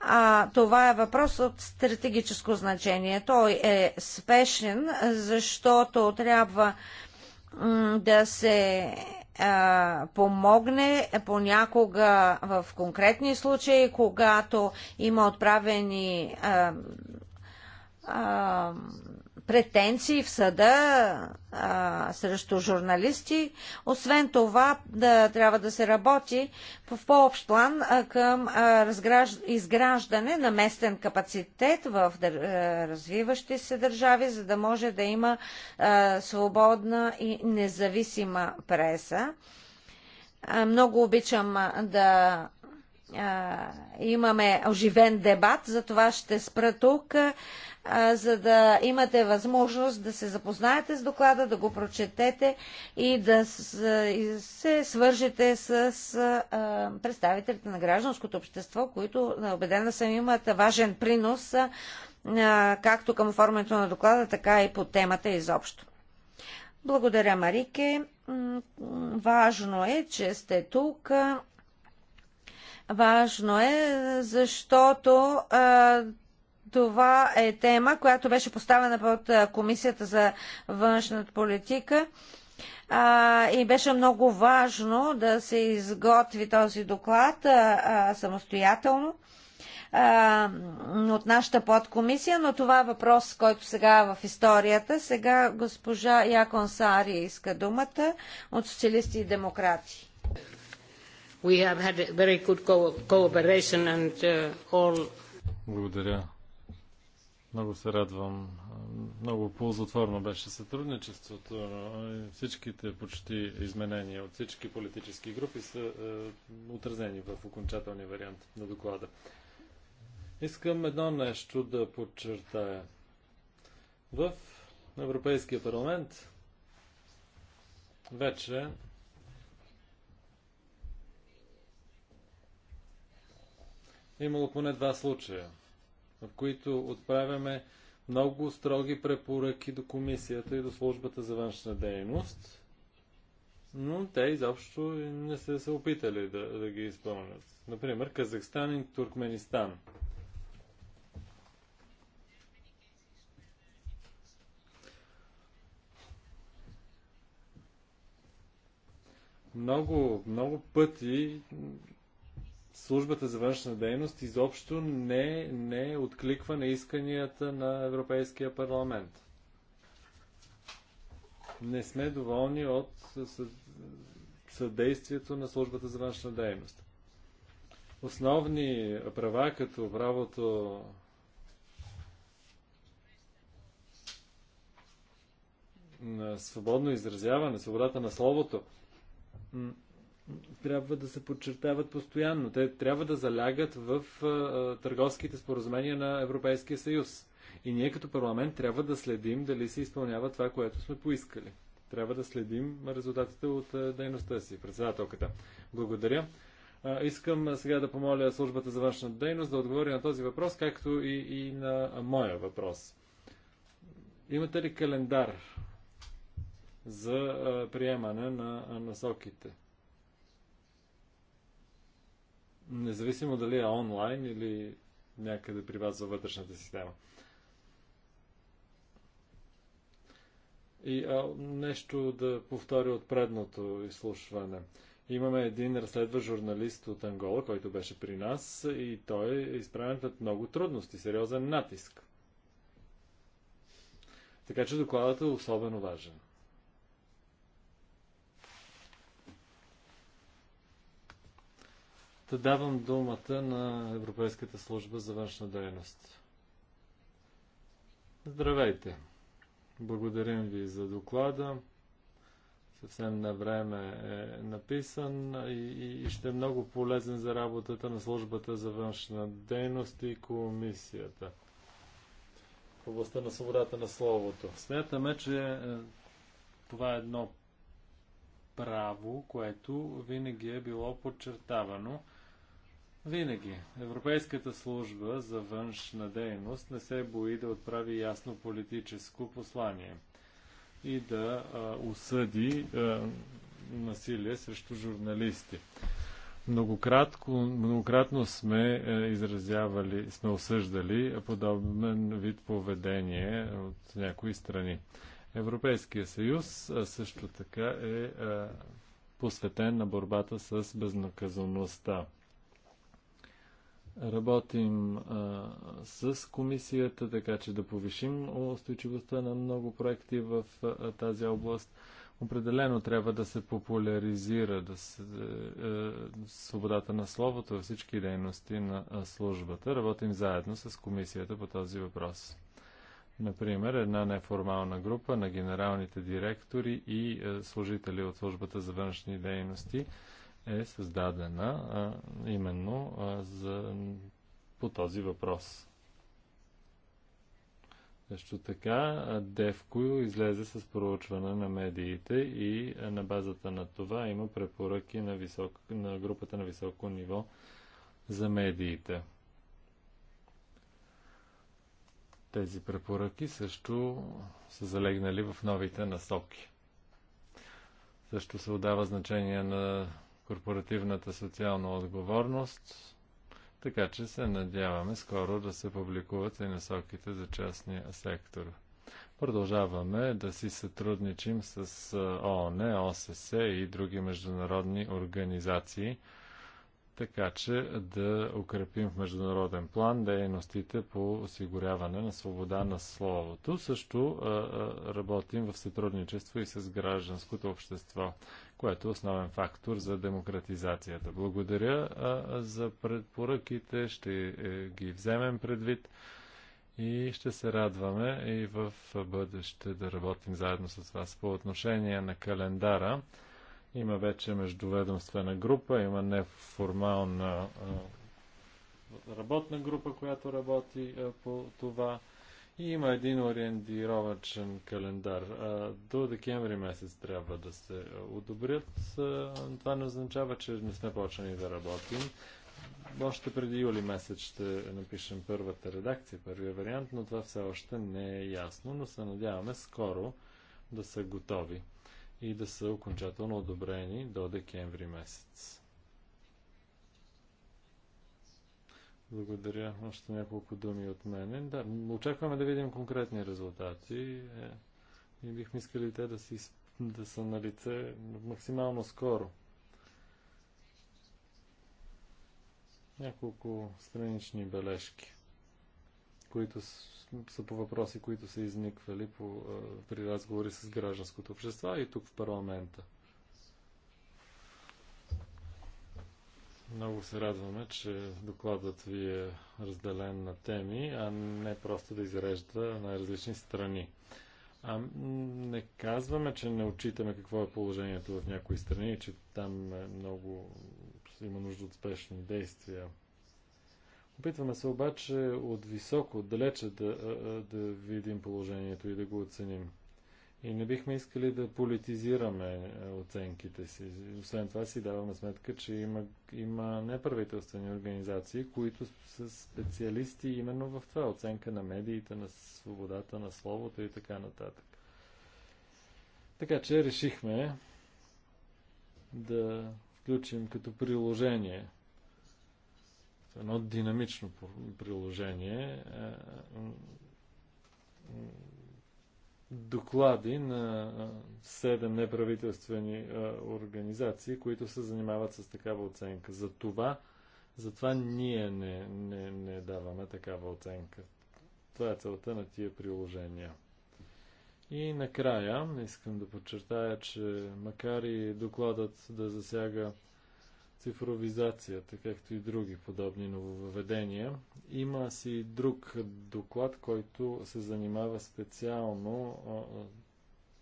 А, това е въпрос от стратегическо значение. Той е спешен, защото трябва да се помогне понякога в конкретни случаи, когато има отправени а, а, претенции в съда а, срещу журналисти. Освен това, да, трябва да се работи в по-общ план а, към а, разграж... изграждане на местен капацитет в дър... развиващи се държави, за да може да има а, свободна и независима преса. А, много обичам да имаме оживен дебат, за това ще спра тук, за да имате възможност да се запознаете с доклада, да го прочетете и да се свържете с представителите на гражданското общество, които, убедена съм, имат важен принос както към оформянето на доклада, така и по темата изобщо. Благодаря, Марике. Важно е, че сте тук Важно е, защото а, това е тема, която беше поставена под Комисията за външната политика а, и беше много важно да се изготви този доклад а, а, самостоятелно а, от нашата подкомисия, но това е въпрос, който сега е в историята. Сега госпожа Якон Сари иска думата от социалисти и демократи. We have had very good cooperation and uh, all... Благодаря. Много се радвам. Много ползотворно беше сътрудничеството. Всичките почти изменения от всички политически групи са е, отразени в окончателния вариант на доклада. Искам едно нещо да подчертая. В Европейския парламент вече имало поне два случая, в които отправяме много строги препоръки до комисията и до службата за външна дейност, но те изобщо не са се опитали да, да ги изпълнят. Например, Казахстан и Туркменистан. Много, много пъти службата за външна дейност изобщо не, не откликва на исканията на Европейския парламент. Не сме доволни от съдействието на службата за външна дейност. Основни права, като правото на свободно изразяване, свободата на словото, трябва да се подчертават постоянно. Те трябва да залягат в а, търговските споразумения на Европейския съюз. И ние като парламент трябва да следим дали се изпълнява това, което сме поискали. Трябва да следим резултатите от а, дейността си. Председателката. Благодаря. А, искам сега да помоля службата за външна дейност да отговори на този въпрос, както и, и на моя въпрос. Имате ли календар за приемане на насоките? независимо дали е онлайн или някъде при вас във вътрешната система. И а, нещо да повторя от предното изслушване. Имаме един разследващ журналист от Ангола, който беше при нас и той е изправен пред много трудности, сериозен натиск. Така че докладът е особено важен. Та давам думата на Европейската служба за външна дейност. Здравейте! Благодарим ви за доклада. Съвсем на време е написан и, и ще е много полезен за работата на службата за външна дейност и комисията в областта на свободата на словото. Смятаме, че е, това е едно право, което винаги е било подчертавано винаги Европейската служба за външна дейност не се бои да отправи ясно политическо послание и да а, осъди а, насилие срещу журналисти. Многократко, многократно сме е, изразявали, сме осъждали подобен вид поведение от някои страни. Европейския съюз а, също така е а, посветен на борбата с безнаказаността. Работим а, с комисията, така че да повишим устойчивостта на много проекти в а, тази област. Определено трябва да се популяризира да се, е, е свободата на словото във всички дейности на службата. Работим заедно с комисията по този въпрос. Например, една неформална група на генералните директори и е, служители от службата за външни дейности – е създадена именно за, по този въпрос. Също така, Девко излезе с проучване на медиите и на базата на това има препоръки на, висок, на групата на високо ниво за медиите. Тези препоръки също са залегнали в новите насоки. Също се отдава значение на корпоративната социална отговорност, така че се надяваме скоро да се публикуват и насоките за частния сектор. Продължаваме да си сътрудничим с ООН, ОСС и други международни организации, така че да укрепим в международен план дейностите по осигуряване на свобода на словото. Също работим в сътрудничество и с гражданското общество което е основен фактор за демократизацията. Благодаря за предпоръките, ще е, ги вземем предвид и ще се радваме и в бъдеще да работим заедно с вас. По отношение на календара, има вече междуведомствена група, има неформална работна група, която работи по това. И има един ориентировачен календар. До декември месец трябва да се одобрят. Това не означава, че не сме почнали да работим. Още преди юли месец ще напишем първата редакция, първия вариант, но това все още не е ясно, но се надяваме скоро да са готови и да са окончателно одобрени до декември месец. Благодаря. Още няколко думи от мене. Да, очакваме да видим конкретни резултати е, и бихме искали те да, си, да са на лице максимално скоро. Няколко странични бележки, които са по въпроси, които са изниквали по, е, при разговори с гражданското общество и тук в парламента. Много се радваме, че докладът ви е разделен на теми, а не просто да изрежда на различни страни. А, не казваме, че не отчитаме какво е положението в някои страни, че там е много има нужда от спешни действия. Опитваме се обаче от високо, далече да, да видим положението и да го оценим. И не бихме искали да политизираме е, оценките си. Освен това си даваме сметка, че има, има неправителствени организации, които са специалисти именно в това. Оценка на медиите, на свободата на словото и така нататък. Така че решихме да включим като приложение едно динамично приложение е, доклади на 7 неправителствени организации, които се занимават с такава оценка. За това, за това ние не, не, не даваме такава оценка. Това е целта на тия приложения. И накрая искам да подчертая, че макар и докладът да засяга цифровизацията, както и други подобни нововведения. Има си друг доклад, който се занимава специално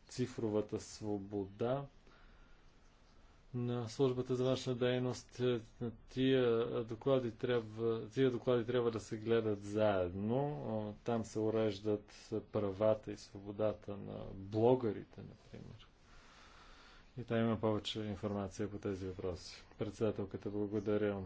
цифровата свобода на службата за външна дейност. Е, тия доклади, трябва, тия доклади трябва да се гледат заедно. Там се уреждат правата и свободата на блогърите, например. И там има повече информация по тези въпроси. Председателката, благодаря.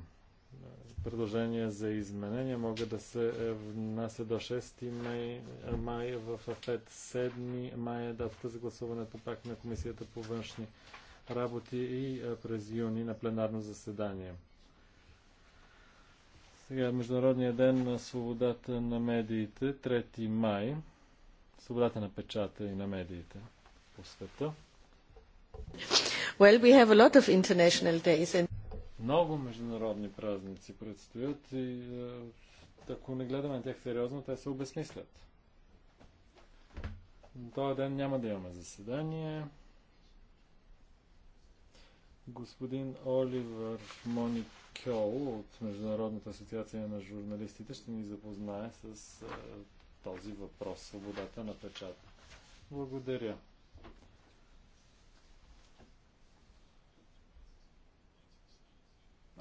Предложения за изменения могат да се внася до 6 май, май в 5 7 май е датата за гласуването пак на Комисията по външни работи и през юни на пленарно заседание. Сега е Международния ден на свободата на медиите, 3 май, свободата на печата и на медиите по света. Много международни празници предстоят и е, ако не гледаме тях сериозно, те се обесмислят. Този ден няма да имаме заседание. Господин Оливър Моникьол от Международната асоциация на журналистите ще ни запознае с е, този въпрос свободата на печата. Благодаря.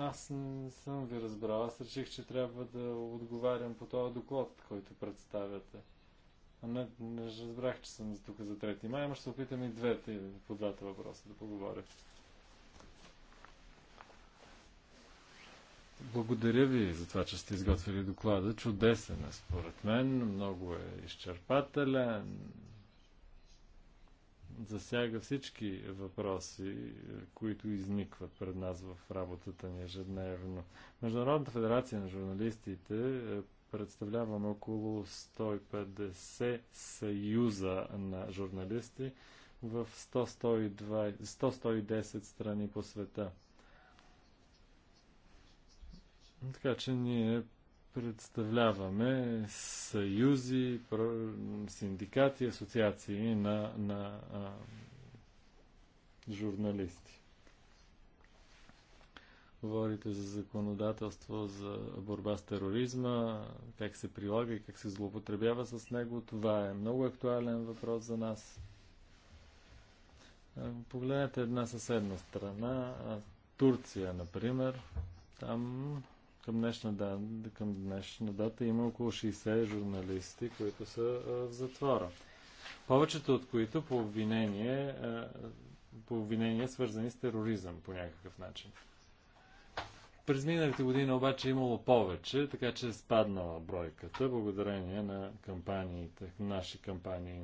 Аз не съм ви разбрал. Аз реших, че трябва да отговарям по този доклад, който представяте. А не, не разбрах, че съм тук за 3 май, ама ще се опитам и двете, по двата въпроса да поговоря. Благодаря ви за това, че сте изготвили доклада. Чудесен е, според мен. Много е изчерпателен, засяга всички въпроси, е, които изникват пред нас в работата ни ежедневно. Международната федерация на журналистите е, представляваме около 150 съюза на журналисти в 100-110 страни по света. Така че ние представляваме съюзи, синдикати, асоциации на, на а, журналисти. Говорите за законодателство за борба с тероризма, как се прилага и как се злоупотребява с него. Това е много актуален въпрос за нас. Погледнете една съседна страна, Турция, например. Там към днешна, дата, към днешна дата има около 60 журналисти, които са в затвора. Повечето от които по обвинение, по обвинение свързани с тероризъм по някакъв начин. През миналите години обаче е имало повече, така че е спаднала бройката, благодарение на кампаниите, наши кампании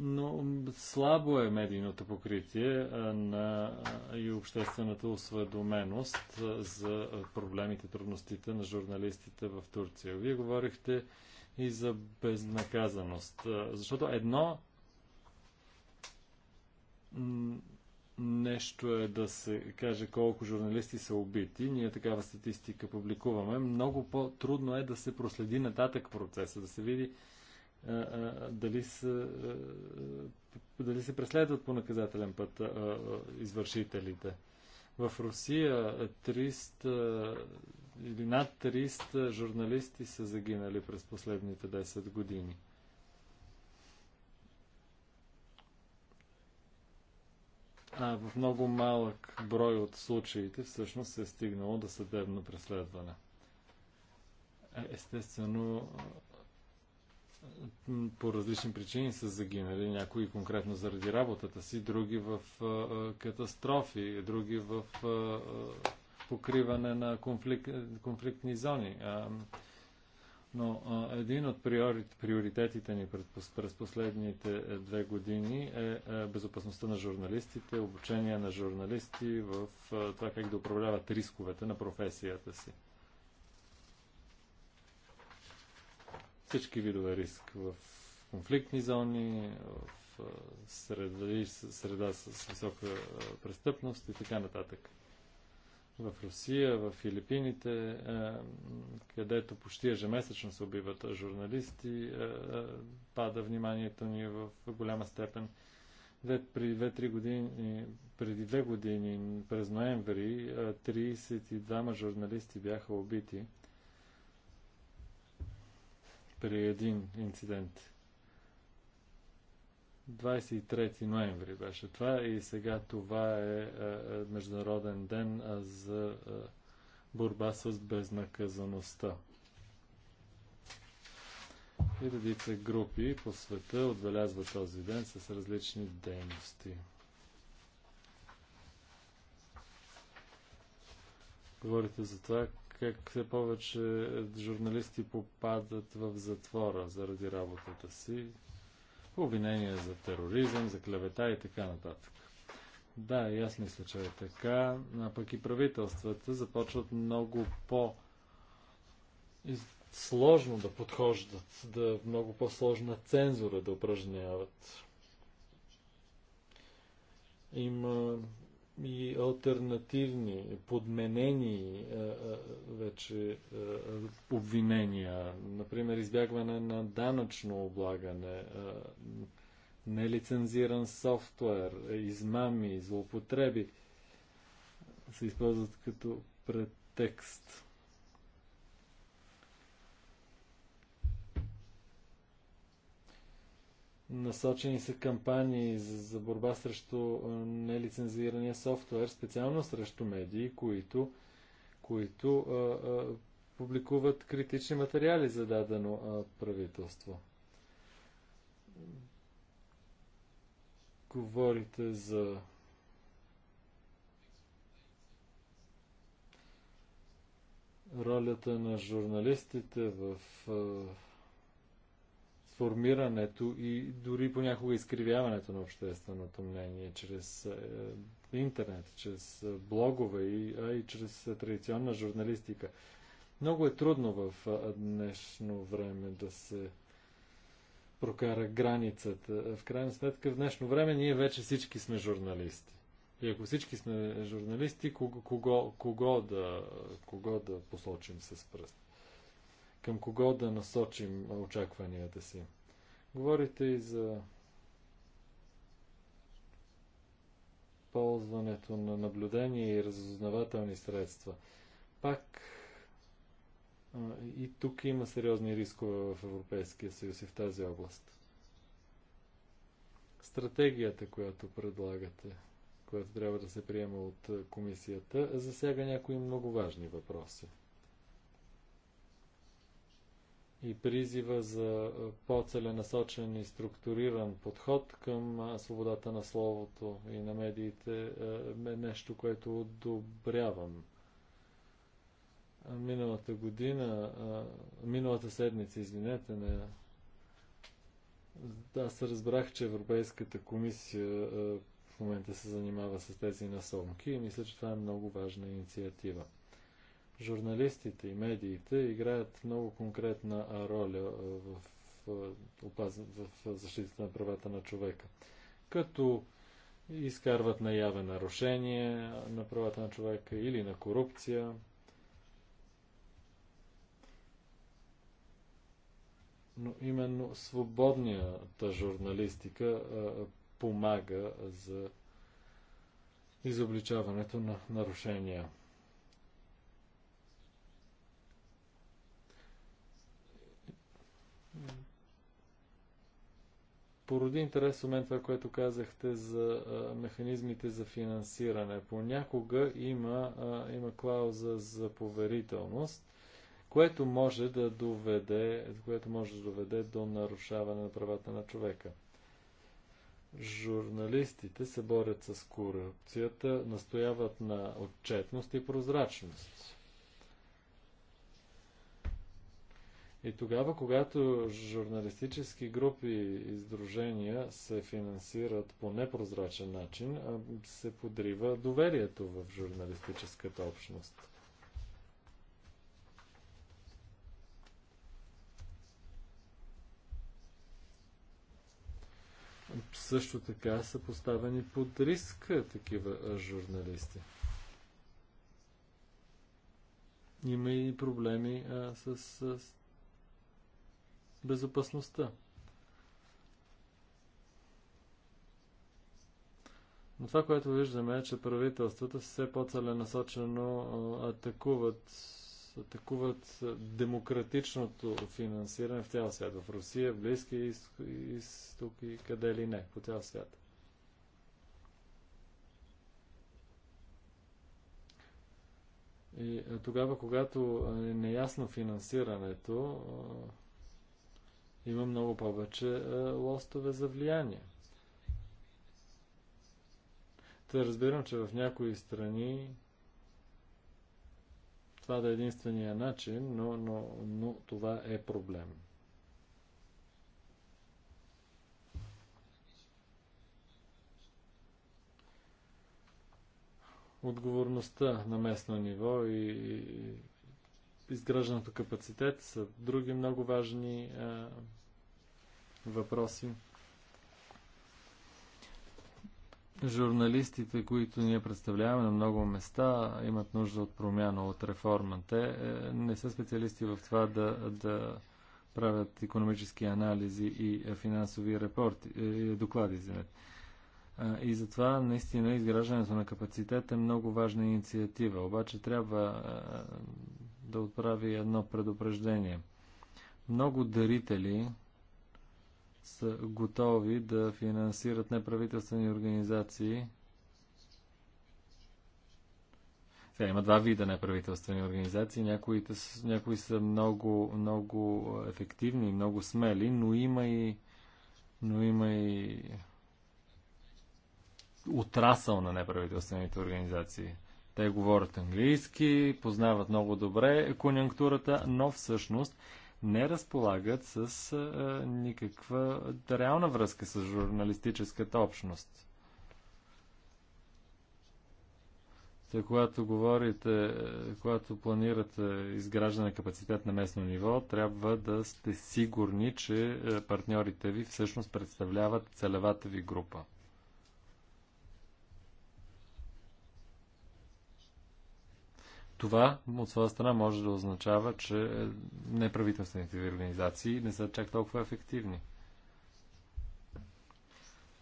но слабо е медийното покритие на, и обществената осведоменост за проблемите, трудностите на журналистите в Турция. Вие говорихте и за безнаказаност, защото едно нещо е да се каже колко журналисти са убити. Ние такава статистика публикуваме. Много по-трудно е да се проследи нататък процеса, да се види дали са дали се преследват по наказателен път а, извършителите. В Русия 300 или над 300 журналисти са загинали през последните 10 години. А в много малък брой от случаите всъщност се е стигнало до съдебно преследване. Е, естествено, по различни причини са загинали, някои конкретно заради работата си, други в а, катастрофи, други в а, покриване на конфликт, конфликтни зони. А, но а, един от приоритетите ни през последните е, две години е, е безопасността на журналистите, обучение на журналисти в това как да управляват рисковете на професията си. всички видове риск в конфликтни зони, в среда, среда с висока престъпност и така нататък. В Русия, в Филипините, където почти ежемесечно се убиват журналисти, пада вниманието ни в голяма степен. Две, три години, преди две години, през ноември, 32 журналисти бяха убити при един инцидент. 23 ноември беше това и сега това е, а, е, е, Международен ден за а, е, борба с безнаказаността. И редица групи по света отбелязват този ден с различни дейности. Говорите за това как все повече журналисти попадат в затвора заради работата си, обвинения за тероризъм, за клевета и така нататък. Да, и аз мисля, че е така. А пък и правителствата започват много по- сложно да подхождат, да много по-сложна цензура да упражняват. Има и альтернативни, подменени е, е, вече е, обвинения, например избягване на данъчно облагане, нелицензиран софтуер, измами, злоупотреби се използват като претекст. Насочени са кампании за, за борба срещу нелицензирания софтуер, специално срещу медии, които, които а, а, публикуват критични материали за дадено а, правителство. Говорите за ролята на журналистите в а, формирането и дори понякога изкривяването на общественото мнение чрез е, интернет, чрез е, блогове и, а и чрез е, традиционна журналистика. Много е трудно в е, днешно време да се прокара границата. В крайна сметка, в днешно време ние вече всички сме журналисти. И ако всички сме журналисти, кого, кого, кого, да, кого да посочим с пръст? към кого да насочим очакванията си. Говорите и за ползването на наблюдение и разузнавателни средства. Пак и тук има сериозни рискове в Европейския съюз и в тази област. Стратегията, която предлагате, която трябва да се приема от комисията, засяга някои много важни въпроси и призива за по-целенасочен и структуриран подход към свободата на словото и на медиите е нещо, което одобрявам. Миналата година, миналата седмица, извинете, не, аз разбрах, че Европейската комисия в момента се занимава с тези насомки и мисля, че това е много важна инициатива журналистите и медиите играят много конкретна роля в, в, опаз... в защитата на правата на човека. Като изкарват наяве нарушение на правата на човека или на корупция. Но именно свободната журналистика помага за изобличаването на нарушения. породи интерес у мен това, което казахте за а, механизмите за финансиране. Понякога има, а, има клауза за поверителност, което може да доведе, което може да доведе до нарушаване на правата на човека. Журналистите се борят с корупцията, настояват на отчетност и прозрачност. И тогава, когато журналистически групи и издружения се финансират по непрозрачен начин, се подрива доверието в журналистическата общност. Също така са поставени под риск такива журналисти. Има и проблеми а, с, с безопасността. Но това, което виждаме е, че правителствата все по-целенасочено атакуват, атакуват демократичното финансиране в цял свят. В Русия, в Близкия изток и къде ли не, по цял свят. И тогава, когато е неясно финансирането, има много повече е, лостове за влияние. Та разбирам, че в някои страни това да е единствения начин, но, но, но това е проблем. Отговорността на местно ниво и, и изграждането капацитет са други много важни а, е, въпроси. Журналистите, които ние представляваме на много места, имат нужда от промяна, от реформа. Те е, не са специалисти в това да, да правят економически анализи и е, финансови репорти, доклади. Извинете. И затова наистина изграждането на капацитет е много важна инициатива. Обаче трябва да отправи едно предупреждение. Много дарители са готови да финансират неправителствени организации. Сега има два вида неправителствени организации. Някои, някои са много, много ефективни, много смели, но има и, но има и отрасъл на неправителствените организации. Те говорят английски, познават много добре конъюнктурата, но всъщност не разполагат с а, никаква реална връзка с журналистическата общност. Те, когато говорите, когато планирате изграждане на капацитет на местно ниво, трябва да сте сигурни, че партньорите ви всъщност представляват целевата ви група. Това от своя страна може да означава, че е, неправителствените организации не са чак толкова ефективни.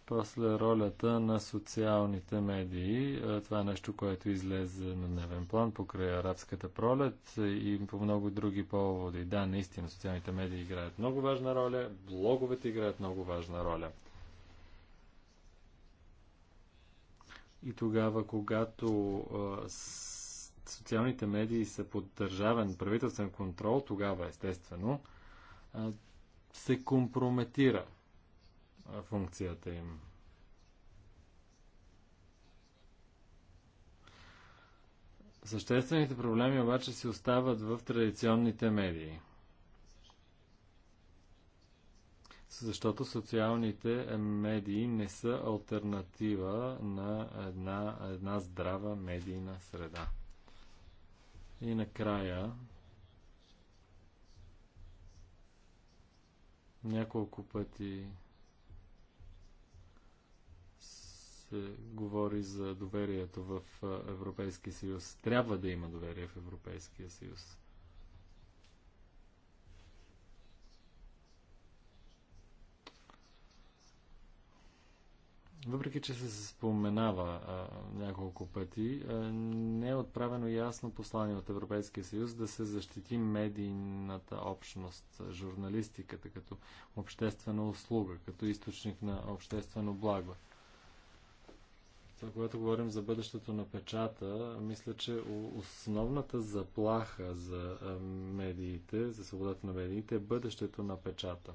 После ролята на социалните медии. Е, това е нещо, което излезе на дневен план покрай арабската пролет и по много други поводи. Да, наистина социалните медии играят много важна роля, блоговете играят много важна роля. И тогава, когато е, социалните медии са под държавен правителствен контрол, тогава естествено се компрометира функцията им. Съществените проблеми обаче си остават в традиционните медии. Защото социалните е, медии не са альтернатива на една, една здрава медийна среда. И накрая няколко пъти се говори за доверието в Европейския съюз. Трябва да има доверие в Европейския съюз. въпреки че се споменава а, няколко пъти, а, не е отправено ясно послание от Европейския съюз да се защити медийната общност, журналистиката като обществена услуга, като източник на обществено благо. Това, когато говорим за бъдещето на печата, мисля, че основната заплаха за медиите, за свободата на медиите е бъдещето на печата.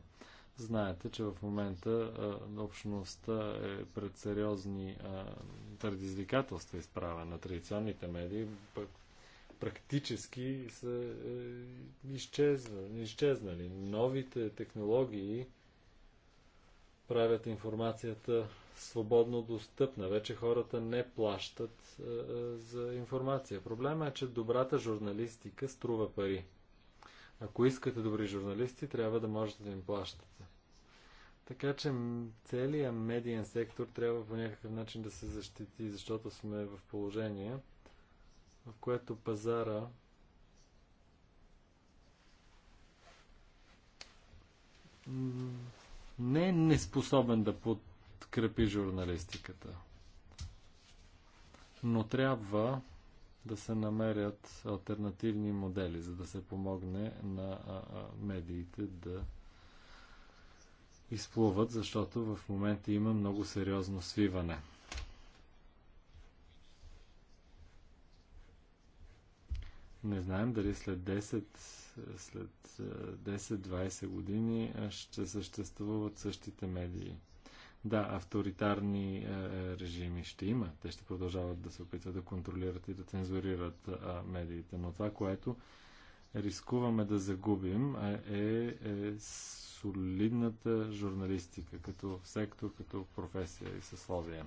Знаете, че в момента а, общността е пред сериозни а, предизвикателства изправена. Традиционните медии пък практически са е, изчезвали, изчезнали. Новите технологии правят информацията свободно достъпна. Вече хората не плащат е, е, за информация. Проблема е, че добрата журналистика струва пари. Ако искате добри журналисти, трябва да можете да им плащате. Така че целият медиен сектор трябва по някакъв начин да се защити, защото сме в положение, в което пазара не е неспособен да подкрепи журналистиката. Но трябва да се намерят альтернативни модели, за да се помогне на медиите да изплуват, защото в момента има много сериозно свиване. Не знаем дали след 10, след 10-20 години ще съществуват същите медии. Да, авторитарни режими ще има. Те ще продължават да се опитват да контролират и да цензурират медиите. Но това, което рискуваме да загубим, е, е солидната журналистика като сектор, като професия и съсловие.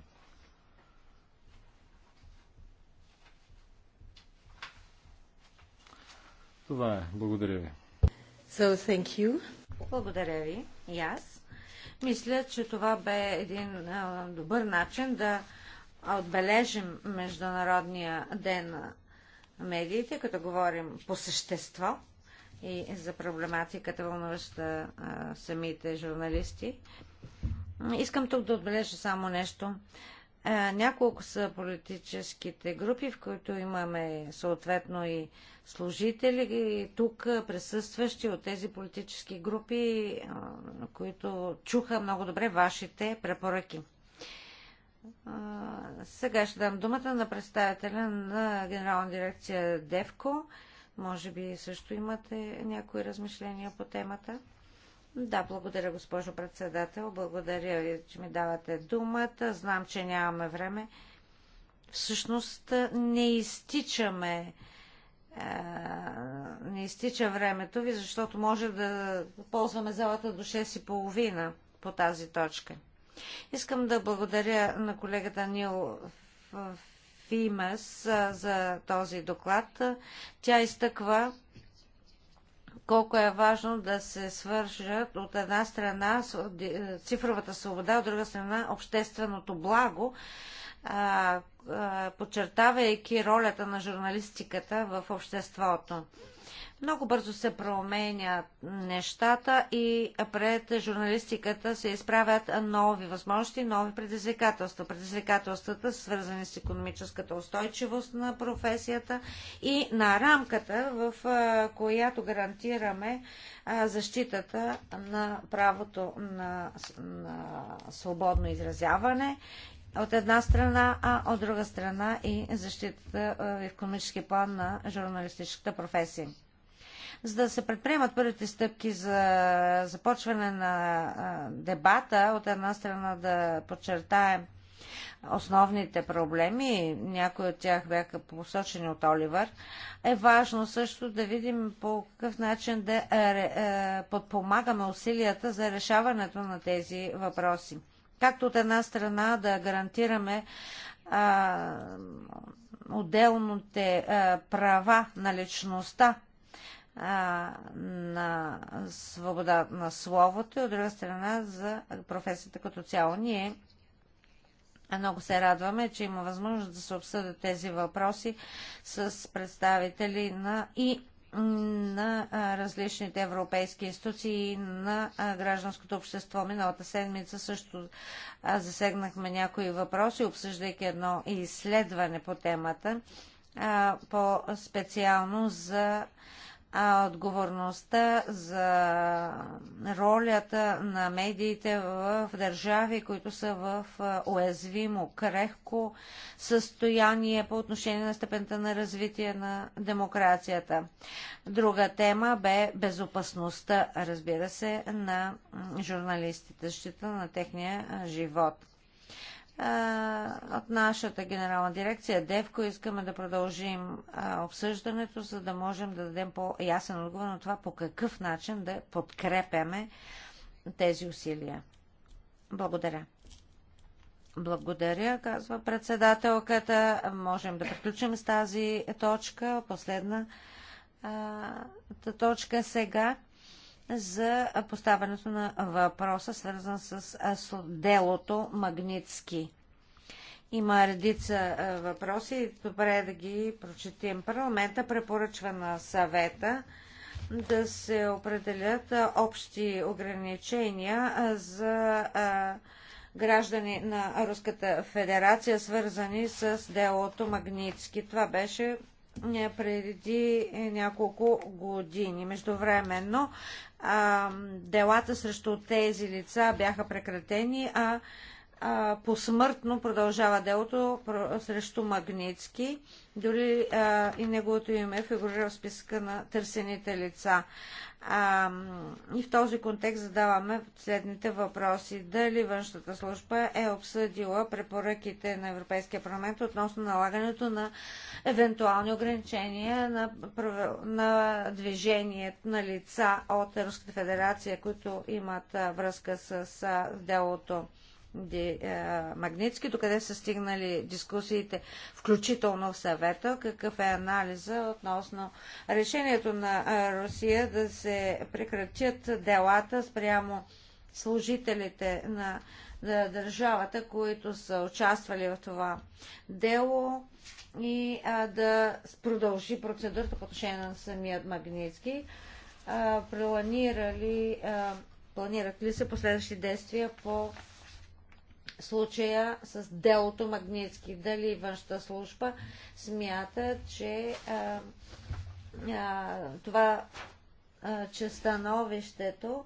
Това е. Благодаря ви. So, thank you. Благодаря ви. И аз. Мисля, че това бе един а, добър начин да отбележим Международния ден на медиите, като говорим по същество и за проблематиката, вълнуваща самите журналисти. Искам тук да отбележа само нещо. няколко са политическите групи, в които имаме съответно и служители, и тук присъстващи от тези политически групи, които чуха много добре вашите препоръки. Сега ще дам думата на представителя на Генерална дирекция ДЕВКО може би също имате някои размишления по темата. Да, благодаря, госпожо председател. Благодаря ви, че ми давате думата. Знам, че нямаме време. Всъщност не изтичаме не изтича времето ви, защото може да ползваме залата до 6.30 по тази точка. Искам да благодаря на колегата Нил ФИМАС за този доклад. Тя изтъква колко е важно да се свържат от една страна е, цифровата свобода, от друга страна общественото благо, подчертавайки ролята на журналистиката в обществото. Много бързо се променят нещата и пред журналистиката се изправят нови възможности, нови предизвикателства. Предизвикателствата са свързани с економическата устойчивост на професията и на рамката, в която гарантираме защитата на правото на, на свободно изразяване от една страна, а от друга страна и защитата в економически план на журналистическата професия за да се предприемат първите стъпки за започване на дебата, от една страна да подчертаем основните проблеми, някои от тях бяха посочени от Оливър, е важно също да видим по какъв начин да е, е, подпомагаме усилията за решаването на тези въпроси. Както от една страна да гарантираме а, отделните а, права на личността на свобода на словото и от друга страна за професията като цяло. Ние много се радваме, че има възможност да се обсъдят тези въпроси с представители на и на различните европейски институции и на гражданското общество. Миналата седмица също засегнахме някои въпроси, обсъждайки едно изследване по темата, по-специално за а отговорността за ролята на медиите в държави, които са в уязвимо, крехко състояние по отношение на степента на развитие на демокрацията. Друга тема бе безопасността, разбира се, на журналистите, защита на техния живот от нашата генерална дирекция ДЕВКО искаме да продължим обсъждането, за да можем да дадем по-ясен отговор на това по какъв начин да подкрепяме тези усилия. Благодаря. Благодаря, казва председателката. Можем да приключим с тази точка. Последна точка сега за поставянето на въпроса, свързан с делото Магницки. Има редица въпроси, добре е да ги прочетим. Парламента препоръчва на съвета да се определят общи ограничения за граждани на Руската федерация, свързани с делото Магницки. Това беше е, преди е, няколко години. Междувременно а, делата срещу тези лица бяха прекратени, а, а посмъртно продължава делото срещу Магницки дори а, и неговото име фигурира в списъка на търсените лица. А, и в този контекст задаваме следните въпроси. Дали външната служба е обсъдила препоръките на Европейския парламент относно налагането на евентуални ограничения на, на движението на лица от Руската федерация, които имат връзка с делото? Е, Магнитски, докъде са стигнали дискусиите, включително в съвета, какъв е анализа относно решението на е, Русия да се прекратят делата спрямо служителите на, на държавата, които са участвали в това дело и а, е, да продължи процедурата по отношение на самият Магнитски. планирали, планират ли се последващи действия по случая с делото Магнитски. Дали външната служба смята, че а, а, това, а, че становището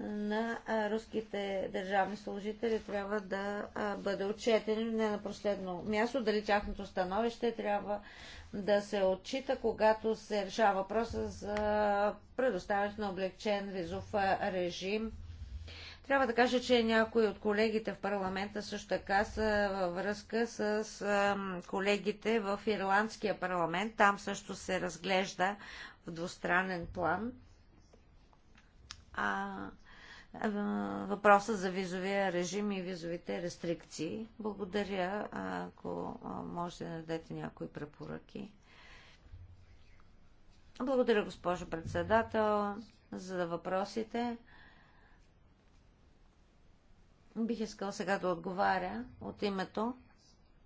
на руските държавни служители трябва да бъде отчетено не на последно място, дали тяхното становище трябва да се отчита, когато се решава въпроса за предоставянето на облегчен визов режим трябва да кажа, че някои от колегите в парламента също така са във връзка с колегите в Ирландския парламент. Там също се разглежда в двустранен план а, въпроса за визовия режим и визовите рестрикции. Благодаря, ако може да дадете някои препоръки. Благодаря, госпожо председател, за въпросите. Бих искал сега да отговаря от името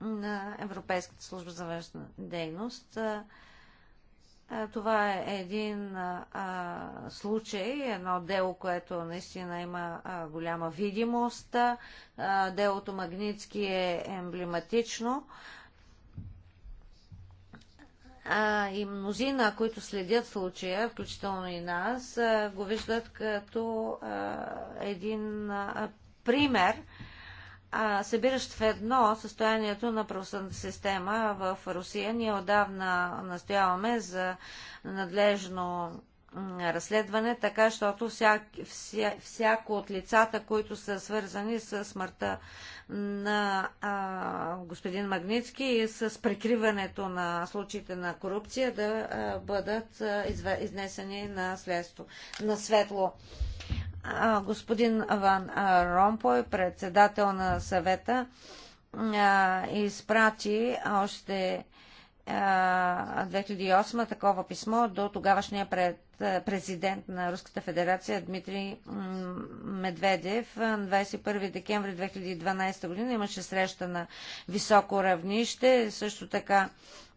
на Европейската служба за външна дейност. Това е един а, случай, едно дело, което наистина има а, голяма видимост. А, делото Магницки е емблематично. А, и мнозина, които следят случая, включително и нас, а, го виждат като а, един а, пример, а, събиращ в едно състоянието на правосъдната система в Русия. Ние отдавна настояваме за надлежно разследване, така, защото вся, вся, всяко от лицата, които са свързани с смъртта на а, господин Магницки и с прикриването на случаите на корупция да а, бъдат а, изнесени на, следство, на светло господин Ван Ромпой, председател на съвета, изпрати още 2008 такова писмо до тогавашния пред, президент на Руската федерация Дмитрий Медведев. На 21 декември 2012 година имаше среща на високо равнище. Също така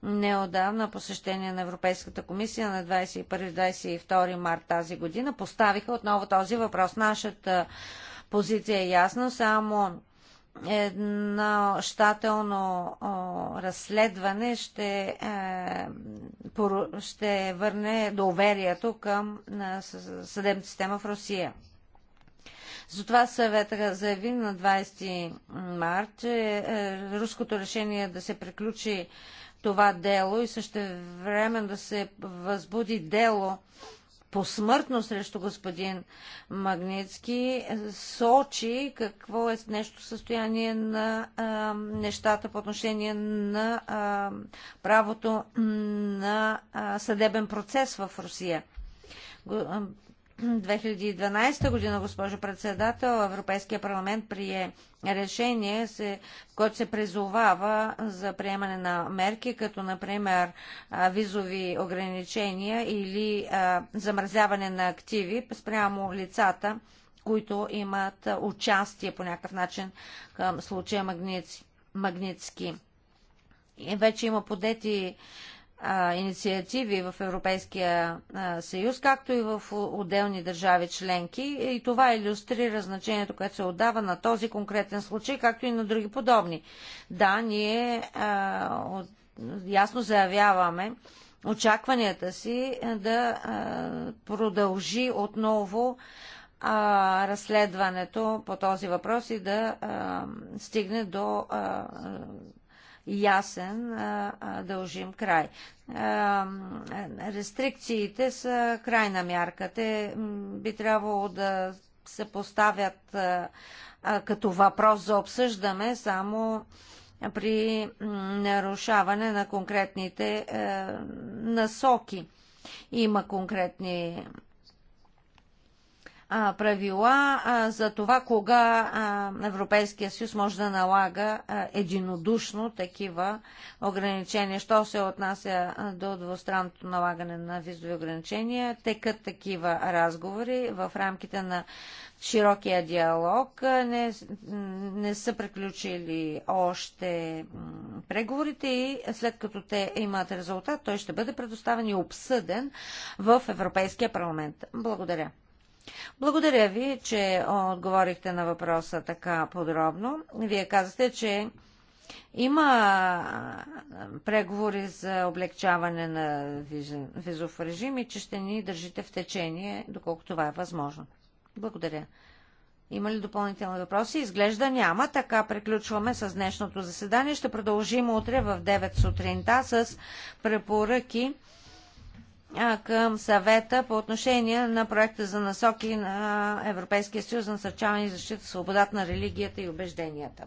неодавна посещение на Европейската комисия на 21-22 март тази година поставиха отново този въпрос. Нашата позиция е ясна, само едно щателно разследване ще, е, ще върне доверието към съдебната система в Русия. Затова съветът заяви на 20 март, че е, руското решение да се приключи това дело и също време да се възбуди дело посмъртно срещу господин Магницки е, сочи какво е нещо състояние на а, нещата по отношение на а, правото на а, съдебен процес в Русия 2012 година, госпожо председател, Европейския парламент прие решение, в което се призовава за приемане на мерки, като например визови ограничения или замразяване замързяване на активи спрямо лицата, които имат участие по някакъв начин към случая Магницки. И вече има подети инициативи в Европейския съюз, както и в отделни държави членки. И това иллюстрира значението, което се отдава на този конкретен случай, както и на други подобни. Да, ние ясно заявяваме очакванията си да продължи отново разследването по този въпрос и да стигне до ясен, дължим край. Рестрикциите са край на мярка. Те би трябвало да се поставят като въпрос за обсъждане само при нарушаване на конкретните е, насоки. Има конкретни правила за това кога Европейския съюз може да налага единодушно такива ограничения. Що се отнася до двустранното налагане на визови ограничения, текат такива разговори в рамките на широкия диалог. Не, не са приключили още преговорите и след като те имат резултат, той ще бъде предоставен и обсъден в Европейския парламент. Благодаря. Благодаря ви, че отговорихте на въпроса така подробно. Вие казахте, че има преговори за облегчаване на визов режим и че ще ни държите в течение, доколко това е възможно. Благодаря. Има ли допълнителни въпроси? Изглежда няма. Така приключваме с днешното заседание. Ще продължим утре в 9 сутринта с препоръки към съвета по отношение на проекта за насоки на Европейския съюз за насърчаване и защита свободата на религията и убежденията.